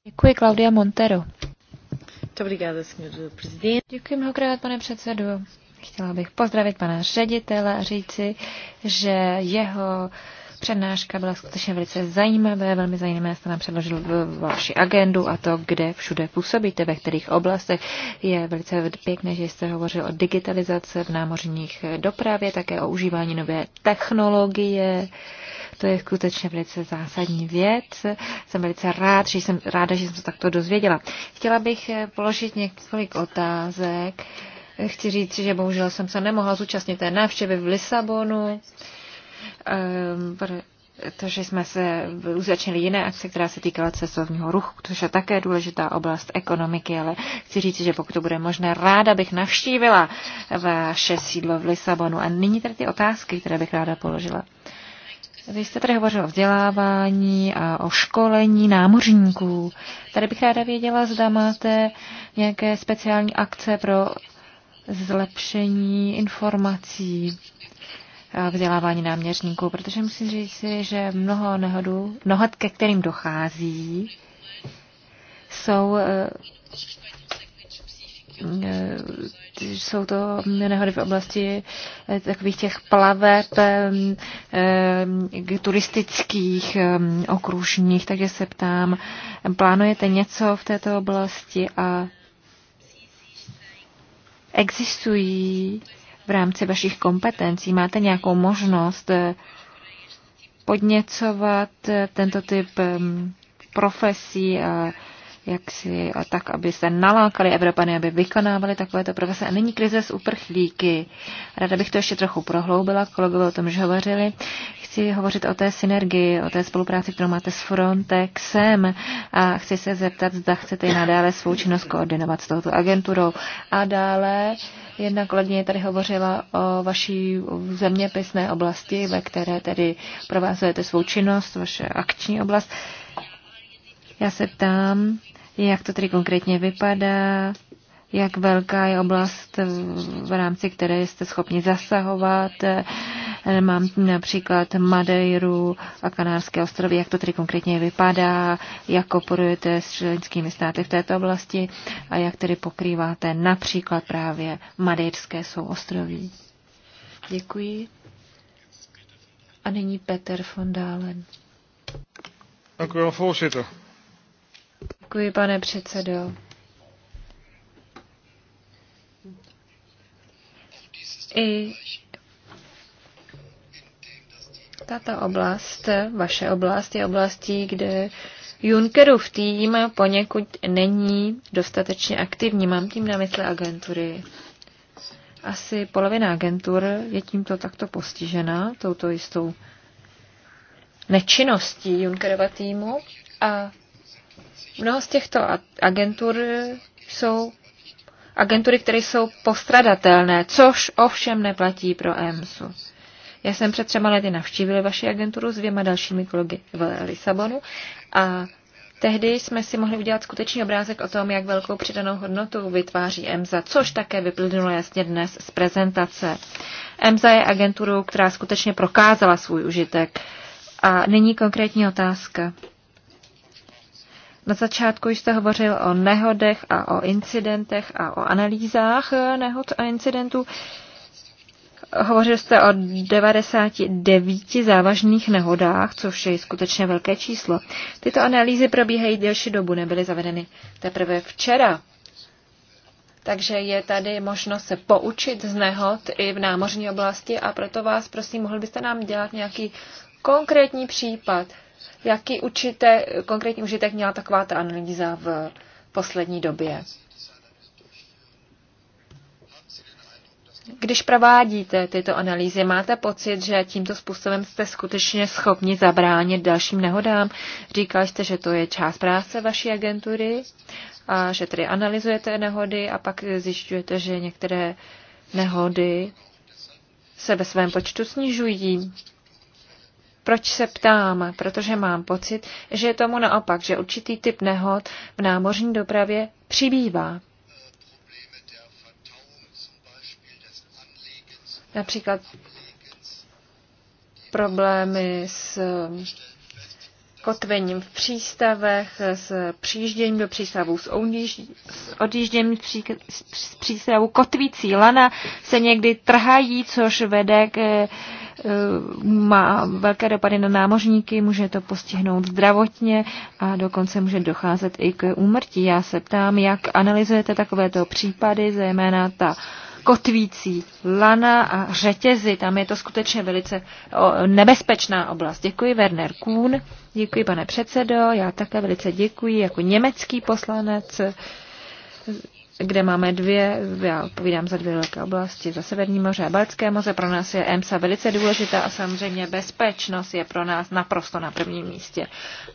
Děkuji, Claudia Montero. Děkuji mnohokrát, pane předsedu. Chtěla bych pozdravit pana ředitele a říci, že jeho uh, Přednáška byla skutečně velice zajímavé, velmi zajímavé jste nám předložil eh, vaši agendu a to, kde všude působíte, ve kterých oblastech. Je velice pěkné, že jste hovořil o digitalizaci v námořních eh, dopravě, také o užívání nové technologie. To je skutečně velice zásadní věc. Jsem velice rád, že jsem, ráda, že jsem se takto dozvěděla. Chtěla bych eh, položit několik otázek. Chci říct, že bohužel jsem se nemohla zúčastnit té návštěvy v Lisabonu. Ehm, protože jsme se uzačnili jiné akce, která se týkala cestovního ruchu, což je také důležitá oblast ekonomiky, ale chci říct, že pokud to bude možné, ráda bych navštívila vaše sídlo v Lisabonu. A nyní tady ty otázky, které bych ráda položila. Vy jste tady hovořil o vzdělávání a o školení námořníků. Tady bych ráda věděla, zda máte nějaké speciální akce pro zlepšení informací vzdělávání náměřníků, protože musím říct si, že mnoho nehodů, mnoho, ke kterým dochází, jsou eh, eh, jsou to nehody v oblasti eh, takových těch plaveb turistických, okružních, takže se ptám, plánujete něco v této oblasti a existují v rámci vašich kompetencí? Máte nějakou možnost eh, podněcovat eh, tento typ eh, profesí a jak si, a tak, aby se nalákali Evropany, aby vykonávali takovéto profese. A nyní krize z uprchlíky. Ráda bych to ještě trochu prohloubila, kolegové o tom už hovořili. Chci hovořit o té synergii, o té spolupráci, kterou máte s Frontexem a chci se zeptat, zda chcete i nadále svou činnost koordinovat s touto agenturou. A dále jedna kolegyně tady hovořila o vaší zeměpisné oblasti, ve které tedy provázujete svou činnost, vaše akční oblast. Já se ptám, jak to tedy konkrétně vypadá, jak velká je oblast, v rámci které jste schopni zasahovat. Mám například Madeiru a Kanárské ostrovy, jak to tedy konkrétně vypadá, jak operujete s členskými státy v této oblasti a jak tedy pokrýváte například právě Madejrské souostroví. Děkuji. A nyní Peter von Dalen. Dank u voorzitter. Děkuji, pane předsedo. I tato oblast, vaše oblast, je oblastí, kde Junckerův tým poněkud není dostatečně aktivní. Mám tím na mysli agentury. Asi polovina agentur je tímto takto postižena, touto jistou nečinností Junckerova týmu. A Mnoho z těchto agentur jsou agentury, které jsou postradatelné, což ovšem neplatí pro EMSu. Já jsem před třema lety navštívil vaši agenturu s dvěma dalšími kolegy v Lisabonu a tehdy jsme si mohli udělat skutečný obrázek o tom, jak velkou přidanou hodnotu vytváří EMSA, což také vyplynulo jasně dnes z prezentace. EMSA je agenturou, která skutečně prokázala svůj užitek. A nyní konkrétní otázka. Na začátku jste hovořil o nehodech a o incidentech a o analýzách nehod a incidentů. Hovořil jste o 99 závažných nehodách, což je skutečně velké číslo. Tyto analýzy probíhají delší dobu, nebyly zavedeny teprve včera. Takže je tady možnost se poučit z nehod i v námořní oblasti a proto vás prosím, mohl byste nám dělat nějaký konkrétní případ, Jaký učite, konkrétní užitek měla taková ta analýza v poslední době? Když provádíte tyto analýzy, máte pocit, že tímto způsobem jste skutečně schopni zabránit dalším nehodám? Říkal jste, že to je část práce vaší agentury a že tedy analyzujete nehody a pak zjišťujete, že některé nehody se ve svém počtu snižují. Proč se ptám? Protože mám pocit, že je tomu naopak, že určitý typ nehod v námořní dopravě přibývá. Například problémy s kotvením v přístavech, s přijížděním do přístavů, s, odjížděním z přístavů. Kotvící lana se někdy trhají, což vede k eh, má velké dopady na námořníky, může to postihnout zdravotně a dokonce může docházet i k úmrtí. Já se ptám, jak analyzujete takovéto případy, zejména ta uh, kotvící lana a řetězy. Tam je to skutečně velice nebezpečná oblast. Děkuji Werner Kuhn, děkuji pane předsedo, já také velice děkuji jako německý poslanec kde máme dvě, já odpovídám za dvě velké oblasti, za Severní moře a Balcké moře. Pro nás je EMSA velice důležitá a samozřejmě bezpečnost je pro nás naprosto na prvním místě.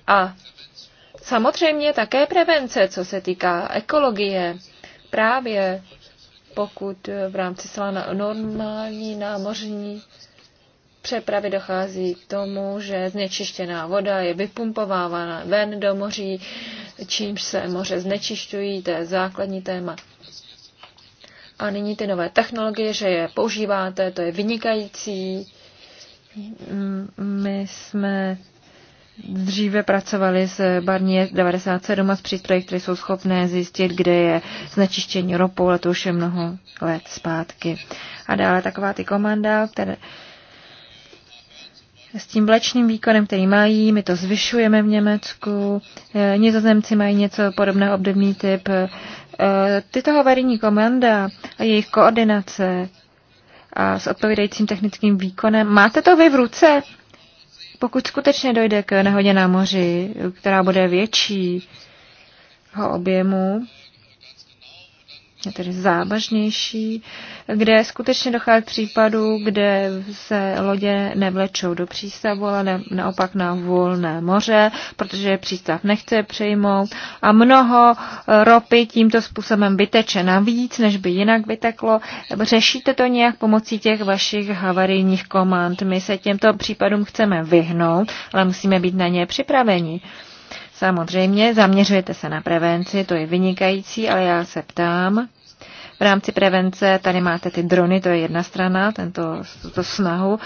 A samozřejmě také prevence, co se týká ekologie, právě pokud eh, v rámci celá no- normální námořní přepravy dochází k tomu, že znečištěná voda je vypumpovávána ven do moří, čímž se moře znečišťují, to je základní téma. A nyní ty nové technologie, že je používáte, to je vynikající. My jsme dříve pracovali s Barnier 97 a s přístroji, které jsou schopné zjistit, kde je znečištění ropou, ale to už je mnoho let zpátky. A dále taková ty komanda, které s tím vlečným výkonem, který mají, my to zvyšujeme v Německu, e, nizozemci mají něco podobného obdobný typ. E, tyto havarijní komanda a jejich koordinace a s odpovídajícím technickým výkonem. Máte to vy v ruce? Pokud skutečně dojde k nehodě na moři, která bude větší objemu, tedy závažnější, kde skutečně dochází k případu, kde se lodě nevlečou do přístavu, ale ne, naopak na volné moře, protože přístav nechce přejmout a mnoho eh, ropy tímto způsobem vyteče navíc, než by jinak vyteklo. Řešíte to nějak pomocí těch vašich havarijních komand? My se těmto případům chceme vyhnout, ale musíme být na ně připraveni. Uh, Samozřejmě, zaměřujete se na prevenci, to je vynikající, ale já se ptám, v rámci prevence tady máte ty drony, to je jedna strana, tento to snahu,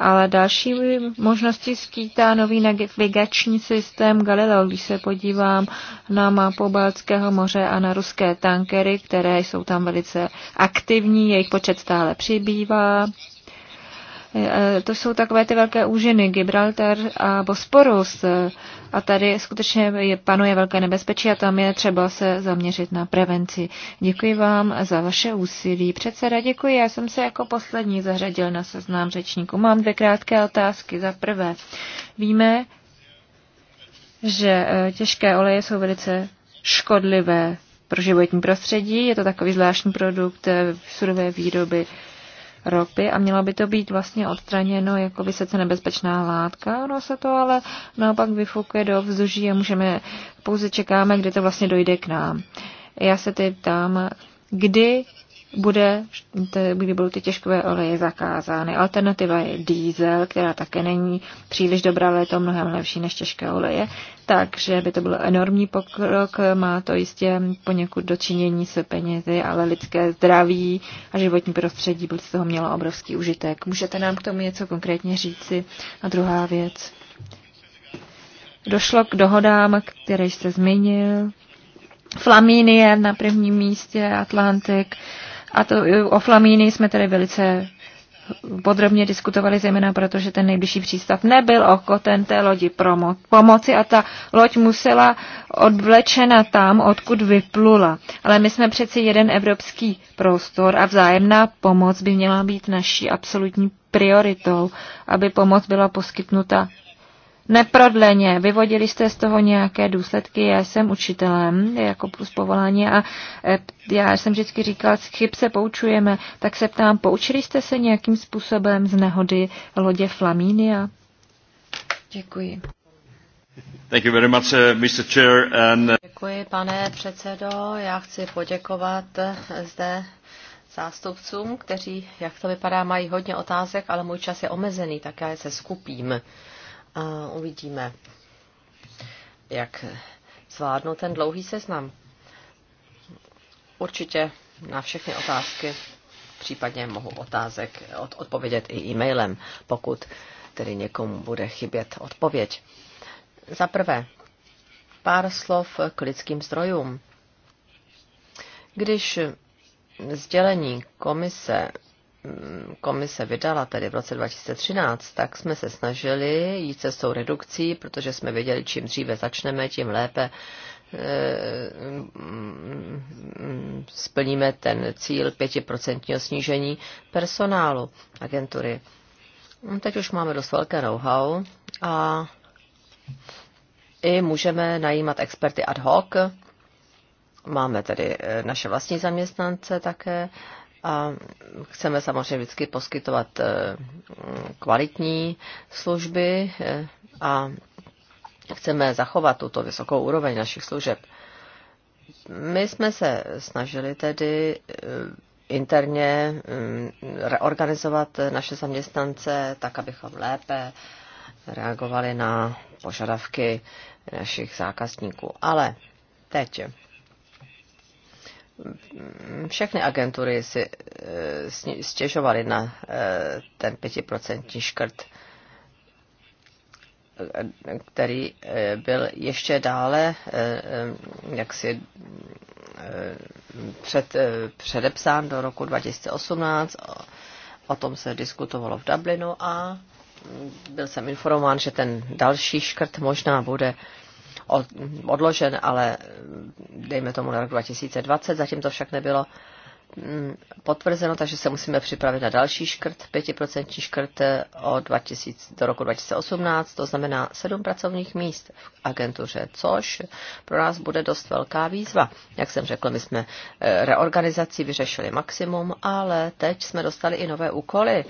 ale další možnosti skýtá nový navigační systém Galileo. Když se podívám na mapu Balckého moře a na ruské tankery, které jsou tam velice aktivní, jejich počet stále přibývá. Eh, to jsou takové ty velké úžiny, Gibraltar a Bosporus. Eh, a tady skutečně je, panuje velké nebezpečí a tam je třeba se zaměřit na prevenci. Děkuji vám za vaše úsilí. Předseda, děkuji. Já jsem se jako poslední zařadil na seznám řečníků. Mám dvě krátké otázky. Za prvé, víme, že eh, těžké oleje jsou velice škodlivé pro životní prostředí. Je to takový zvláštní produkt surové výroby ropy a mělo by to být vlastně odstraněno jako vysoce nebezpečná látka. Ono se to ale naopak vyfukuje do vzduší a můžeme, pouze čekáme, kdy to vlastně dojde k nám. Já se teď ptám, kdy bude, kdy budou ty těžkové oleje zakázány. Alternativa je diesel, která také není příliš dobrá, ale je to mnohem lepší než těžké oleje takže by to byl enormní pokrok. Má to jistě poněkud dočinění se penězi, ale lidské zdraví a životní prostředí by z toho mělo obrovský užitek. Můžete nám k tomu něco konkrétně říci? A druhá věc. Došlo k dohodám, které jste zmínil. Flamíny je na prvním místě, Atlantik. A to, o Flamíny jsme tedy velice podrobně diskutovali, zejména proto, že ten nejbližší přístav nebyl ochoten té lodi pomoci a ta loď musela odvlečena tam, odkud vyplula. Ale my jsme přeci jeden evropský prostor a vzájemná pomoc by měla být naší absolutní prioritou, aby pomoc byla poskytnuta neprodleně. Vyvodili jste z toho nějaké důsledky. Já jsem učitelem, jako plus povolání a e, já jsem vždycky říkal, z chyb se poučujeme. Tak se ptám, poučili jste se nějakým způsobem z nehody lodě Flaminia? Děkuji. Thank you very much, uh, Mr. Chair, and... Uh, Děkuji, pane předsedo. Já chci poděkovat eh, zde zástupcům, kteří, jak to vypadá, mají hodně otázek, ale můj čas je omezený, tak já je se skupím. A uvidíme, jak zvládnu ten dlouhý seznam. Určitě na všechny otázky případně mohu otázek od, odpovědět i e-mailem, pokud tedy někomu bude chybět odpověď. Za prvé, pár slov k lidským zdrojům. Když sdělení komise Mm, komise vydala tedy v roce 2013, tak jsme se snažili jít tou redukcí, protože jsme věděli, čím dříve začneme, tím lépe eh, splníme ten cíl pětiprocentního snížení personálu agentury. No, teď už máme dost velké know-how a i můžeme najímat experty ad hoc. Máme tedy eh, naše vlastní zaměstnance také a chceme samozřejmě vždycky poskytovat eh, kvalitní služby eh, a chceme zachovat tuto vysokou úroveň našich služeb. My jsme se snažili tedy eh, interně mm, reorganizovat naše zaměstnance tak, abychom lépe reagovali na požadavky našich zákazníků. Ale teď všechny agentury si eh, stěžovaly na eh, ten pětiprocentní škrt, eh, který byl ještě dále jaksi před, předepsán do roku 2018. O tom se diskutovalo v Dublinu a mm, byl jsem informován, že ten další škrt možná bude odložen, ale mm, dejme tomu na rok 2020, zatím to však nebylo mm, potvrzeno, takže se musíme připravit na další škrt, 5% škrt eh, o 2000, do roku 2018, to znamená 7 pracovních míst v agentuře, což pro nás bude dost velká výzva. Jak jsem řekl, my jsme eh, reorganizací vyřešili maximum, ale teď jsme dostali i nové úkoly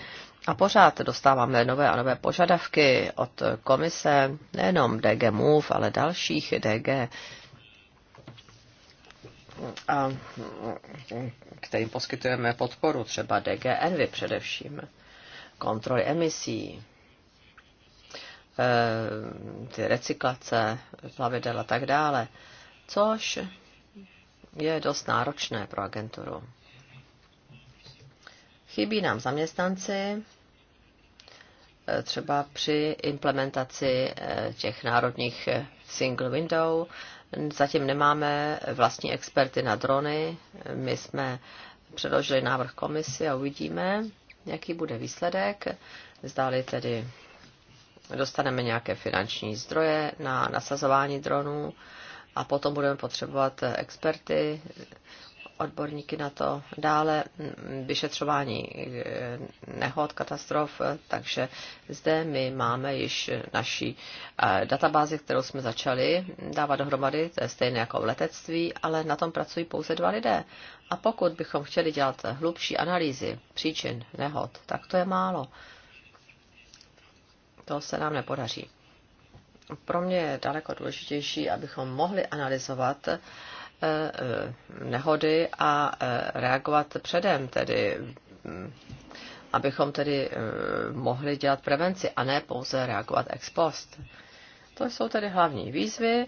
a pořád dostáváme nové a nové požadavky od komise, nejenom DG Move, ale dalších DG, a kterým poskytujeme podporu, třeba DG Envy především, kontroly emisí, e, ty recyklace plavidel a tak dále, což je dost náročné pro agenturu. Chybí nám zaměstnanci, eh, třeba při implementaci eh, těch národních eh, single window. Zatím nemáme vlastní experty na drony. My jsme předložili návrh komisi a uvidíme, jaký bude výsledek. Zdáli tedy dostaneme nějaké finanční zdroje na nasazování dronů a potom budeme potřebovat experty odborníky na to. Dále vyšetřování nehod, katastrof, takže zde my máme již naší eh, databázi, kterou jsme začali dávat dohromady, to je stejné jako v letectví, ale na tom pracují pouze dva lidé. A pokud bychom chtěli dělat hlubší analýzy příčin nehod, tak to je málo. To se nám nepodaří pro mě je daleko důležitější, abychom mohli analyzovat Eh, nehody a eh, reagovat předem, tedy hm, abychom tedy eh, mohli dělat prevenci a ne pouze reagovat ex post. To jsou tedy hlavní výzvy,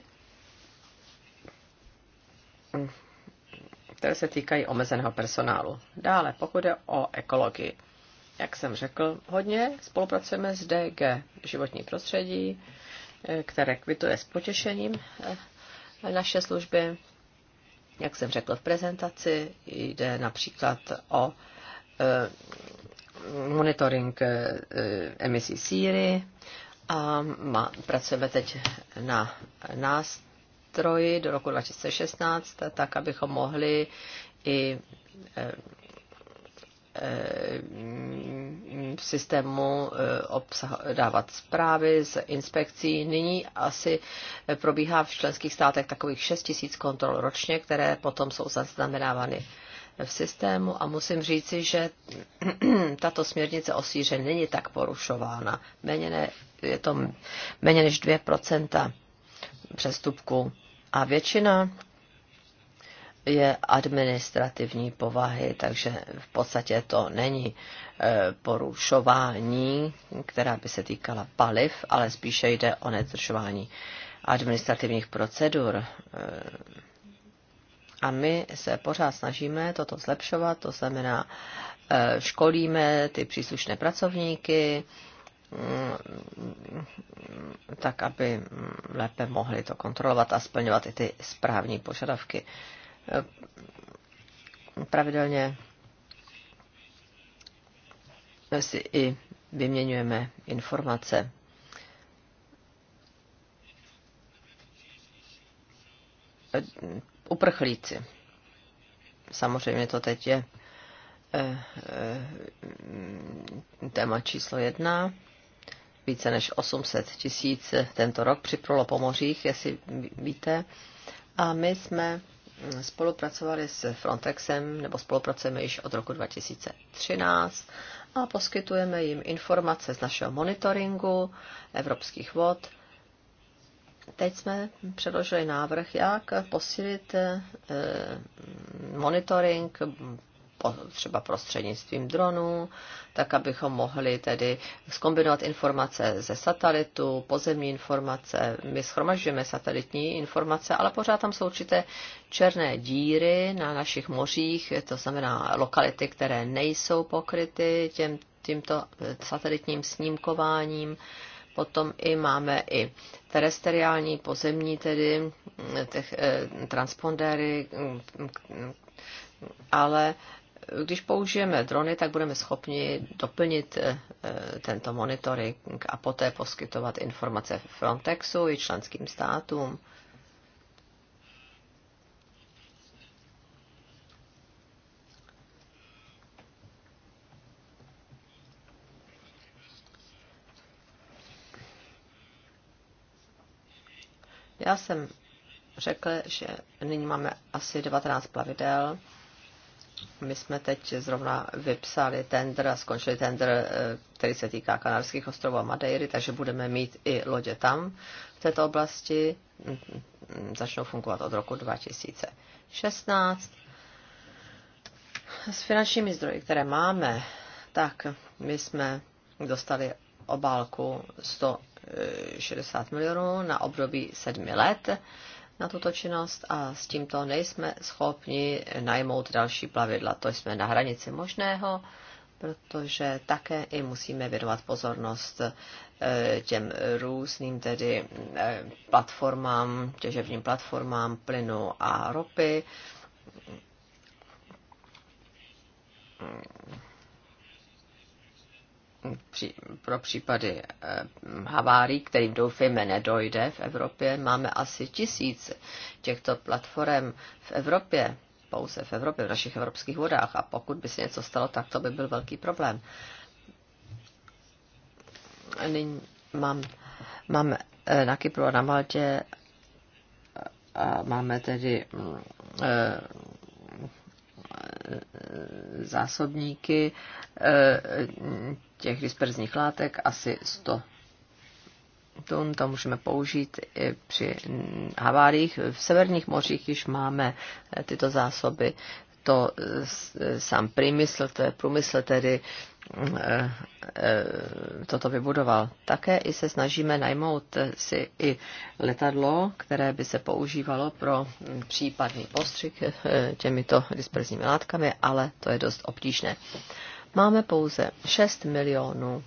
které se týkají omezeného personálu. Dále, pokud je o ekologii. Jak jsem řekl, hodně spolupracujeme s DG životní prostředí, které kvituje s potěšením naše služby. Jak jsem řekl v prezentaci, jde například o eh, monitoring eh, emisí síry a má, pracujeme teď na nástroji do roku 2016, tak abychom mohli i eh, Eh, v systému eh, obsah, dávat zprávy z inspekcí. Nyní asi probíhá v členských státech takových 6 tisíc kontrol ročně, které potom jsou zaznamenávány v systému a musím říci, že tato směrnice o síře není tak porušována. Méně ne, je to méně než 2% přestupků. A většina je administrativní povahy, takže v podstatě to není e, porušování, která by se týkala paliv, ale spíše jde o nedržování administrativních procedur. E, a my se pořád snažíme toto zlepšovat, to znamená, e, školíme ty příslušné pracovníky, mm, tak aby mm, lépe mohli to kontrolovat a splňovat i ty správní požadavky. Eh, pravidelně si i vyměňujeme informace. Eh, uprchlíci. Samozřejmě to teď je eh, téma číslo jedna. Více než 800 tisíc tento rok připrulo po mořích, jestli víte. A my jsme spolupracovali s Frontexem, nebo spolupracujeme již od roku 2013 a poskytujeme jim informace z našeho monitoringu evropských vod. Teď jsme předložili návrh, jak posílit eh, monitoring třeba prostřednictvím dronů, tak abychom mohli tedy skombinovat informace ze satelitu, pozemní informace. My schromažďujeme satelitní informace, ale pořád tam jsou určité černé díry na našich mořích, to znamená lokality, které nejsou pokryty těm, tímto satelitním snímkováním. Potom i máme i terestriální, pozemní tedy mm, těch, eh, transpondéry, mm, mm, ale když použijeme drony, tak budeme schopni doplnit eh, eh, tento monitoring a poté poskytovat informace Frontexu i členským státům. Já jsem řekl, že nyní máme asi 19 plavidel my jsme teď zrovna vypsali tender a skončili tender, eh, který se týká Kanárských ostrovů a Madeiry, takže budeme mít i lodě tam v této oblasti. Začnou fungovat od roku 2016. S finančními zdroji, které máme, tak my jsme dostali obálku 160 eh, milionů na období sedmi let na tuto činnost a s tímto nejsme schopni najmout další plavidla. To jsme na hranici možného, protože také i musíme věnovat pozornost e, těm různým tedy e, platformám, těževním platformám plynu a ropy pro případy eh, havárií, kterým doufejme nedojde v Evropě. Máme asi tisíc těchto platform v Evropě, pouze v Evropě, v našich evropských vodách. A pokud by se něco stalo, tak to by byl velký problém. Nyní mám, mám eh, na Kypru a na Maltě eh, a máme tedy mm, Eh, zásobníky eh, těch disperzních látek asi 100 tun, to můžeme použít i při haváriích. V severních mořích již máme eh, tyto zásoby to eh, sám průmysl, to je průmysl tedy, eh, eh, toto vybudoval. Také i se snažíme najmout si i letadlo, které by se používalo pro případný postřik těmito disperzními látkami, ale to je dost obtížné. Máme pouze 6 milionů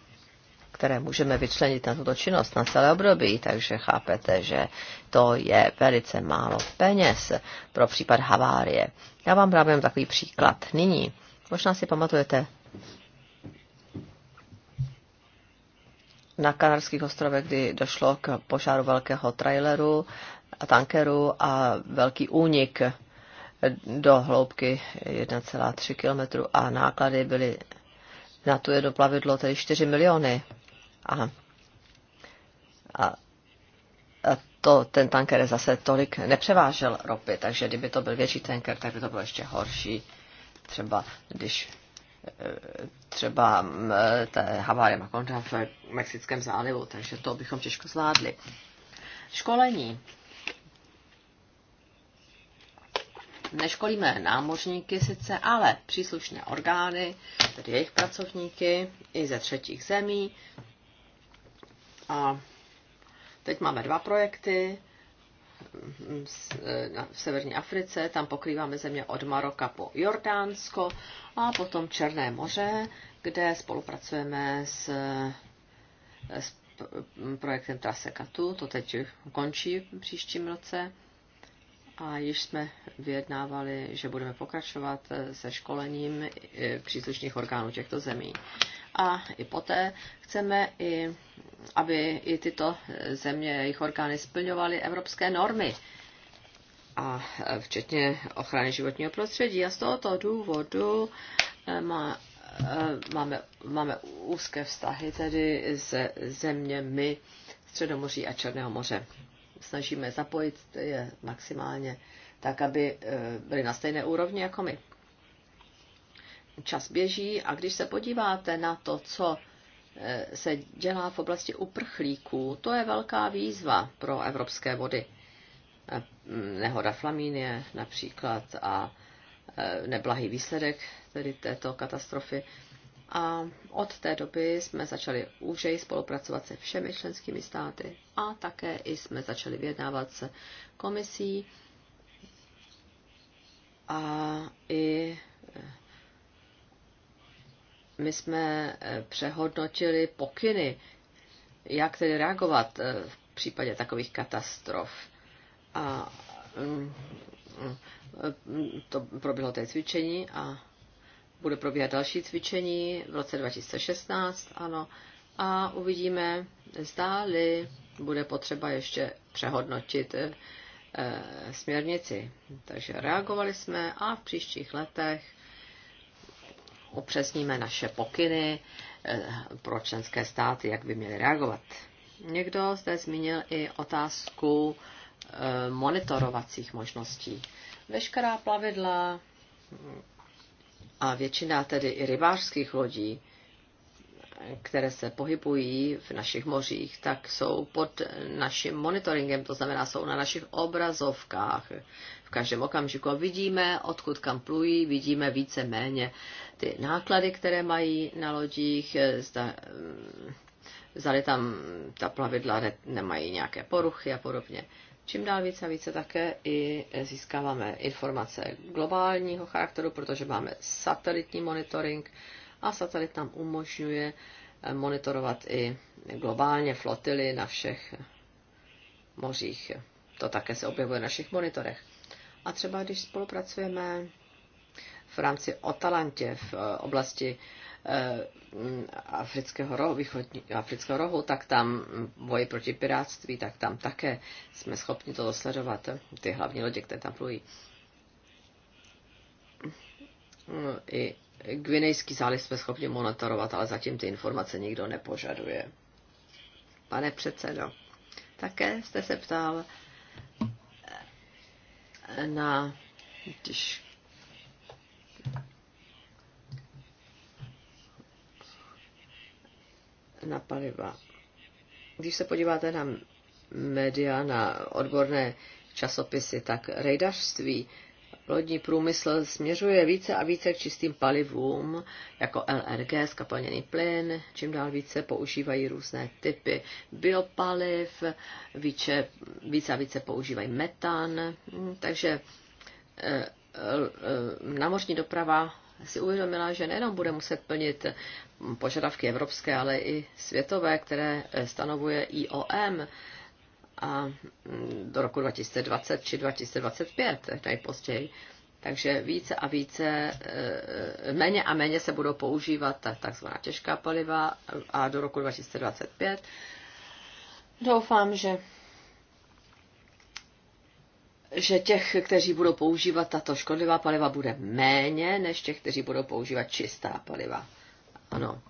které můžeme vyčlenit na tuto činnost na celé období, takže chápete, že to je velice málo peněz pro případ havárie. Já vám dávám takový příklad. Nyní, možná si pamatujete, na Kanarských ostrovech, kdy došlo k požáru velkého traileru a tankeru a velký únik do hloubky 1,3 km a náklady byly na tu jedno plavidlo tedy 4 miliony a, a to, ten tanker zase tolik nepřevážel ropy, takže kdyby to byl větší tanker, tak by to bylo ještě horší. Třeba když e, třeba té havárie Makonda v Mexickém zálivu, takže to bychom těžko zvládli. Školení. Neškolíme námořníky sice, ale příslušné orgány, tedy jejich pracovníky i ze třetích zemí, a teď máme dva projekty mm, eh, v severní Africe, tam pokrýváme země od Maroka po Jordánsko a potom Černé moře, kde spolupracujeme s, eh, s mm, projektem Trasekatu, to teď končí v příštím roce. A již jsme vyjednávali, že budeme pokračovat eh, se školením příslušných orgánů těchto zemí a i poté chceme i, aby i tyto země, jejich orgány splňovaly evropské normy a e, včetně ochrany životního prostředí. A z tohoto důvodu e, má, e, máme, máme úzké vztahy tedy se zeměmi Středomoří a Černého moře. Snažíme zapojit je maximálně tak, aby byly na stejné úrovni jako my čas běží a když se podíváte na to, co eh, se dělá v oblasti uprchlíků, to je velká výzva pro evropské vody. Eh, nehoda Flamínie například a eh, neblahý výsledek tedy této katastrofy. A od té doby jsme začali úžej spolupracovat se všemi členskými státy a také i jsme začali vyjednávat se komisí a i my jsme eh, přehodnotili pokyny, jak tedy reagovat eh, v případě takových katastrof. A mm, mm, mm, to proběhlo té cvičení a bude probíhat další cvičení v roce 2016, ano, a uvidíme, zdáli bude potřeba ještě přehodnotit eh, směrnici. Takže reagovali jsme a v příštích letech upřesníme naše pokyny eh, pro členské státy, jak by měly reagovat. Někdo zde zmínil i otázku eh, monitorovacích možností. Veškerá plavidla a většina tedy i rybářských lodí které se pohybují v našich mořích, tak jsou pod naším monitoringem, to znamená, jsou na našich obrazovkách. V každém okamžiku vidíme, odkud kam plují, vidíme více méně ty náklady, které mají na lodích, zda, hm, zda tam ta plavidla nemají nějaké poruchy a podobně. Čím dál více a více také i získáváme informace globálního charakteru, protože máme satelitní monitoring, a satelit nám umožňuje eh, monitorovat i globálně flotily na všech mořích. To také se objevuje na našich monitorech. A třeba když spolupracujeme v rámci Otalantě v eh, oblasti eh, Afrického rohu, východní, Afrického rohu, tak tam boji proti piráctví, tak tam také jsme schopni to sledovat, ty hlavní lodě, které tam plují. Mm, I Gvinejský záliv jsme schopni monitorovat, ale zatím ty informace nikdo nepožaduje. Pane předsedo, také jste se ptal eh, na když na paliva. Když se podíváte na média, na odborné časopisy, tak rejdařství lodní průmysl směřuje více a více k čistým palivům, jako LNG, skapalněný plyn, čím dál více používají různé typy biopaliv, více, více a více používají metan, hm, takže eh, eh, námořní doprava si uvědomila, že nejenom bude muset plnit požadavky evropské, ale i světové, které eh, stanovuje IOM, a mm, do roku 2020 či 2025 nejpozději. Takže více a více, e, méně a méně se budou používat takzvaná těžká paliva a do roku 2025 doufám, že že těch, kteří budou používat tato škodlivá paliva, bude méně, než těch, kteří budou používat čistá paliva. Ano,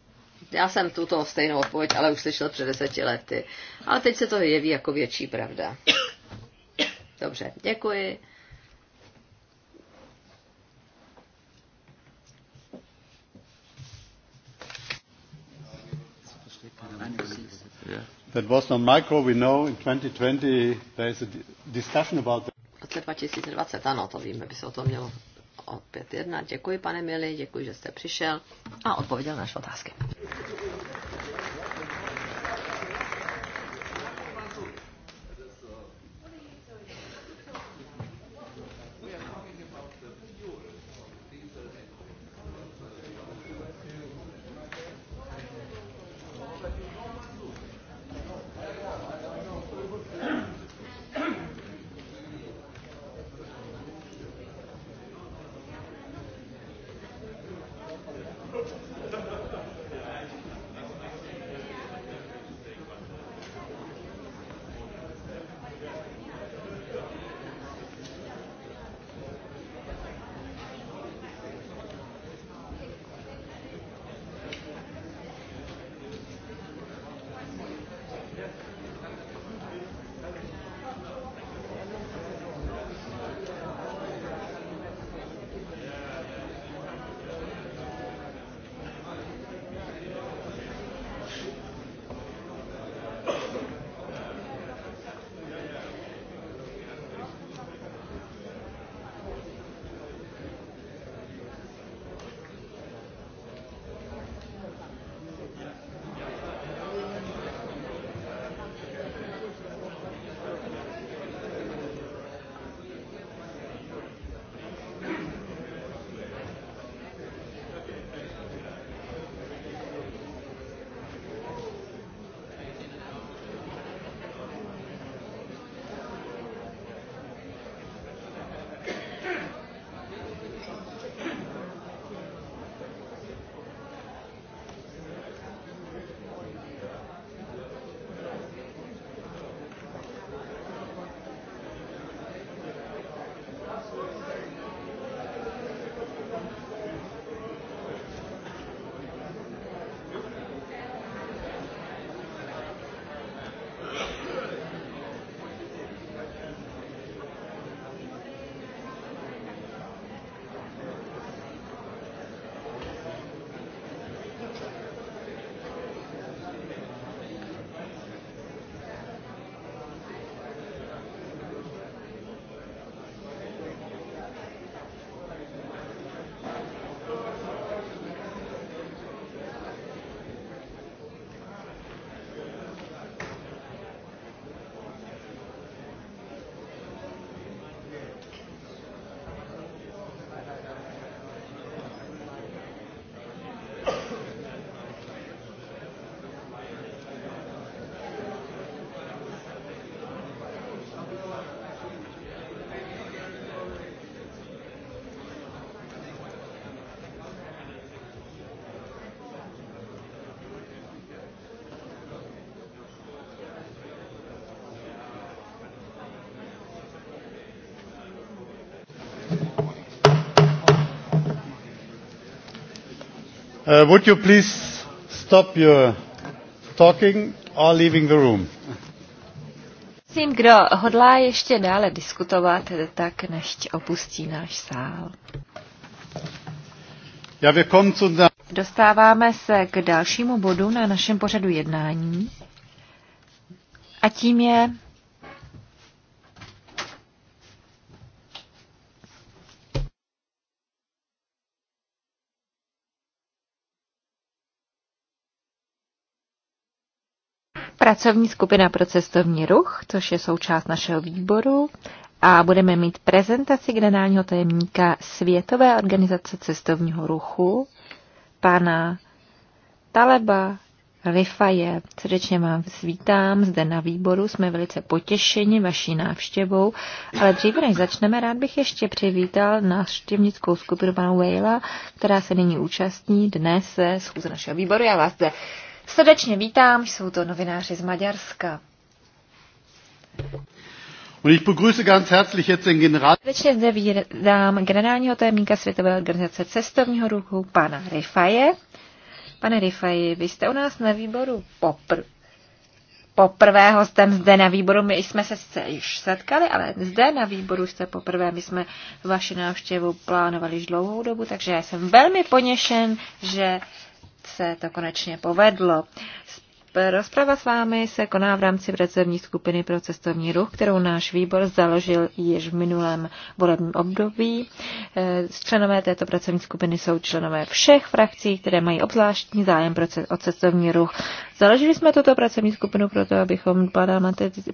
já jsem tuto stejnou odpověď, ale už slyšel před deseti lety. Ale teď se to jeví jako větší pravda. Dobře, děkuji. That was on no micro, we know in 2020 there is a discussion about that. 2020, ano, to víme, by se o tom mělo opět jednat. Děkuji, pane Mili, děkuji, že jste přišel a odpověděl na naše otázky. Uh, would you please stop your talking or leaving the room? Prosím, kdo hodlá ještě dále diskutovat, tak nechť opustí náš sál. Ja, wir zu unserem Dostáváme se k dalšímu bodu na našem pořadu jednání. A tím je pracovní skupina pro cestovní ruch, což je součást našeho výboru, a budeme mít prezentaci generálního tajemníka Světové organizace cestovního ruchu, pana Taleba Rifaje. Srdečně vám svítám zde na výboru, jsme velice potěšeni vaší návštěvou, ale dříve než začneme, rád bych ještě přivítal návštěvnickou skupinu pana Wayla, která se nyní účastní dnes schůze našeho výboru. Já vás zde Srdečně vítám, jsou to novináři z Maďarska. Und ich begrüße ganz herzlich jetzt den General. Srdečně zde vítám generálního tajemníka Světové organizace cestovního ruchu, pana Rifaje. Pane Rifaji, vy jste u nás na výboru popr poprvé hostem zde na výboru. My jsme se sice již setkali, ale zde na výboru jste poprvé. My jsme vaši návštěvu plánovali již dlouhou dobu, takže já jsem velmi poněšen, že se to konečně povedlo. Rozprava s vámi se koná v rámci pracovní skupiny pro cestovní ruch, kterou náš výbor založil již v minulém volebním období. E, členové této pracovní skupiny jsou členové všech frakcí, které mají obzvláštní zájem o cestovní ruch. Založili jsme tuto pracovní skupinu proto, abychom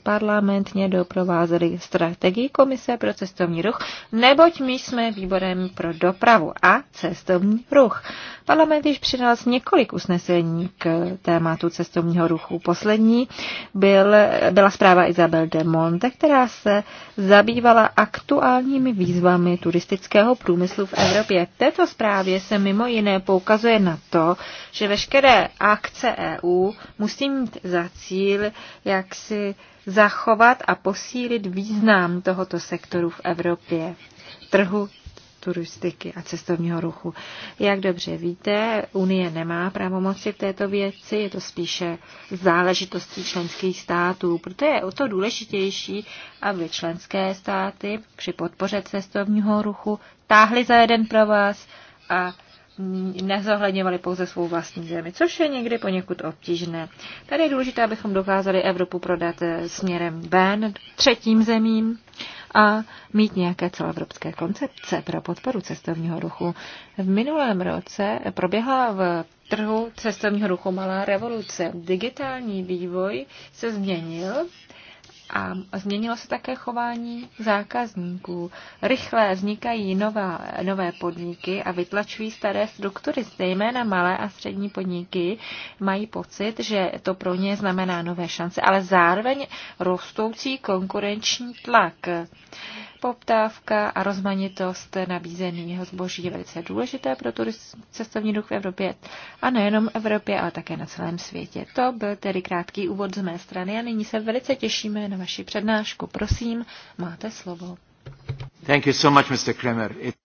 parlamentně doprovázeli strategii Komise pro cestovní ruch, neboť my jsme výborem pro dopravu a cestovní ruch. Parlament již přinal několik usnesení k tématu cestovního ruchu. Poslední byl, byla zpráva Isabel de Monte, která se zabývala aktuálními výzvami turistického průmyslu v Evropě. V této zprávě se mimo jiné poukazuje na to, že veškeré akce EU musí mít za cíl, jak si zachovat a posílit význam tohoto sektoru v Evropě, trhu turistiky a cestovního ruchu. Jak dobře víte, Unie nemá pravomoci v této věci, je to spíše záležitostí členských států. Proto je o to důležitější, aby členské státy při podpoře cestovního ruchu táhly za jeden pro vás a nezohledňovali pouze svou vlastní zemi, což je někdy poněkud obtížné. Tady je důležité, abychom dokázali Evropu prodat eh, směrem ven, třetím zemím a mít nějaké celoevropské koncepce pro podporu cestovního ruchu. V minulém roce proběhla v trhu cestovního ruchu malá revoluce. Digitální vývoj se změnil a změnilo se také chování zákazníků. Rychle vznikají nová, nové podniky a vytlačují staré struktury, zejména malé a střední podniky mají pocit, že to pro ně znamená nové šance, ale zároveň rostoucí konkurenční tlak. Poptávka a rozmanitost nabízeného zboží je velice důležité pro cestovní ruch v Evropě a nejenom v Evropě, ale také na celém světě. To byl tedy krátký úvod z mé strany a nyní se velice těšíme na vaši přednášku. Prosím, máte slovo. Thank you so much, Mr. Kramer. It...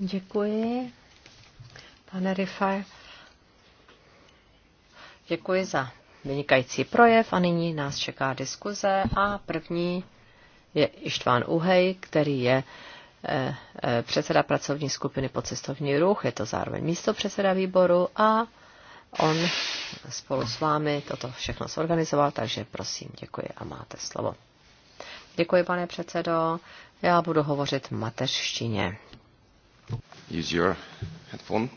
Děkuji, pane Rifaj. Děkuji za vynikající projev a nyní nás čeká diskuze a první je Ištván Uhej, který je eh, eh, předseda pracovní skupiny po cestovní ruch, je to zároveň místo předseda výboru a on spolu s vámi toto všechno zorganizoval, takže prosím, děkuji a máte slovo. Děkuji, pane předsedo. Já budu hovořit mateřštině use your headphone.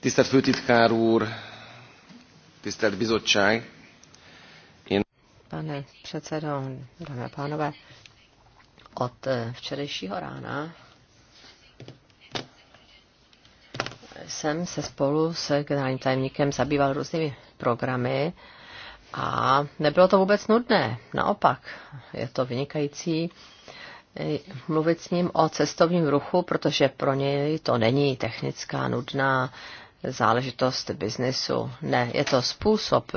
Tisztelt Főtitkár úr, tisztelt bizottság! Én... Pane předsedo, dámy a pánové, od eh, včerejšího rána jsem se spolu s generálním tajemníkem zabýval různými programy a nebylo to vůbec nudné. Naopak, je to vynikající mluvit s ním o cestovním ruchu, protože pro něj to není technická nudná záležitost biznesu. Ne, je to způsob,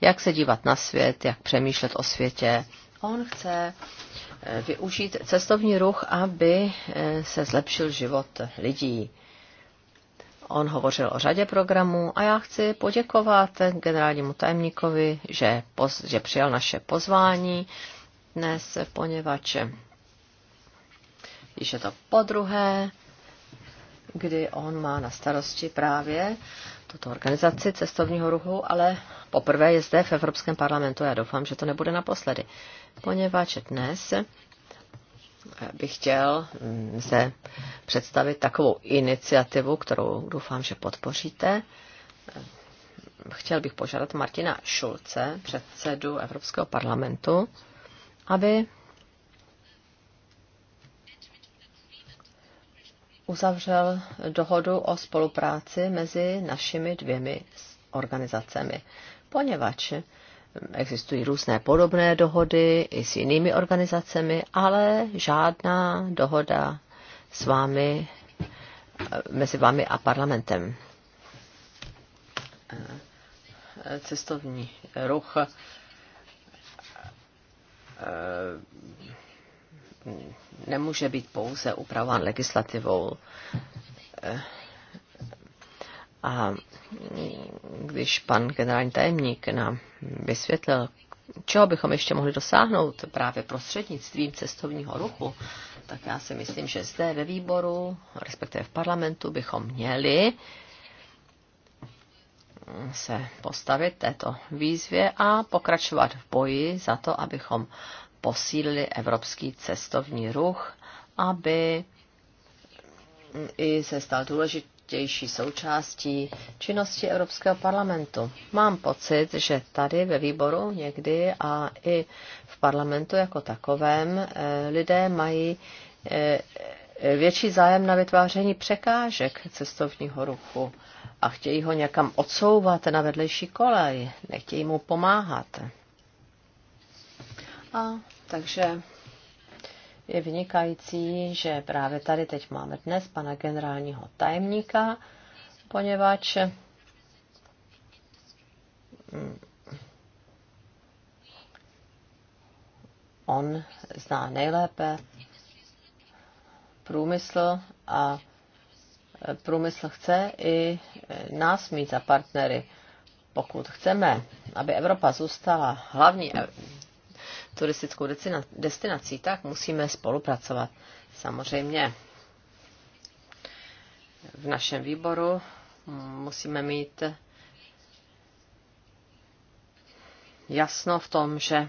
jak se dívat na svět, jak přemýšlet o světě. On chce eh, využít cestovní ruch, aby eh, se zlepšil život lidí. On hovořil o řadě programů a já chci poděkovat generálnímu tajemníkovi, že, poz, že přijal naše pozvání dnes, poněvadž již je to po druhé, kdy on má na starosti právě tuto organizaci cestovního ruchu, ale poprvé je zde v Evropském parlamentu. Já doufám, že to nebude naposledy, poněvadž dnes bych chtěl se mm, představit takovou iniciativu, kterou doufám, že podpoříte. Chtěl bych požádat Martina Šulce, předsedu Evropského parlamentu, aby uzavřel dohodu o spolupráci mezi našimi dvěmi organizacemi, poněvadž existují různé podobné dohody i s jinými organizacemi, ale žádná dohoda s vámi, mezi vámi a parlamentem. Cestovní ruch nemůže být pouze upravován legislativou. Eh, a když pan generální tajemník nám vysvětlil, čeho bychom ještě mohli dosáhnout právě prostřednictvím cestovního ruchu, tak já si myslím, že zde ve výboru, respektive v parlamentu, bychom měli se postavit této výzvě a pokračovat v boji za to, abychom posílili evropský cestovní ruch, aby i se stal důležitější součástí činnosti Evropského parlamentu. Mám pocit, že tady ve výboru někdy a i v parlamentu jako takovém eh, lidé mají eh, větší zájem na vytváření překážek cestovního ruchu a chtějí ho někam odsouvat na vedlejší kolej, nechtějí mu pomáhat. A takže je vynikající, že právě tady teď máme dnes pana generálního tajemníka, poněvadž mm, on zná nejlépe průmysl a průmysl chce i nás mít za partnery. Pokud chceme, aby Evropa zůstala hlavní turistickou destinací, tak musíme spolupracovat. Samozřejmě v našem výboru musíme mít jasno v tom, že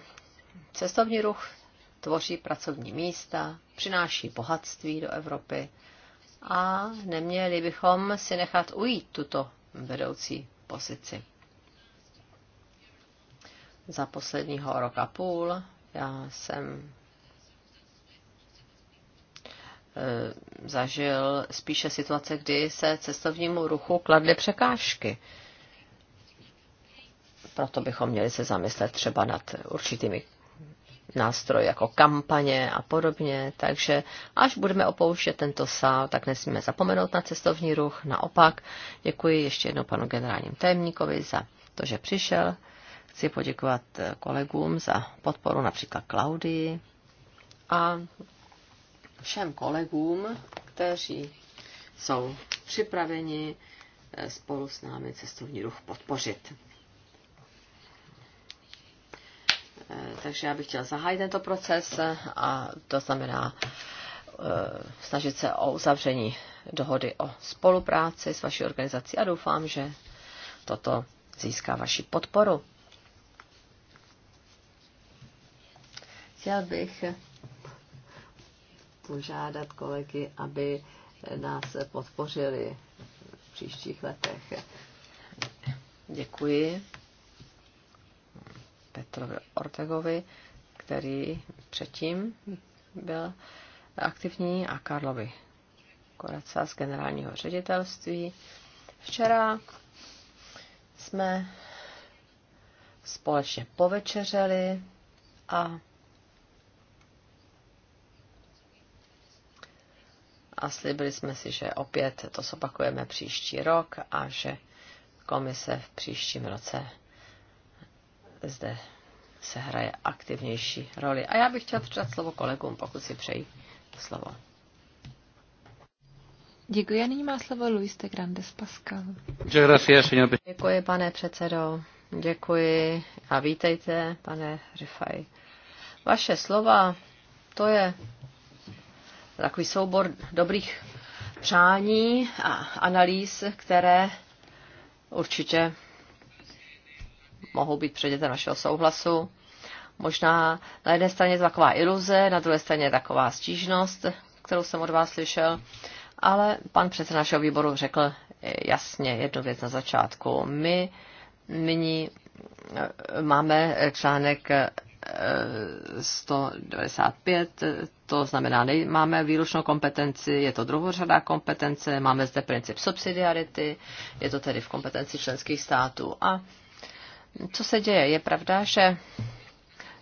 cestovní ruch tvoří pracovní místa, přináší bohatství do Evropy a neměli bychom si nechat ujít tuto vedoucí pozici. Za posledního roka půl já jsem e, zažil spíše situace, kdy se cestovnímu ruchu kladly překážky. Proto bychom měli se zamyslet třeba nad určitými nástroji jako kampaně a podobně. Takže až budeme opouštět tento sál, tak nesmíme zapomenout na cestovní ruch. Naopak děkuji ještě jednou panu generálním tajemníkovi za to, že přišel. Chci poděkovat kolegům za podporu například Klaudii a všem kolegům, kteří jsou připraveni eh, spolu s námi cestovní ruch podpořit. Eh, takže já bych chtěla zahájit tento proces a to znamená eh, snažit se o uzavření dohody o spolupráci s vaší organizací a doufám, že toto získá vaši podporu. Chtěl bych požádat kolegy, aby nás podpořili v příštích letech. Děkuji Petrovi Ortegovi, který předtím byl aktivní, a Karlovi Koreca z generálního ředitelství. Včera jsme společně povečeřeli a a slibili jsme si, že opět to zopakujeme příští rok a že komise v příštím roce zde se hraje aktivnější roli. A já bych chtěl předat slovo kolegům, pokud si přejí slovo. Děkuji a nyní má slovo Luis de Grandes Pascal. Děkuji, pane předsedo. Děkuji a vítejte, pane Rifaj. Vaše slova, to je takový soubor dobrých přání a analýz, které určitě mohou být předmětem našeho souhlasu. Možná na jedné straně taková iluze, na druhé straně taková stížnost, kterou jsem od vás slyšel, ale pan předseda našeho výboru řekl jasně jednu věc na začátku. My nyní eh, máme článek 195, to znamená, máme výlučnou kompetenci, je to druhořadá kompetence, máme zde princip subsidiarity, je to tedy v kompetenci členských států. A co se děje? Je pravda, že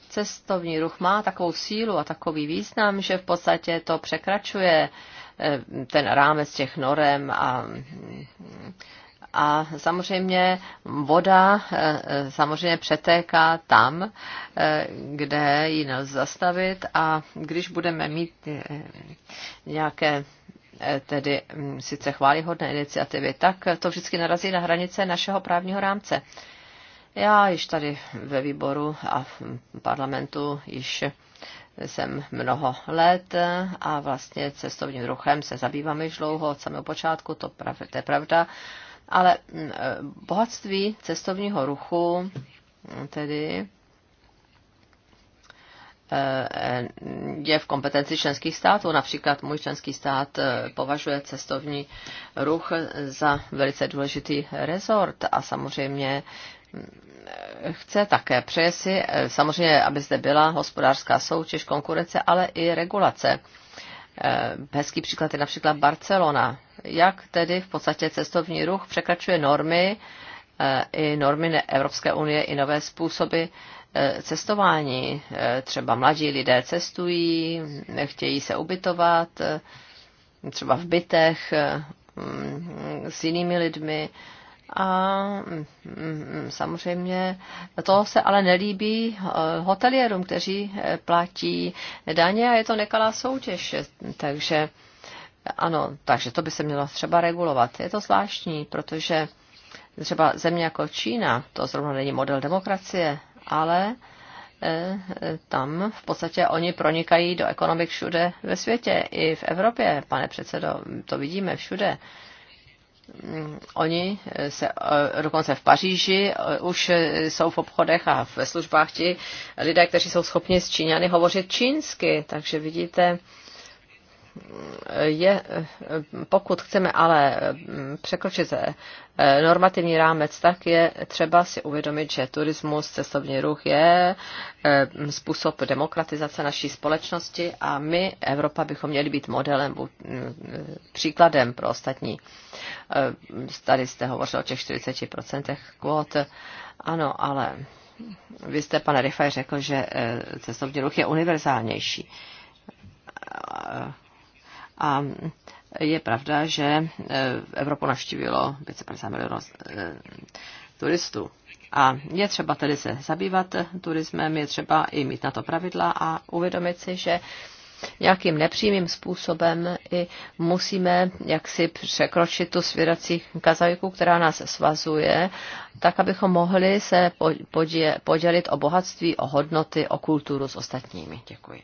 cestovní ruch má takovou sílu a takový význam, že v podstatě to překračuje eh, ten rámec těch norem a a samozřejmě voda eh, eh, samozřejmě přetéká tam, eh, kde ji nelze zastavit a když budeme mít nějaké tedy hm, sice chválihodné iniciativy, tak to vždycky narazí na hranice našeho právního rámce. Já již tady ve výboru a v parlamentu již jsem mnoho let a vlastně cestovním ruchem se zabývám již dlouho od samého počátku, to, prav, to je pravda. Ale mm, e, bohatství cestovního ruchu mm, tedy e, e, je v kompetenci členských států. Například můj členský stát považuje cestovní ruch za velice důležitý rezort a samozřejmě mm, chce také, přeje si samozřejmě, aby zde byla hospodářská soutěž, konkurence, ale i regulace. Eh, hezký příklad je například Barcelona. Jak tedy v podstatě cestovní ruch překračuje normy, eh, i normy Evropské unie, i nové způsoby eh, cestování. Třeba mladí lidé cestují, chtějí se ubytovat, třeba v bytech mm, s jinými lidmi a mm, mm, samozřejmě to se ale nelíbí eh, hotelierům, kteří eh, platí daně a je to nekalá soutěž. Takže ano, takže to by se mělo třeba regulovat. Je to zvláštní, protože třeba země jako Čína, to zrovna není model demokracie, ale eh, tam v podstatě oni pronikají do ekonomik všude ve světě, i v Evropě, pane předsedo, to vidíme všude. Oni se eh, dokonce v Paříži eh, už eh, jsou v obchodech a ve službách ti lidé, kteří jsou schopni s Číňany hovořit čínsky. Takže vidíte, je, pokud chceme ale překročit eh, normativní rámec, tak je třeba si uvědomit, že turismus, cestovní ruch je eh, způsob demokratizace naší společnosti a my, Evropa, bychom měli být modelem, eh, příkladem pro ostatní. Tady jste hovořil o těch 40% kvót. Ano, ale vy jste, pane Rifaj, řekl, že cestovní ruch je univerzálnější a je pravda, že v eh, Evropu navštívilo 550 milionů eh, turistů. A je třeba tedy se zabývat turismem, je třeba i mít na to pravidla a uvědomit si, že nějakým nepřímým způsobem i musíme jaksi překročit tu svědací kazajku, která nás svazuje, tak abychom mohli se podělit o bohatství, o hodnoty, o kulturu s ostatními. Děkuji.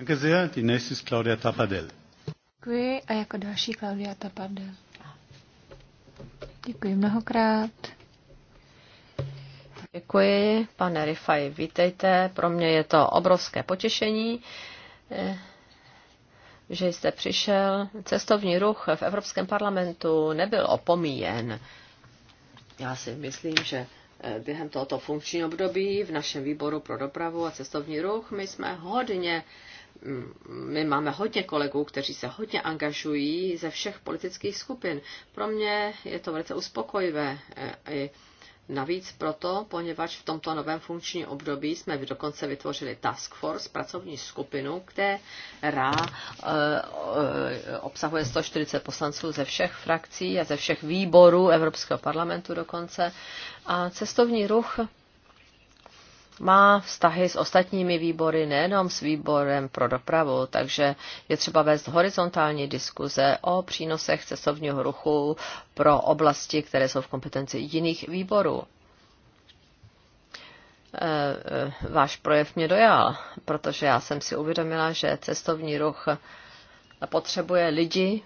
Danke sehr. Die nächste ist Claudia Tapadel. Děkuji a jako další Claudia Tapadel. Děkuji mnohokrát. Děkuji, pane Rifaj, vítejte. Pro mě je to obrovské potěšení, eh, že jste přišel. Cestovní ruch v Evropském parlamentu nebyl opomíjen. Já si myslím, že eh, během tohoto funkčního období v našem výboru pro dopravu a cestovní ruch my jsme hodně my máme hodně kolegů, kteří se hodně angažují ze všech politických skupin. Pro mě je to velice uspokojivé. Eh, I navíc proto, poněvadž v tomto novém funkčním období jsme dokonce vytvořili task force, pracovní skupinu, která eh, obsahuje 140 poslanců ze všech frakcí a ze všech výborů Evropského parlamentu dokonce. A cestovní ruch má vztahy s ostatními výbory, nejenom s výborem pro dopravu, takže je třeba vést horizontální diskuze o přínosech cestovního ruchu pro oblasti, které jsou v kompetenci jiných výborů. E, e, váš projev mě dojal, protože já jsem si uvědomila, že cestovní ruch potřebuje lidi,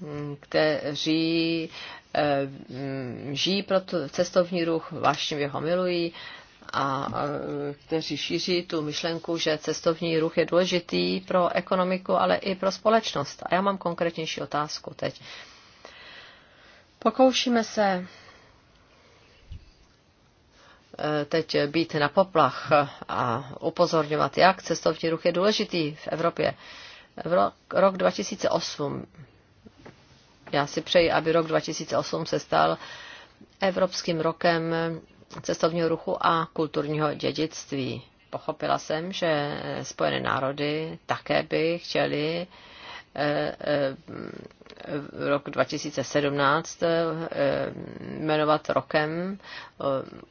mm, kteří e, mm, žijí pro cestovní ruch, vážně ho milují a kteří šíří tu myšlenku, že cestovní ruch je důležitý pro ekonomiku, ale i pro společnost. A já mám konkrétnější otázku teď. Pokoušíme se e, teď být na poplach a upozorňovat, jak cestovní ruch je důležitý v Evropě. V rok, rok 2008, já si přeji, aby rok 2008 se stal Evropským rokem cestovního ruchu a kulturního dědictví. Pochopila jsem, že Spojené národy také by chtěli eh, eh, rok 2017 eh, jmenovat rokem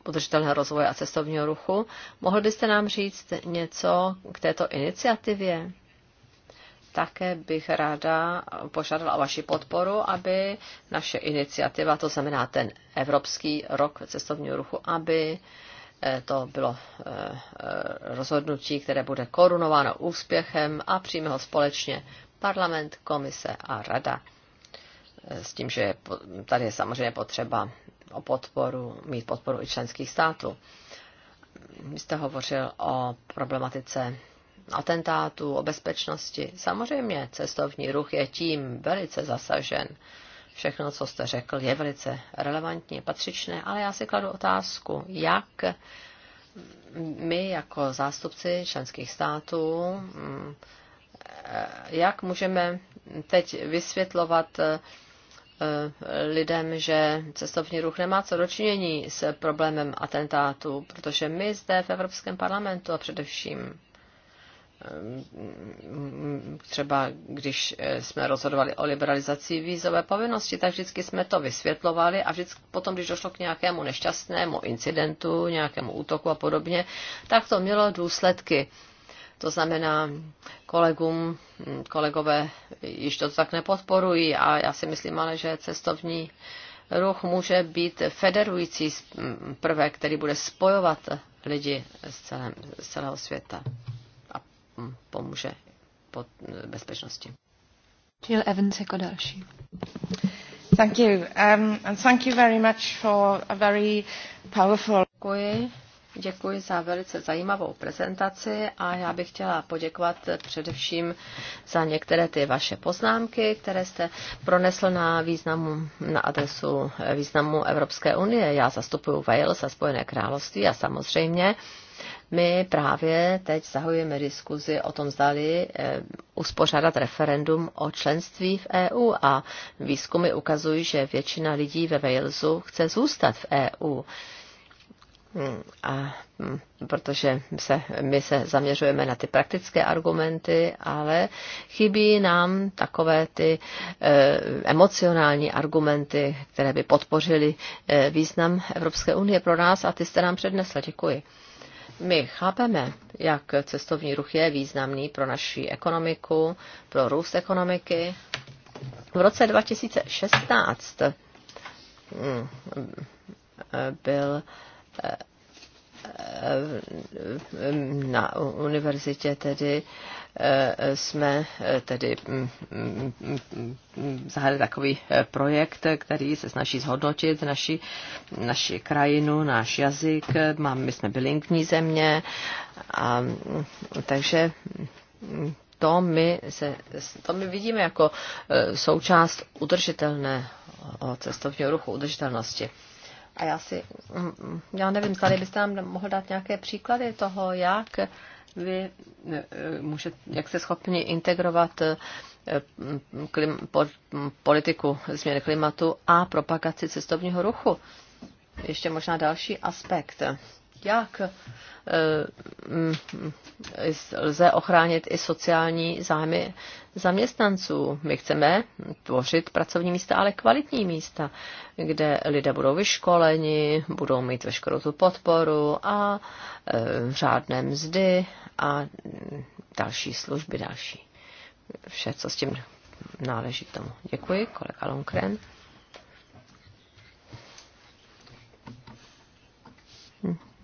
udržitelného rozvoje a cestovního ruchu. Mohl byste nám říct něco k této iniciativě? Také bych ráda požádala vaši podporu, aby naše iniciativa, to znamená ten Evropský rok cestovního ruchu, aby eh, to bylo eh, rozhodnutí, které bude korunováno úspěchem a přijme ho společně parlament, komise a rada. Eh, s tím, že tady je samozřejmě potřeba o podporu, mít podporu i členských států. Vy jste hovořil o problematice atentátů, o bezpečnosti. Samozřejmě cestovní ruch je tím velice zasažen. Všechno, co jste řekl, je velice relevantní, patřičné, ale já si kladu otázku, jak my jako zástupci členských států, mm, jak můžeme teď vysvětlovat eh, lidem, že cestovní ruch nemá co dočinění s problémem atentátu, protože my zde v Evropském parlamentu a především třeba když eh, jsme rozhodovali o liberalizaci vízové povinnosti, tak vždycky jsme to vysvětlovali a vždycky potom, když došlo k nějakému nešťastnému incidentu, nějakému útoku a podobně, tak to mělo důsledky. To znamená, kolegům, hm, kolegové již to tak nepodporují a já si myslím ale, že cestovní ruch může být federující hm, prvek, který bude spojovat lidi z, celém, z celého světa pomůže pod e, bezpečnosti. Jill Evans jako další. Thank you. Um, and thank you very much for a very powerful... Děkuji. Děkuji za velice zajímavou prezentaci a já bych chtěla poděkovat především za některé ty vaše poznámky, které jste pronesl na, významu, na adresu významu Evropské unie. Já zastupuju Wales a Spojené království a samozřejmě uh, my právě teď zahajujeme diskuzi o tom, zdali eh, uspořádat referendum o členství v EU a výzkumy ukazují, že většina lidí ve Walesu chce zůstat v EU. Hmm, a hmm, protože se, my se zaměřujeme na ty praktické argumenty, ale chybí nám takové ty e, emocionální argumenty, které by podpořily e, význam Evropské unie pro nás a ty jste nám přednesla. Děkuji. My chápeme, jak cestovní ruch je významný pro naši ekonomiku, pro růst ekonomiky. V roce 2016 mm, byl eh, na univerzitě tedy eh, jsme eh, tedy mm, mm, mm, zahájili takový eh, projekt, který se snaží zhodnotit naši, naši krajinu, náš jazyk. Mám, my jsme bilingní země, a, takže to my, se, to my vidíme jako součást udržitelného cestovního ruchu, udržitelnosti. A já si, mm, mm, já nevím, tady byste nám mohl dát nějaké příklady toho, jak vy eh, můžete, jak jste schopni integrovat eh, mm, klim, po, politiku změny klimatu a propagaci cestovního ruchu. Ještě možná další aspekt jak eh, mm, mm, lze ochránit i sociální zájmy zaměstnanců. My chceme tvořit pracovní místa, ale kvalitní místa, kde lidé budou vyškoleni, budou mít veškerou tu podporu a eh, řádné mzdy a mm, další služby, další vše, co s tím náleží k tomu. Děkuji, kolega Longren.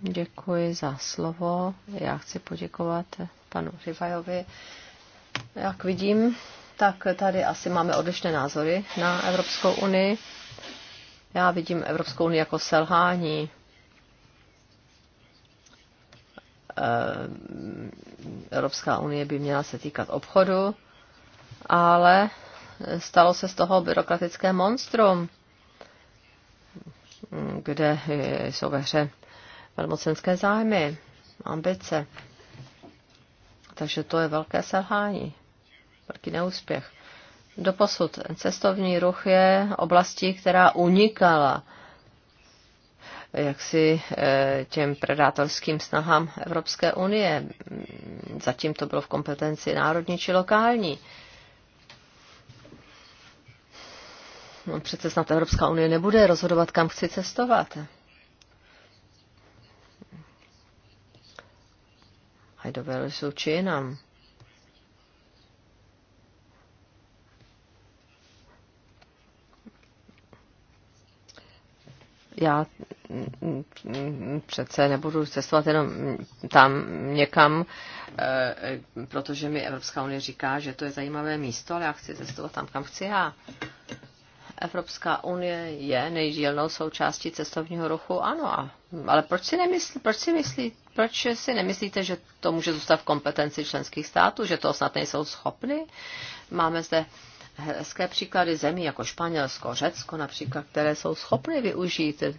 Děkuji za slovo. Já chci poděkovat panu Rivajovi. Jak vidím, tak tady asi máme odlišné názory na Evropskou unii. Já vidím Evropskou unii jako selhání eh, Evropská unie by měla se týkat obchodu, ale stalo se z toho byrokratické monstrum, kde jsou ve hře velmocenské zájmy, ambice. Takže to je velké selhání, velký neúspěch. Doposud cestovní ruch je oblastí, která unikala jaksi eh, těm predátorským snahám Evropské unie. Zatím to bylo v kompetenci národní či lokální. No, přece snad Evropská unie nebude rozhodovat, kam chci cestovat. aj do Velsu či já přece nebudu cestovat jenom tam někam, eh, protože mi Evropská unie říká, že to je zajímavé místo, ale já chci cestovat tam, kam chci já. Evropská unie je nejdílnou součástí cestovního ruchu, ano, a, ale proč si, nemysl, proč, si myslí, proč si nemyslíte, že to může zůstat v kompetenci členských států, že to snad nejsou schopny? Máme zde hezké příklady zemí jako Španělsko, Řecko například, které jsou schopny využít e,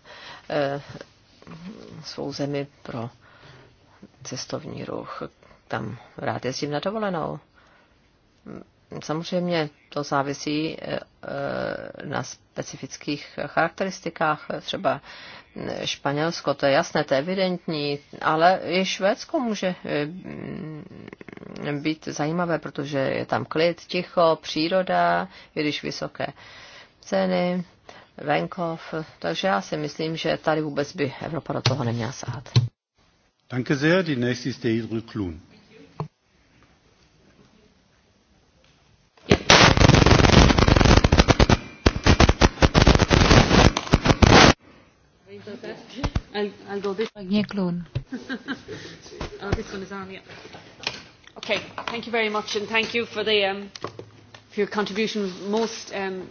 svou zemi pro cestovní ruch. Tam rád jezdím na dovolenou samozřejmě to závisí e, e, na specifických charakteristikách. Třeba e, Španělsko, to je jasné, to je evidentní, ale i Švédsko může být zajímavé, protože je tam klid, ticho, příroda, i když vysoké ceny, venkov. Takže já si myslím, že tady vůbec by Evropa do toho neměla sahat. Danke sehr, die nächste ist der I'll, I'll oh, this one is on, yeah. Okay, thank you very much and thank you for the um, for your contribution. Most um,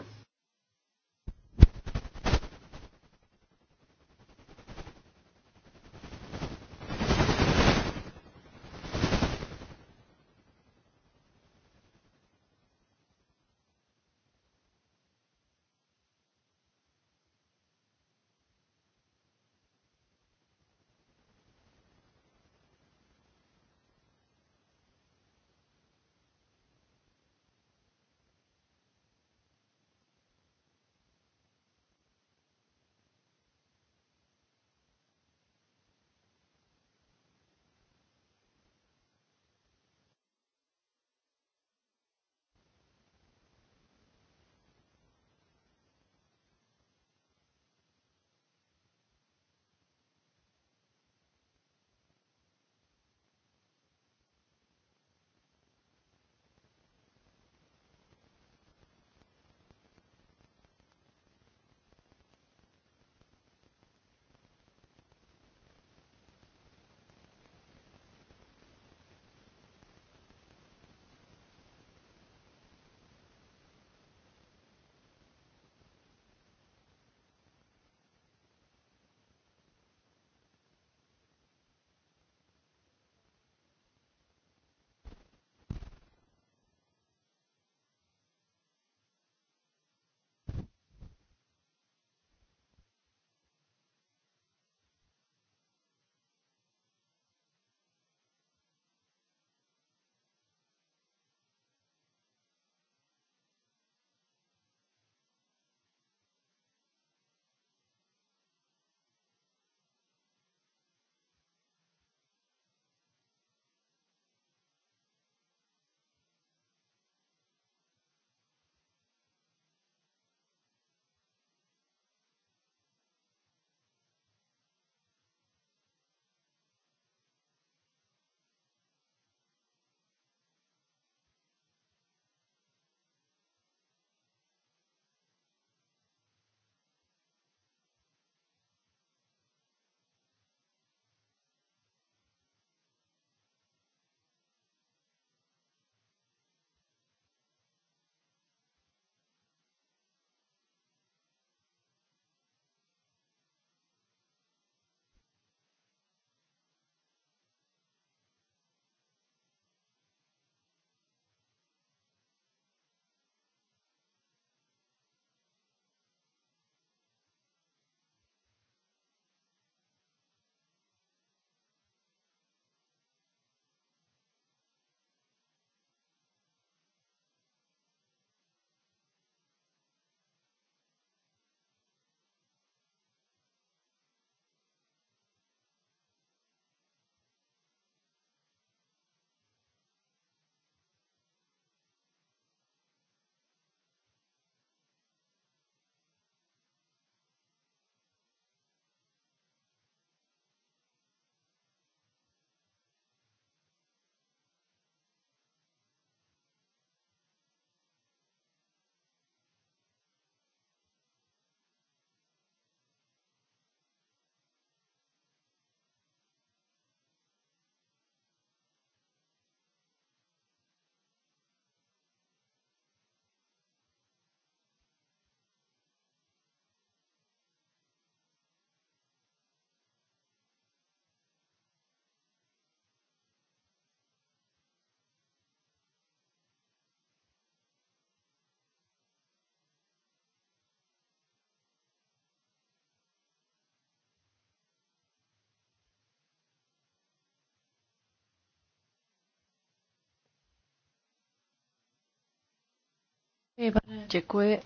Děkuji,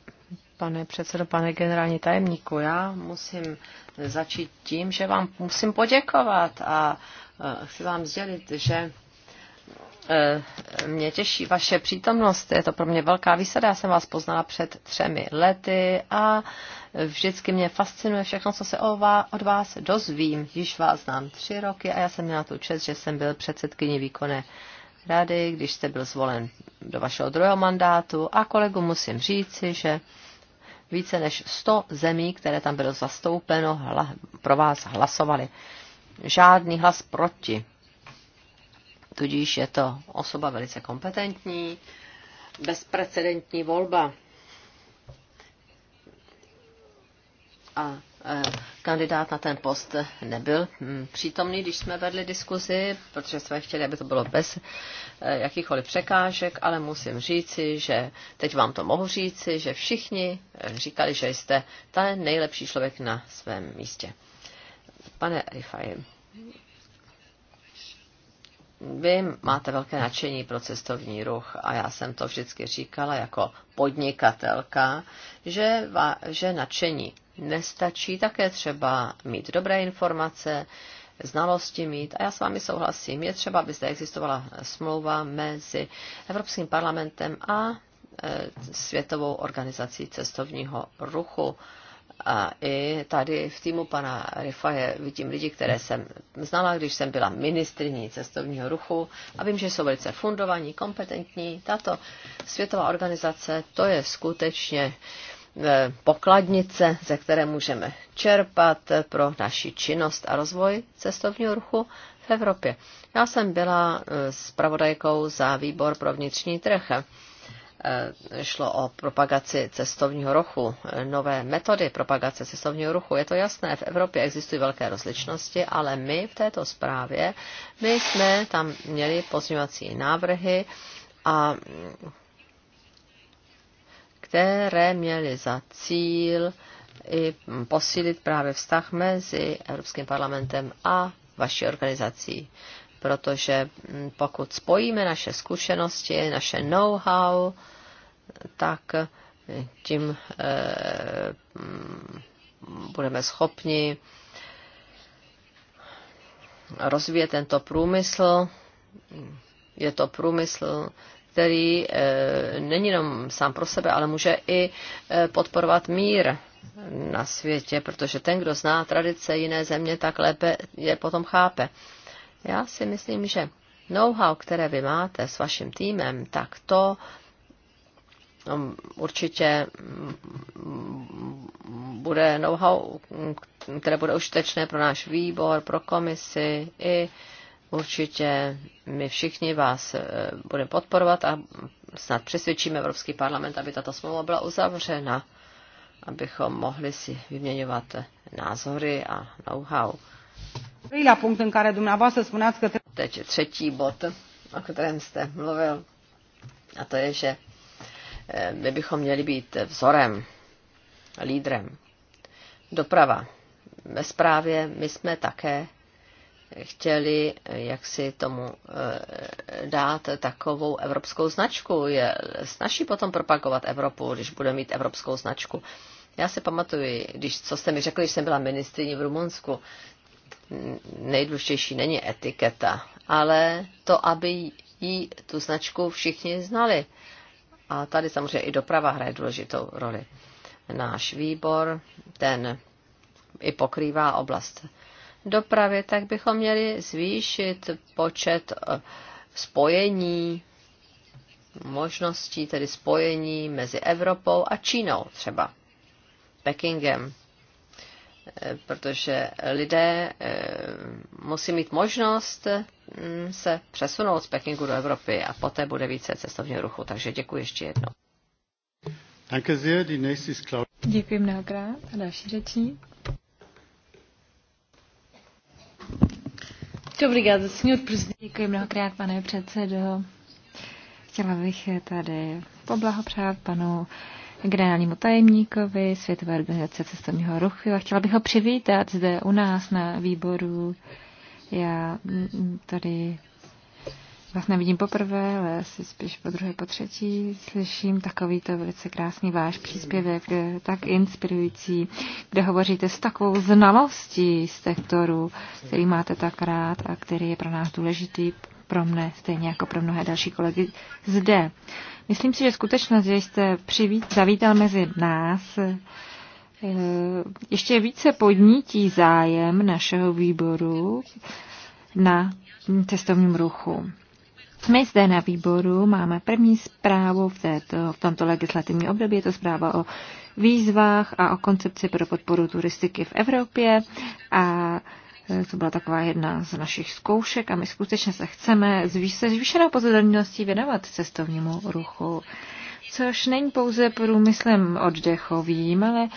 pane předsedo, pane generální tajemníku. Já musím začít tím, že vám musím poděkovat a e, chci vám sdělit, že e, mě těší vaše přítomnost, je to pro mě velká výsada. Já jsem vás poznala před třemi lety a vždycky mě fascinuje všechno, co se od vás dozvím. Již vás znám tři roky a já jsem měla tu čest, že jsem byl předsedkyní výkonné rady, když jste byl zvolen do vašeho druhého mandátu a kolegu musím říci, že více než 100 zemí, které tam bylo zastoupeno, hla, pro vás hlasovali. Žádný hlas proti. Tudíž je to osoba velice kompetentní, bezprecedentní volba a e, kandidát na ten post nebyl hm, přítomný, když jsme vedli diskuzi, protože jsme chtěli, aby to bylo bez e, jakýchkoliv překážek, ale musím říci, že teď vám to mohu říci, že všichni e, říkali, že jste ten nejlepší člověk na svém místě. Pane Rifaji, vy máte velké nadšení pro cestovní ruch a já jsem to vždycky říkala jako podnikatelka, že, va, že nadšení nestačí také třeba mít dobré informace, znalosti mít. A já s vámi souhlasím. Je třeba, aby zde existovala smlouva mezi Evropským parlamentem a e, Světovou organizací cestovního ruchu. A i tady v týmu pana Rifaje vidím lidi, které jsem znala, když jsem byla ministriní cestovního ruchu a vím, že jsou velice fundovaní, kompetentní. Tato světová organizace, to je skutečně E, pokladnice, ze které můžeme čerpat pro naši činnost a rozvoj cestovního ruchu v Evropě. Já jsem byla e, zpravodajkou za výbor pro vnitřní trh. E, šlo o propagaci cestovního ruchu, nové metody propagace cestovního ruchu. Je to jasné, v Evropě existují velké rozličnosti, ale my v této zprávě, my jsme tam měli pozměňovací návrhy a které měly za cíl i posílit právě vztah mezi Evropským parlamentem a vaší organizací. Protože mm, pokud spojíme naše zkušenosti, naše know-how, tak mm, tím e, budeme schopni rozvíjet tento průmysl. Je to průmysl, který eh, není jenom sám pro sebe, ale může i eh, podporovat mír na světě, protože ten, kdo zná tradice jiné země, tak lépe je potom chápe. Já si myslím, že know-how, které vy máte s vaším týmem, tak to no, určitě mm, bude know-how, které bude užitečné pro náš výbor, pro komisi i Určitě my všichni vás eh, budeme podporovat a snad přesvědčíme Evropský parlament, aby tato smlouva byla uzavřena, abychom mohli si vyměňovat názory a know-how. Teď třetí bod, o kterém jste mluvil, a to je, že eh, my bychom měli být vzorem, lídrem. Doprava. Ve zprávě my jsme také chtěli jak si tomu eh, dát takovou evropskou značku. Je snaží potom propagovat Evropu, když bude mít evropskou značku. Já si pamatuju, když, co jste mi řekli, když jsem byla ministrině v Rumunsku, nejdůležitější není etiketa, ale to, aby jí tu značku všichni znali. A tady samozřejmě i doprava hraje důležitou roli. Náš výbor, ten i pokrývá oblast dopravě, tak bychom měli zvýšit počet eh, spojení, možností, tedy spojení mezi Evropou a Čínou třeba, Pekingem. Eh, protože lidé eh, musí mít možnost mm, se přesunout z Pekingu do Evropy a poté bude více cestovního ruchu. Takže děkuji ještě jednou. Děkuji mnohokrát. A další řečník. Děkuji mnohokrát, pane předsedo. Chtěla bych tady poblahopřát panu generálnímu tajemníkovi Světové organizace cestovního ruchu a chtěla bych ho přivítat zde u nás na výboru. Já mm, tady vás nevidím poprvé, ale asi spíš po druhé, po třetí slyším takovýto velice krásný váš příspěvek, tak inspirující, kde hovoříte s takovou znalostí z sektoru, který máte tak rád a který je pro nás důležitý, pro mne, stejně jako pro mnohé další kolegy zde. Myslím si, že skutečnost, že jste přivít, zavítal mezi nás, eh, ještě více podnítí zájem našeho výboru na cestovním ruchu. My zde na výboru máme první zprávu v, této, v tomto legislativním období. Je to zpráva o výzvách a o koncepci pro podporu turistiky v Evropě. A e, to byla taková jedna z našich zkoušek a my skutečně se chceme se zvýšenou pozorností věnovat cestovnímu ruchu, což není pouze průmyslem oddechovým, ale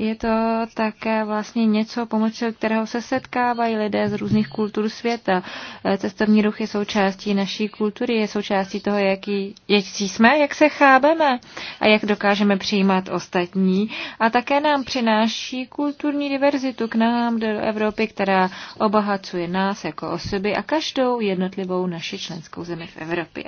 je to také vlastně něco, pomocí kterého se setkávají lidé z různých kultur světa. Eh, cestovní ruch je součástí naší kultury, je součástí toho, jaký, jaký jsme, jak se chábeme a jak dokážeme přijímat ostatní. A také nám přináší kulturní diverzitu k nám do Evropy, která obohacuje nás jako osoby a každou jednotlivou naši členskou zemi v Evropě.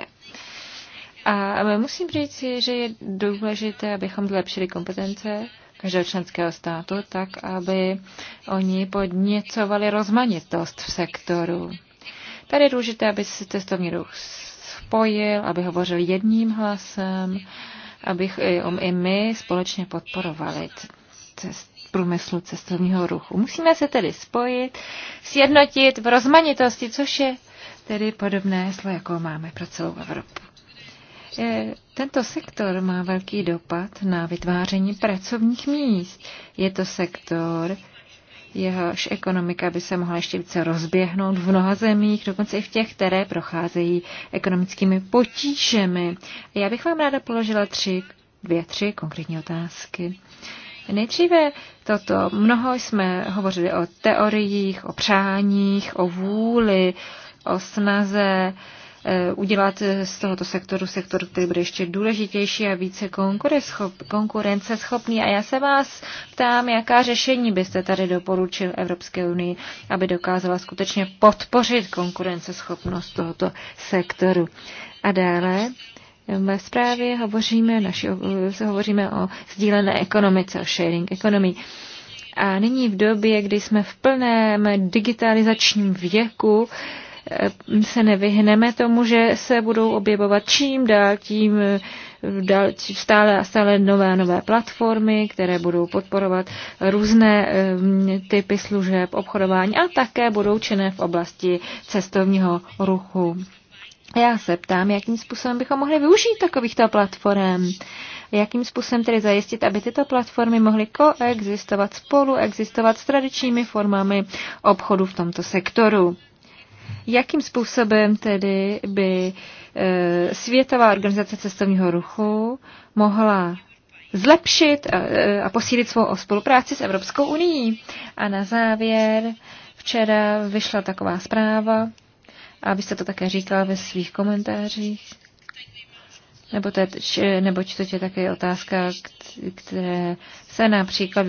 A eh, musím říct, že je důležité, abychom zlepšili kompetence každého členského státu, tak aby oni podněcovali rozmanitost v sektoru. Tady je důležité, aby se cestovní ruch spojil, aby hovořil jedním hlasem, abych i my společně podporovali cest, průmyslu cestovního ruchu. Musíme se tedy spojit, sjednotit v rozmanitosti, což je tedy podobné slovo, jako máme pro celou Evropu. Eh, tento sektor má velký dopad na vytváření pracovních míst. Je to sektor, jehož ekonomika by se mohla ještě více rozběhnout v mnoha zemích, dokonce i v těch, které procházejí ekonomickými potížemi. Já bych vám ráda položila tři, dvě, tři konkrétní otázky. Nejdříve toto. Mnoho jsme hovořili o teoriích, o přáních, o vůli, o snaze Eh, udělat z tohoto sektoru sektor, který bude ještě důležitější a více konkurenceschopný. A já se vás ptám, jaká řešení byste tady doporučil Evropské unii, aby dokázala skutečně podpořit konkurenceschopnost tohoto sektoru. A dále ve zprávě hovoříme, naši, se eh, hovoříme o sdílené ekonomice, o sharing economy. A nyní v době, kdy jsme v plném digitalizačním věku, eh, se nevyhneme tomu, že se budou objevovat čím dál tím dál, stále a stále nové nové platformy, které budou podporovat různé typy služeb, obchodování a také budou činné v oblasti cestovního ruchu. Já se ptám, jakým způsobem bychom mohli využít takovýchto platform. Jakým způsobem tedy zajistit, aby tyto platformy mohly koexistovat spolu, existovat s tradičními formami obchodu v tomto sektoru. Jakým způsobem tedy by e, Světová organizace cestovního ruchu mohla zlepšit e, e, a posílit svou spolupráci s Evropskou unii? A na závěr včera vyšla taková zpráva, a vy jste to také říkala ve svých komentářích, nebo teď, neboť to je také otázka, které se například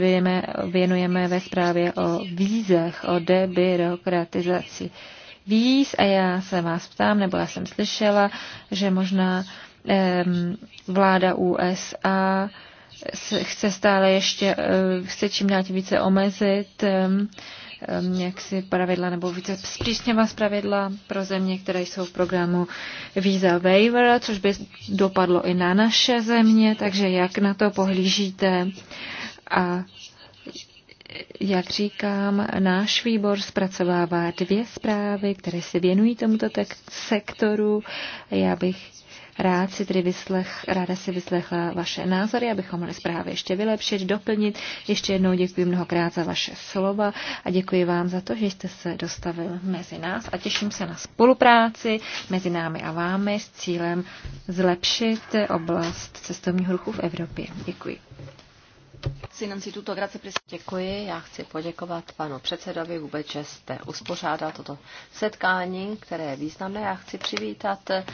věnujeme, ve zprávě o vízech, o debirokratizaci víc a já se vás ptám, nebo já jsem slyšela, že možná vláda USA chce stále ještě, eh, chce čím dát více omezit jak si pravidla nebo více zpřísňovat pravidla pro země, které jsou v programu Visa Waiver, což by dopadlo i na naše země, takže jak na to pohlížíte a jak říkám, náš výbor zpracovává dvě zprávy, které se věnují tomuto sektoru. Já bych rád si tedy vyslech, ráda si vyslechla vaše názory, abychom mohli zprávy ještě vylepšit, doplnit. Ještě jednou děkuji mnohokrát za vaše slova a děkuji vám za to, že jste se dostavil mezi nás a těším se na spolupráci mezi námi a vámi s cílem zlepšit oblast cestovního ruchu v Evropě. Děkuji. Děkuji, já chci poděkovat panu předsedovi vůbec, že jste uspořádal toto setkání, které je významné. Já chci přivítat eh,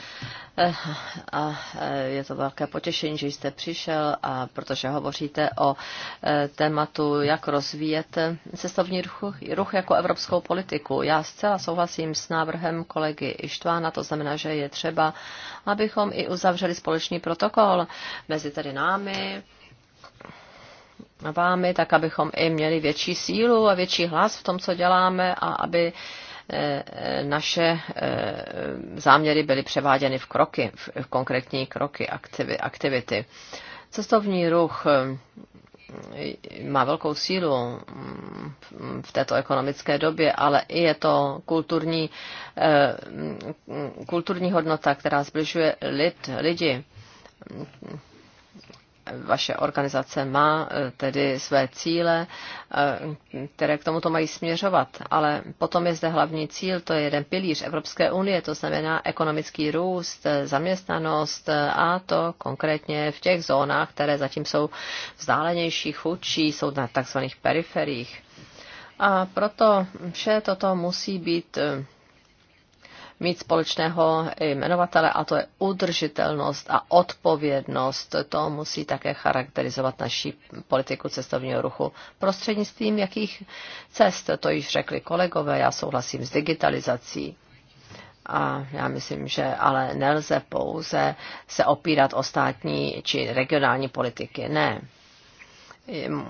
a eh, je to velké potěšení, že jste přišel, a protože hovoříte o eh, tématu, jak rozvíjet cestovní ruch, ruch jako evropskou politiku. Já zcela souhlasím s návrhem kolegy Ištvána, to znamená, že je třeba, abychom i uzavřeli společný protokol mezi tedy námi, vámi, tak abychom i měli větší sílu a větší hlas v tom, co děláme a aby eh, naše eh, záměry byly převáděny v kroky, v konkrétní kroky, aktivity. Cestovní ruch eh, má velkou sílu mm, v této ekonomické době, ale i je to kulturní, kulturní hodnota, která zbližuje lid, lidi vaše organizace má eh, tedy své cíle, eh, které k tomuto mají směřovat, ale potom je zde hlavní cíl, to je jeden pilíř Evropské unie, to znamená ekonomický růst, eh, zaměstnanost a to konkrétně v těch zónách, které zatím jsou vzdálenější, chudší, jsou na takzvaných periferiích. A proto vše toto musí být mít společného jmenovatele a to je udržitelnost a odpovědnost. To musí také charakterizovat naší politiku cestovního ruchu. Prostřednictvím jakých cest, to již řekli kolegové, já souhlasím s digitalizací. A já myslím, že ale nelze pouze se opírat o státní či regionální politiky. Ne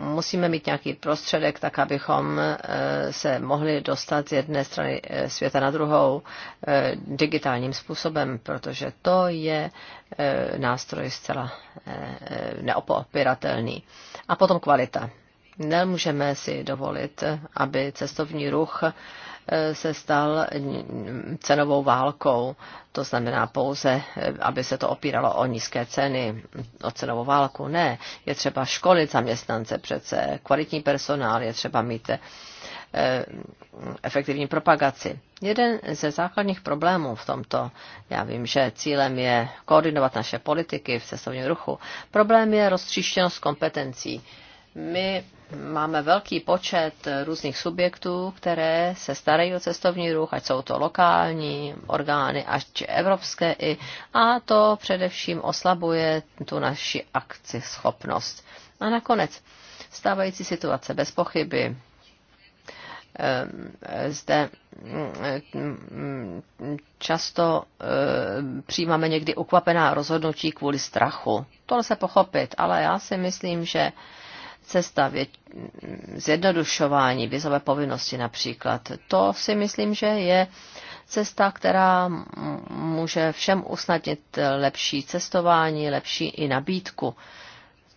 musíme mít nějaký prostředek, tak abychom eh, se mohli dostat z jedné strany eh, světa na druhou eh, digitálním způsobem, protože to je nástroj zcela neopopiratelný. A potom kvalita. Nemůžeme si dovolit, aby cestovní ruch Eh, se stal cenovou válkou. To znamená pouze, eh, aby se to opíralo o nízké ceny, o cenovou válku. Ne, je třeba školit zaměstnance přece, kvalitní personál, je třeba mít eh, efektivní propagaci. Jeden ze základních problémů v tomto, já vím, že cílem je koordinovat naše politiky v cestovním ruchu, problém je roztříštěnost kompetencí. My máme velký počet různých subjektů, které se starají o cestovní ruch, ať jsou to lokální orgány, až evropské i, a to především oslabuje tu naši akci schopnost. A nakonec, stávající situace bez pochyby ehm, zde mm, často ehm, přijímáme někdy ukvapená rozhodnutí kvůli strachu. To lze pochopit, ale já si myslím, že cesta zjednodušování vizové povinnosti například. To si myslím, že je cesta, která může všem usnadnit lepší cestování, lepší i nabídku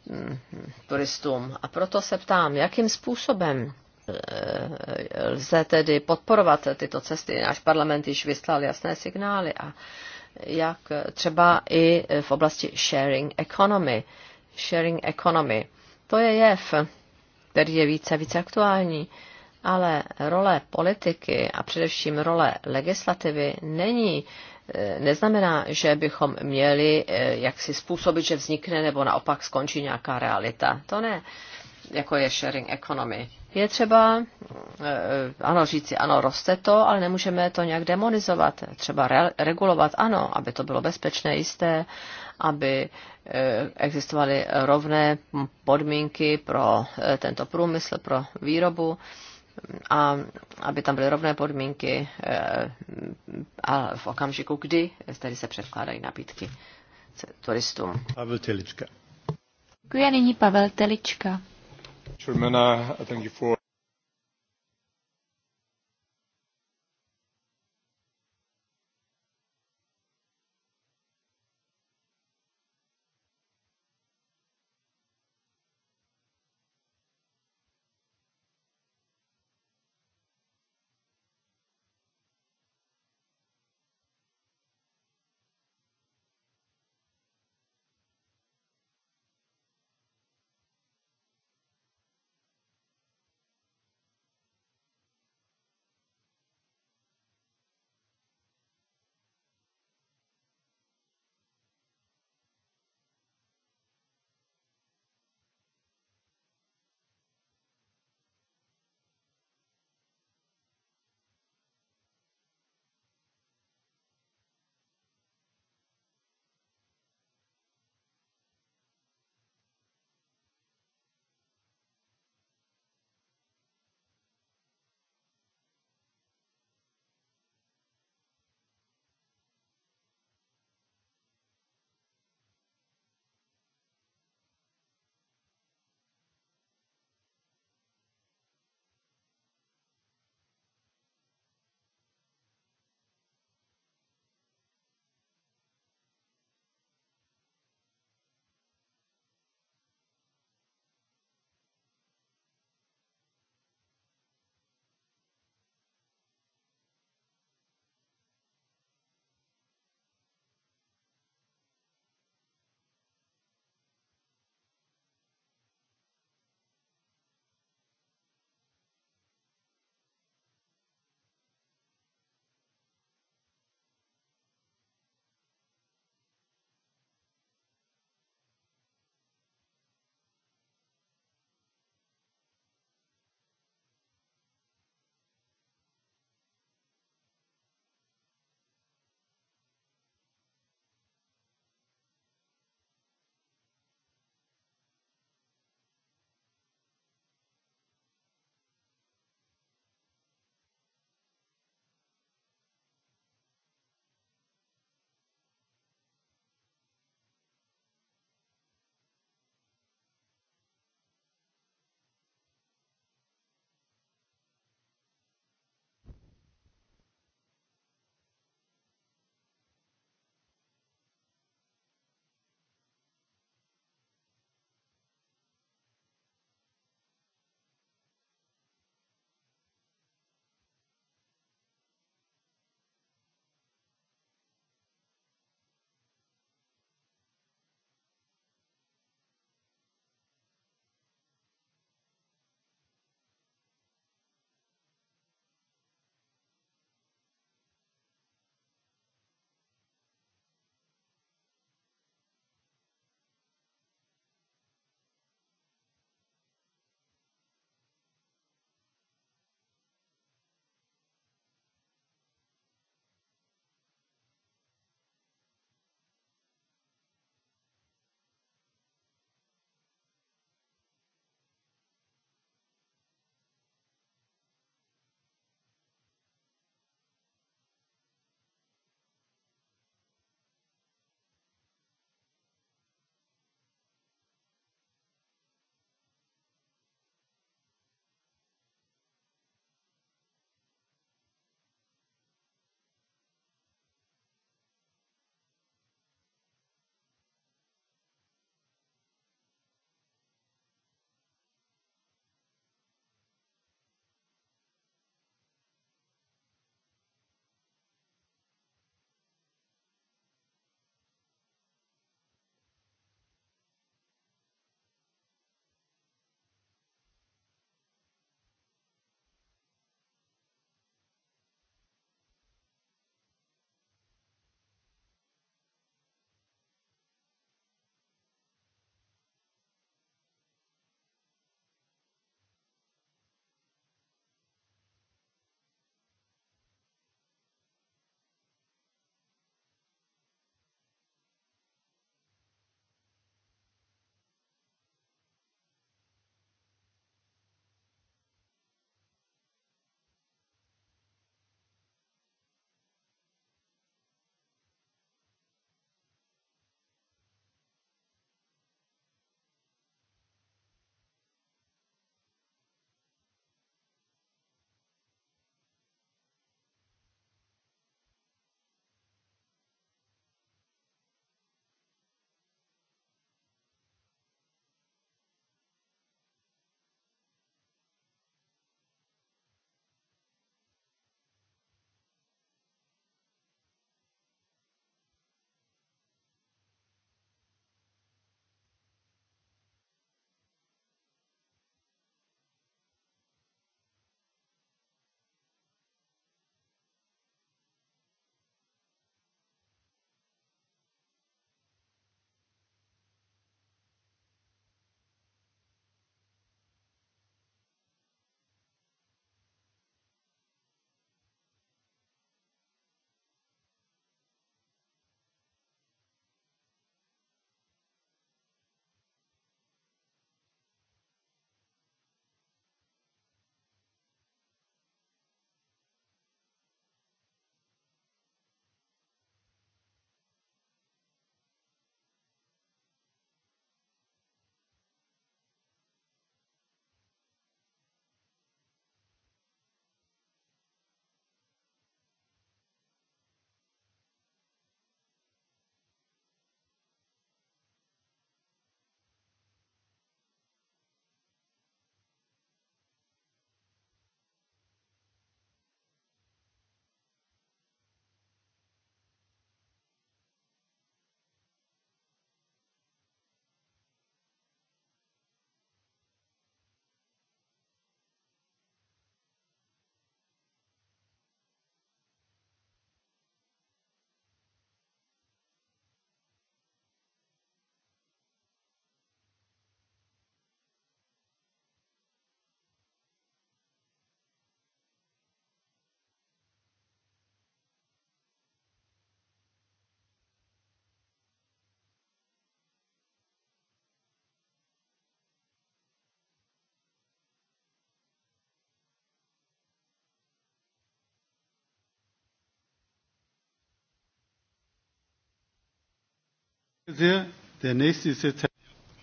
mm, turistům. A proto se ptám, jakým způsobem e, lze tedy podporovat tyto cesty. Náš parlament již vyslal jasné signály a jak třeba i v oblasti sharing economy. Sharing economy. To je jev, který je více a více aktuální, ale role politiky a především role legislativy není eh, neznamená, že bychom měli eh, jaksi způsobit, že vznikne nebo naopak skončí nějaká realita. To ne, jako je sharing economy je třeba, eh, eh, ano, říci, ano, roste to, ale nemůžeme to nějak demonizovat, třeba re- regulovat, ano, aby to bylo bezpečné, jisté, aby eh, existovaly rovné podmínky pro tento průmysl, pro výrobu a aby tam byly rovné podmínky a v okamžiku, kdy tady se předkládají nabídky turistům. Pavel Telička. Děkuji nyní Pavel Telička. Čermena, thank you for...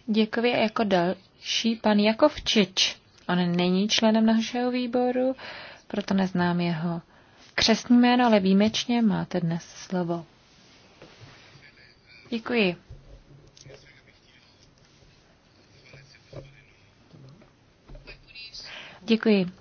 Děkuji jako další pan Jakovčič. On není členem našeho výboru, proto neznám jeho křesní jméno, ale výjimečně máte dnes slovo. Děkuji. Děkuji.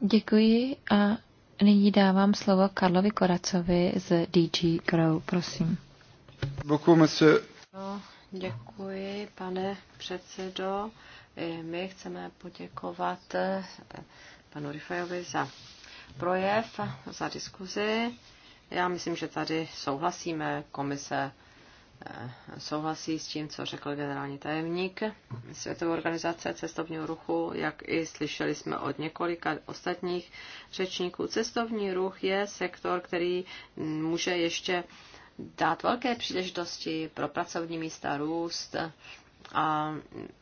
Děkuji a nyní dávám slovo Karlovi Koracovi z DG Grow, prosím. No, děkuji, pane předsedo. my chceme poděkovat eh, panu Rifajovi za projev, za diskuzi. Já myslím, že tady souhlasíme. Komise Eh, souhlasí s tím, co řekl generální tajemník Světové organizace cestovního ruchu, jak i slyšeli jsme od několika ostatních řečníků. Cestovní ruch je sektor, který může ještě dát velké příležitosti pro pracovní místa, růst a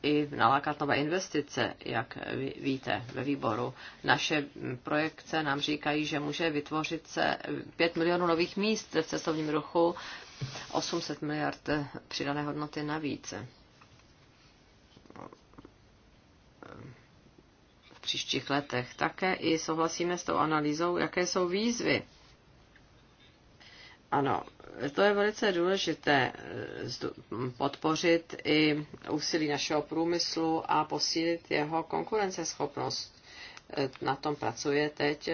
i nalákat nové investice, jak víte ve výboru. Naše projekce nám říkají, že může vytvořit se 5 milionů nových míst v cestovním ruchu 800 miliard eh, přidané hodnoty navíc. V příštích letech. Také i souhlasíme s tou analýzou, jaké jsou výzvy. Ano, to je velice důležité eh, podpořit i úsilí našeho průmyslu a posílit jeho konkurenceschopnost na tom pracuje teď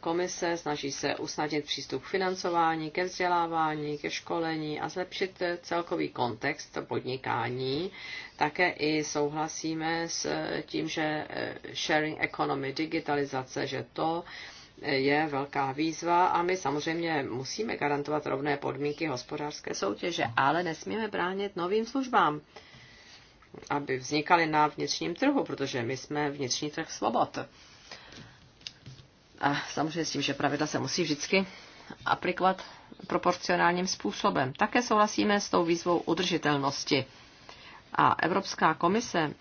komise, snaží se usnadnit přístup k financování, ke vzdělávání, ke školení a zlepšit celkový kontext podnikání. Také i souhlasíme s tím, že sharing economy, digitalizace, že to je velká výzva a my samozřejmě musíme garantovat rovné podmínky hospodářské soutěže, ale nesmíme bránit novým službám aby vznikaly na vnitřním trhu, protože my jsme vnitřní trh svobod. A samozřejmě s tím, že pravidla se musí vždycky aplikovat proporcionálním způsobem. Také souhlasíme s tou výzvou udržitelnosti. A Evropská komise,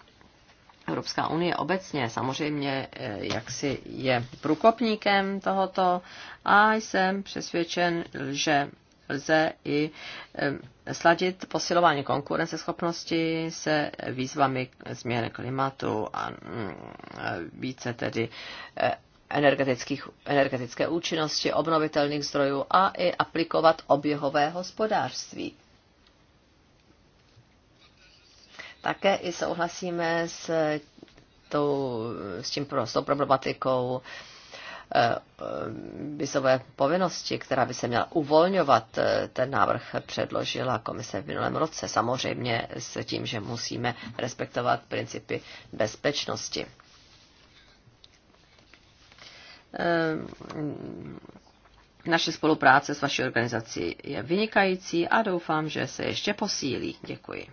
Evropská unie obecně samozřejmě eh, jaksi je průkopníkem tohoto a jsem přesvědčen, že lze i eh, sladit posilování konkurenceschopnosti se výzvami změny klimatu a mm, více tedy eh, energetických, energetické účinnosti, obnovitelných zdrojů a i aplikovat oběhové hospodářství. Také i souhlasíme s, tou, s, tím, s tou problematikou eh, Eh, vizové povinnosti, která by se měla uvolňovat, eh, ten návrh předložila komise v minulém roce, samozřejmě s tím, že musíme respektovat principy bezpečnosti. Eh, naše spolupráce s vaší organizací je vynikající a doufám, že se ještě posílí. Děkuji.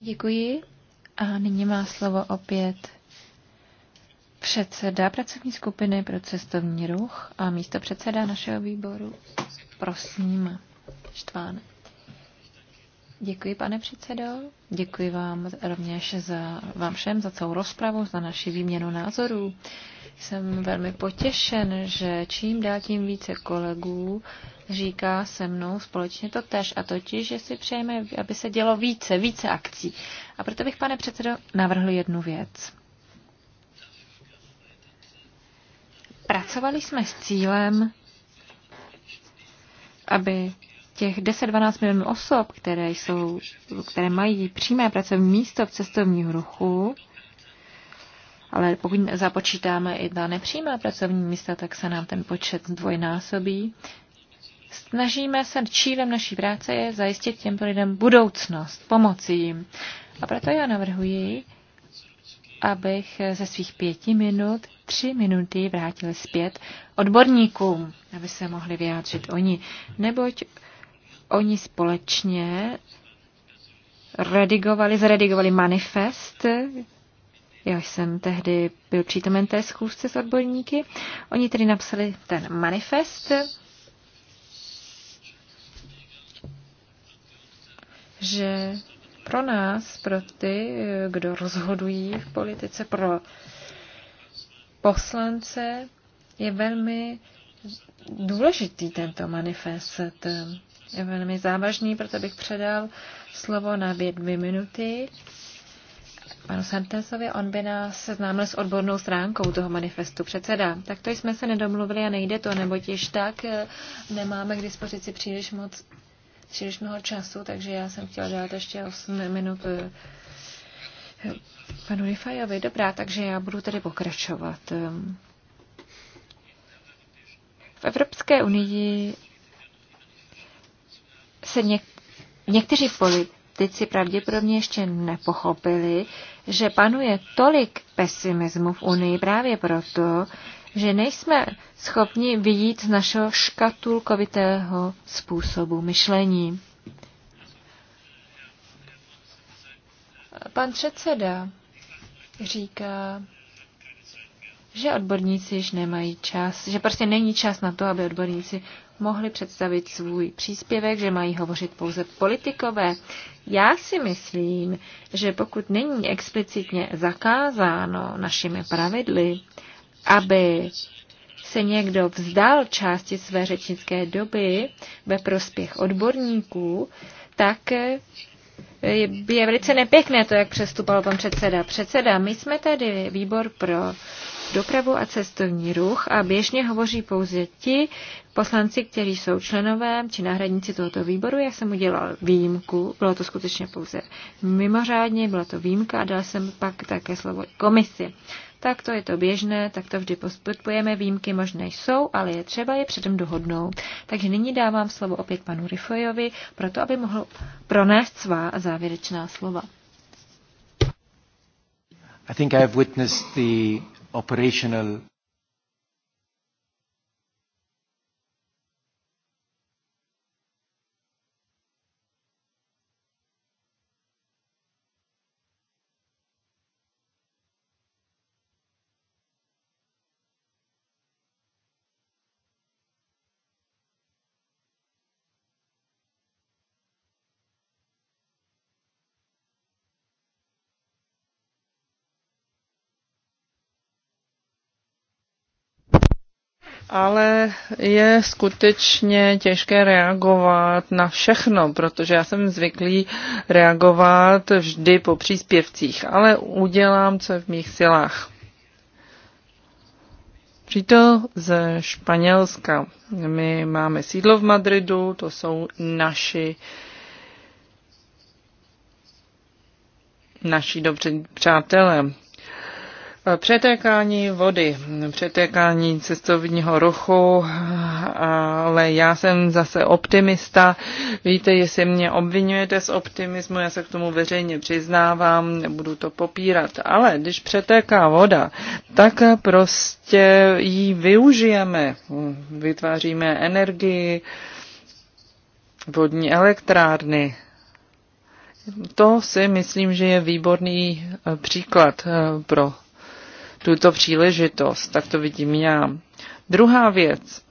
Děkuji. A nyní má slovo opět předseda pracovní skupiny pro cestovní ruch a místo předseda našeho výboru. Prosím, Štván. Děkuji, pane předsedo. Děkuji vám rovněž za vám všem, za celou rozpravu, za naši výměnu názorů. Jsem velmi potěšen, že čím dál tím více kolegů říká se mnou společně to tež, a totiž, že si přejeme, aby se dělo více, více akcí. A proto bych, pane předsedo, navrhl jednu věc. Pracovali jsme s cílem, aby těch 10-12 milionů osob, které, jsou, které mají přímé pracovní místo v cestovním ruchu, ale pokud započítáme i ta nepřímá pracovní místa, tak se nám ten počet dvojnásobí. Snažíme se, cílem naší práce je zajistit těmto lidem budoucnost, pomoci jim. A proto já navrhuji, abych ze svých pěti minut tři minuty vrátil zpět odborníkům, aby se mohli vyjádřit oni. Neboť oni společně redigovali, zredigovali manifest, já jsem tehdy byl přítomen té schůzce s odborníky. Oni tedy napsali ten manifest, že pro nás, pro ty, kdo rozhodují v politice, pro poslance, je velmi důležitý tento manifest. Je velmi závažný, proto bych předal slovo na dvě minuty panu Santasovi, on by nás seznámil s odbornou stránkou toho manifestu předseda. Tak to jsme se nedomluvili a nejde to, nebo již tak eh, nemáme k dispozici příliš moc příliš mnoho času, takže já jsem chtěla dát ještě 8 minut eh, panu Rifajovi. Dobrá, takže já budu tedy pokračovat. Eh, v Evropské unii se něk- někteří politici pravděpodobně ještě nepochopili, že panuje tolik pesimismu v Unii právě proto, že nejsme schopni vidět z našeho škatulkovitého způsobu myšlení. Pan předseda říká, že odborníci již nemají čas, že prostě není čas na to, aby odborníci mohli představit svůj příspěvek, že mají hovořit pouze politikové. Já si myslím, že pokud není explicitně zakázáno našimi pravidly, aby se někdo vzdal části své řečnické doby ve prospěch odborníků, tak eh, je velice nepěkné to, jak přestupal pan předseda. Předseda, my jsme tady výbor pro dopravu a cestovní ruch a běžně hovoří pouze ti poslanci, kteří jsou členové či náhradníci tohoto výboru. Já jsem udělal výjimku, bylo to skutečně pouze mimořádně, byla to výjimka a dal jsem pak také slovo komisi. Tak to je to běžné, tak to vždy postupujeme, výjimky možné jsou, ale je třeba je předem dohodnout. Takže nyní dávám slovo opět panu Rifojovi, proto aby mohl pronést svá závěrečná slova. I think I've witnessed the operational ale je skutečně těžké reagovat na všechno, protože já jsem zvyklý reagovat vždy po příspěvcích, ale udělám, co je v mých silách. Přítel ze Španělska. My máme sídlo v Madridu, to jsou naši naši dobří přátelé. Přetékání vody, přetékání cestovního ruchu, ale já jsem zase optimista. Víte, jestli mě obvinujete z optimismu, já se k tomu veřejně přiznávám, nebudu to popírat. Ale když přetéká voda, tak prostě ji využijeme. Vytváříme energii, vodní elektrárny, to si myslím, že je výborný příklad pro tuto příležitost. Tak to vidím já. Druhá věc.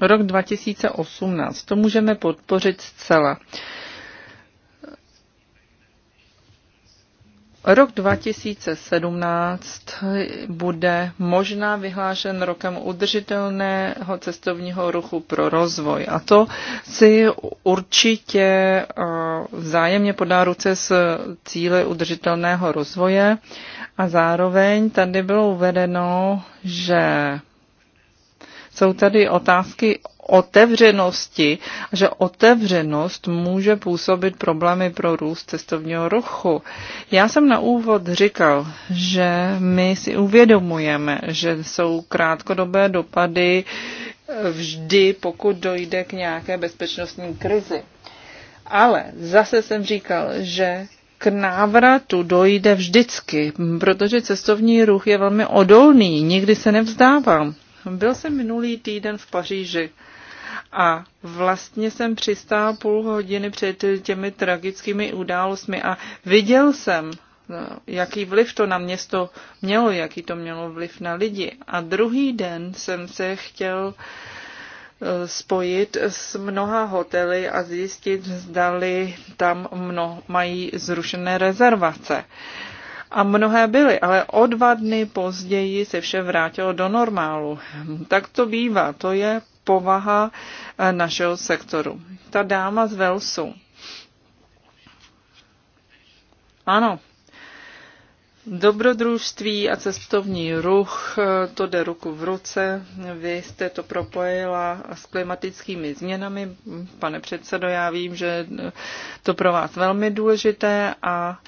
Rok 2018. To můžeme podpořit zcela. Rok 2017 bude možná vyhlášen rokem udržitelného cestovního ruchu pro rozvoj. A to si určitě eh, vzájemně podá ruce s cíly udržitelného rozvoje. A zároveň tady bylo uvedeno, že jsou tady otázky otevřenosti, že otevřenost může působit problémy pro růst cestovního ruchu. Já jsem na úvod říkal, že my si uvědomujeme, že jsou krátkodobé dopady eh, vždy, pokud dojde k nějaké bezpečnostní krizi. Ale zase jsem říkal, že k návratu dojde vždycky, protože cestovní ruch je velmi odolný, nikdy se nevzdávám. Byl jsem minulý týden v Paříži a vlastně jsem přistál půl hodiny před těmi tragickými událostmi a viděl jsem, jaký vliv to na město mělo, jaký to mělo vliv na lidi. A druhý den jsem se chtěl eh, spojit s mnoha hotely a zjistit, zdali tam mno, mají zrušené rezervace. Uh, a mnohé byly, ale o dva dny později se vše vrátilo do normálu. Tak to bývá, to je povaha eh, našeho sektoru. Ta dáma z Velsu. Ano, dobrodružství a cestovní ruch, eh, to jde ruku v ruce. Vy jste to propojila s klimatickými změnami. Pane předsedo, já vím, že to pro vás velmi důležité a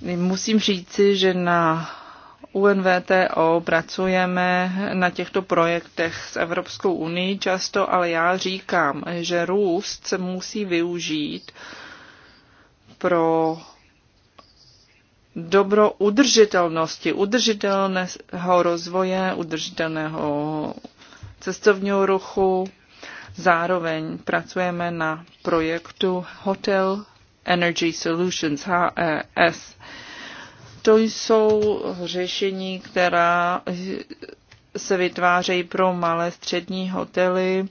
Musím říci, že na UNVTO pracujeme na těchto projektech s Evropskou unii často, ale já říkám, že růst se musí využít pro dobro udržitelnosti, udržitelného rozvoje, udržitelného cestovního ruchu. Zároveň pracujeme na projektu Hotel Energy Solutions HES to jsou řešení, která se vytvářejí pro malé střední hotely.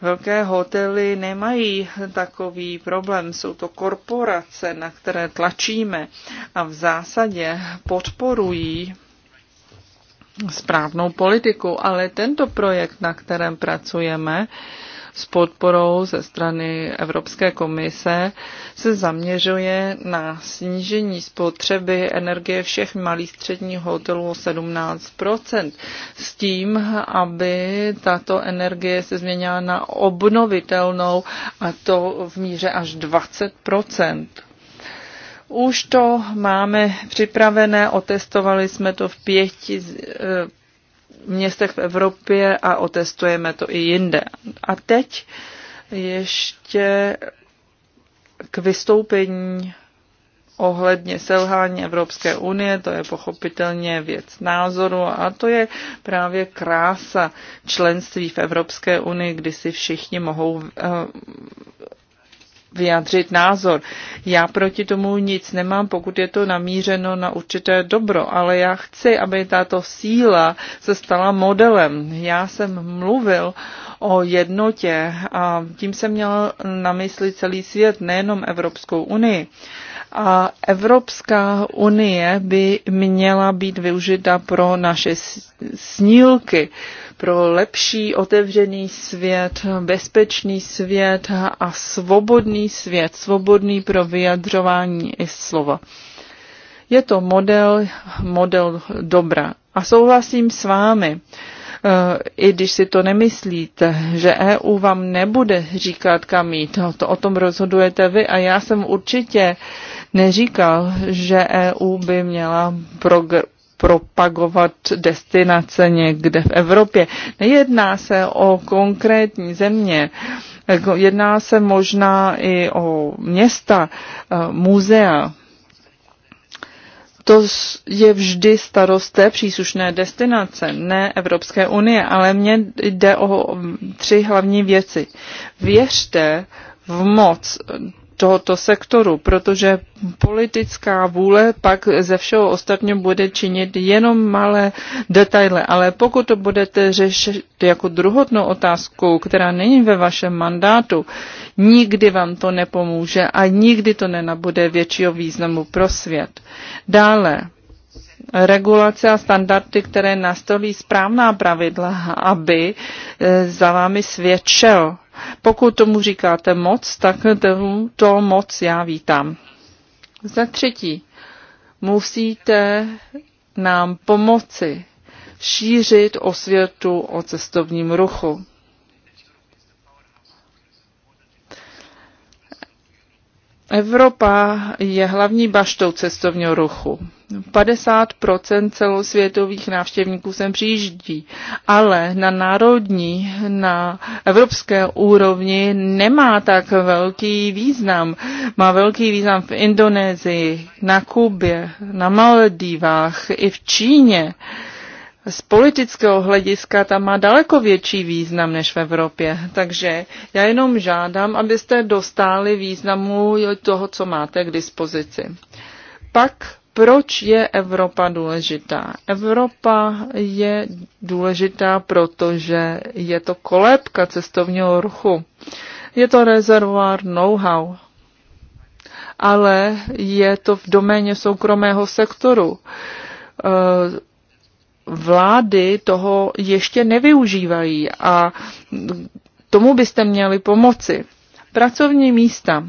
Velké hotely nemají takový problém, jsou to korporace, na které tlačíme a v zásadě podporují správnou politiku, ale tento projekt, na kterém pracujeme, s podporou ze strany Evropské komise se zaměřuje na snížení spotřeby energie všech malých středních hotelů o 17 s tím, aby tato energie se změnila na obnovitelnou a to v míře až 20 už to máme připravené, otestovali jsme to v pěti eh, městech v Evropě a otestujeme to i jinde. A teď ještě k vystoupení ohledně selhání Evropské unie, to je pochopitelně věc názoru a to je právě krása členství v Evropské unii, kdy si všichni mohou eh, vyjádřit názor. Já proti tomu nic nemám, pokud je to namířeno na určité dobro, ale já chci, aby tato síla se stala modelem. Já jsem mluvil o jednotě a tím jsem měl na mysli celý svět, nejenom Evropskou unii. A Evropská unie by měla být využita pro naše snílky pro lepší otevřený svět, bezpečný svět a svobodný svět, svobodný pro vyjadřování i slova. Je to model, model dobra. A souhlasím s vámi, eh, i když si to nemyslíte, že EU vám nebude říkat, kam jít. No, to o tom rozhodujete vy a já jsem určitě neříkal, že EU by měla propagovat destinace někde v Evropě. Nejedná se o konkrétní země, jedná se možná i o města, eh, muzea. To je vždy starost té příslušné destinace, ne Evropské unie, ale mně jde o tři hlavní věci. Věřte v moc tohoto sektoru, protože politická vůle pak ze všeho ostatního bude činit jenom malé detaily. Ale pokud to budete řešit jako druhotnou otázku, která není ve vašem mandátu, nikdy vám to nepomůže a nikdy to nenabude většího významu pro svět. Dále, regulace a standardy, které nastolí správná pravidla, aby eh, za vámi svědčel pokud tomu říkáte moc, tak to moc já vítám. Za třetí, musíte nám pomoci šířit osvětu o cestovním ruchu. Evropa je hlavní baštou cestovního ruchu. 50% celosvětových návštěvníků sem přijíždí, ale na národní, na evropské úrovni nemá tak velký význam. Má velký význam v Indonésii, na Kubě, na Maldivách, i v Číně z politického hlediska tam má daleko větší význam než v Evropě. Takže já jenom žádám, abyste dostali významu toho, co máte k dispozici. Pak proč je Evropa důležitá? Evropa je důležitá, protože je to kolébka cestovního ruchu. Je to rezervoár know-how, ale je to v doméně soukromého sektoru vlády toho ještě nevyužívají a tomu byste měli pomoci. Pracovní místa.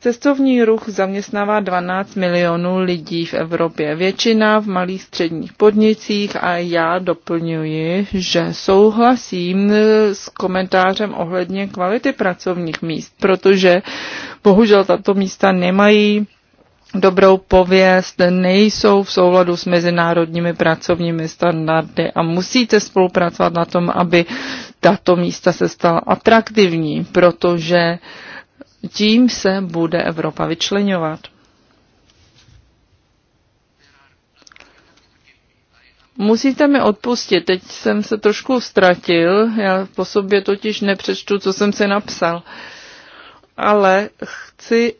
Cestovní ruch zaměstnává 12 milionů lidí v Evropě, většina v malých středních podnicích a já doplňuji, že souhlasím s komentářem ohledně kvality pracovních míst, protože bohužel tato místa nemají dobrou pověst, nejsou v souladu s mezinárodními pracovními standardy a musíte spolupracovat na tom, aby tato místa se stala atraktivní, protože tím se bude Evropa vyčlenovat. Musíte mi odpustit, teď jsem se trošku ztratil, já po sobě totiž nepřečtu, co jsem si napsal. Ale chci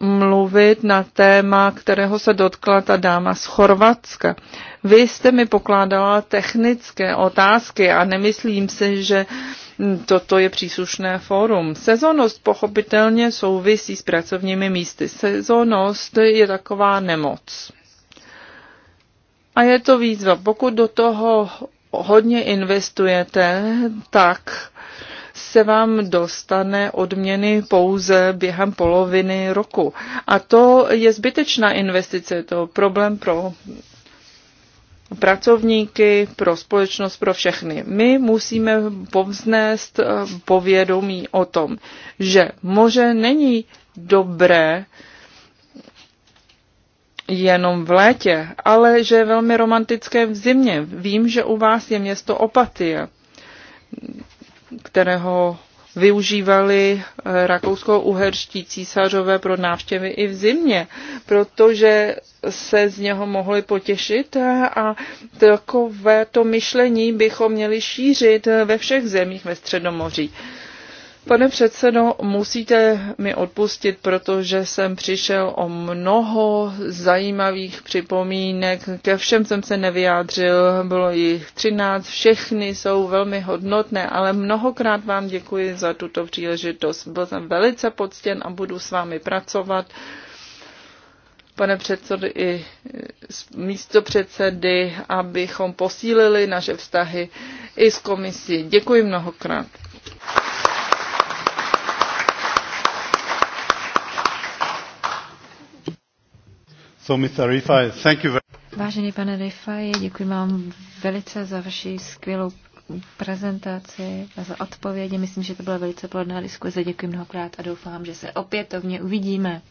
mluvit na téma, kterého se dotkla ta dáma z Chorvatska. Vy jste mi pokládala technické otázky a nemyslím si, že toto je příslušné fórum. Sezonost pochopitelně souvisí s pracovními místy. Sezonost je taková nemoc. A je to výzva. Pokud do toho hodně investujete, tak se vám dostane odměny pouze během poloviny roku. A to je zbytečná investice, je to problém pro pracovníky, pro společnost, pro všechny. My musíme povznést eh, povědomí o tom, že moře není dobré jenom v létě, ale že je velmi romantické v zimě. Vím, že u vás je město Opatie kterého využívali eh, rakousko-uherští císařové pro návštěvy i v zimě, protože se z něho mohli potěšit eh, a takové to myšlení bychom měli šířit eh, ve všech zemích ve Středomoří. Pane předsedo, musíte mi odpustit, protože jsem přišel o mnoho zajímavých připomínek. Ke všem jsem se nevyjádřil, bylo jich 13, všechny jsou velmi hodnotné, ale mnohokrát vám děkuji za tuto příležitost. Byl jsem velice poctěn a budu s vámi pracovat. Pane předsedo i místo předsedy, abychom posílili naše vztahy i s komisí. Děkuji mnohokrát. So, Mr. Rifai, thank you very... Vážený pane Rifai, děkuji vám velice za vaši skvělou prezentaci a za odpovědi. Myslím, že to byla velice plodná diskuze. Děkuji mnohokrát a doufám, že se opětovně uvidíme.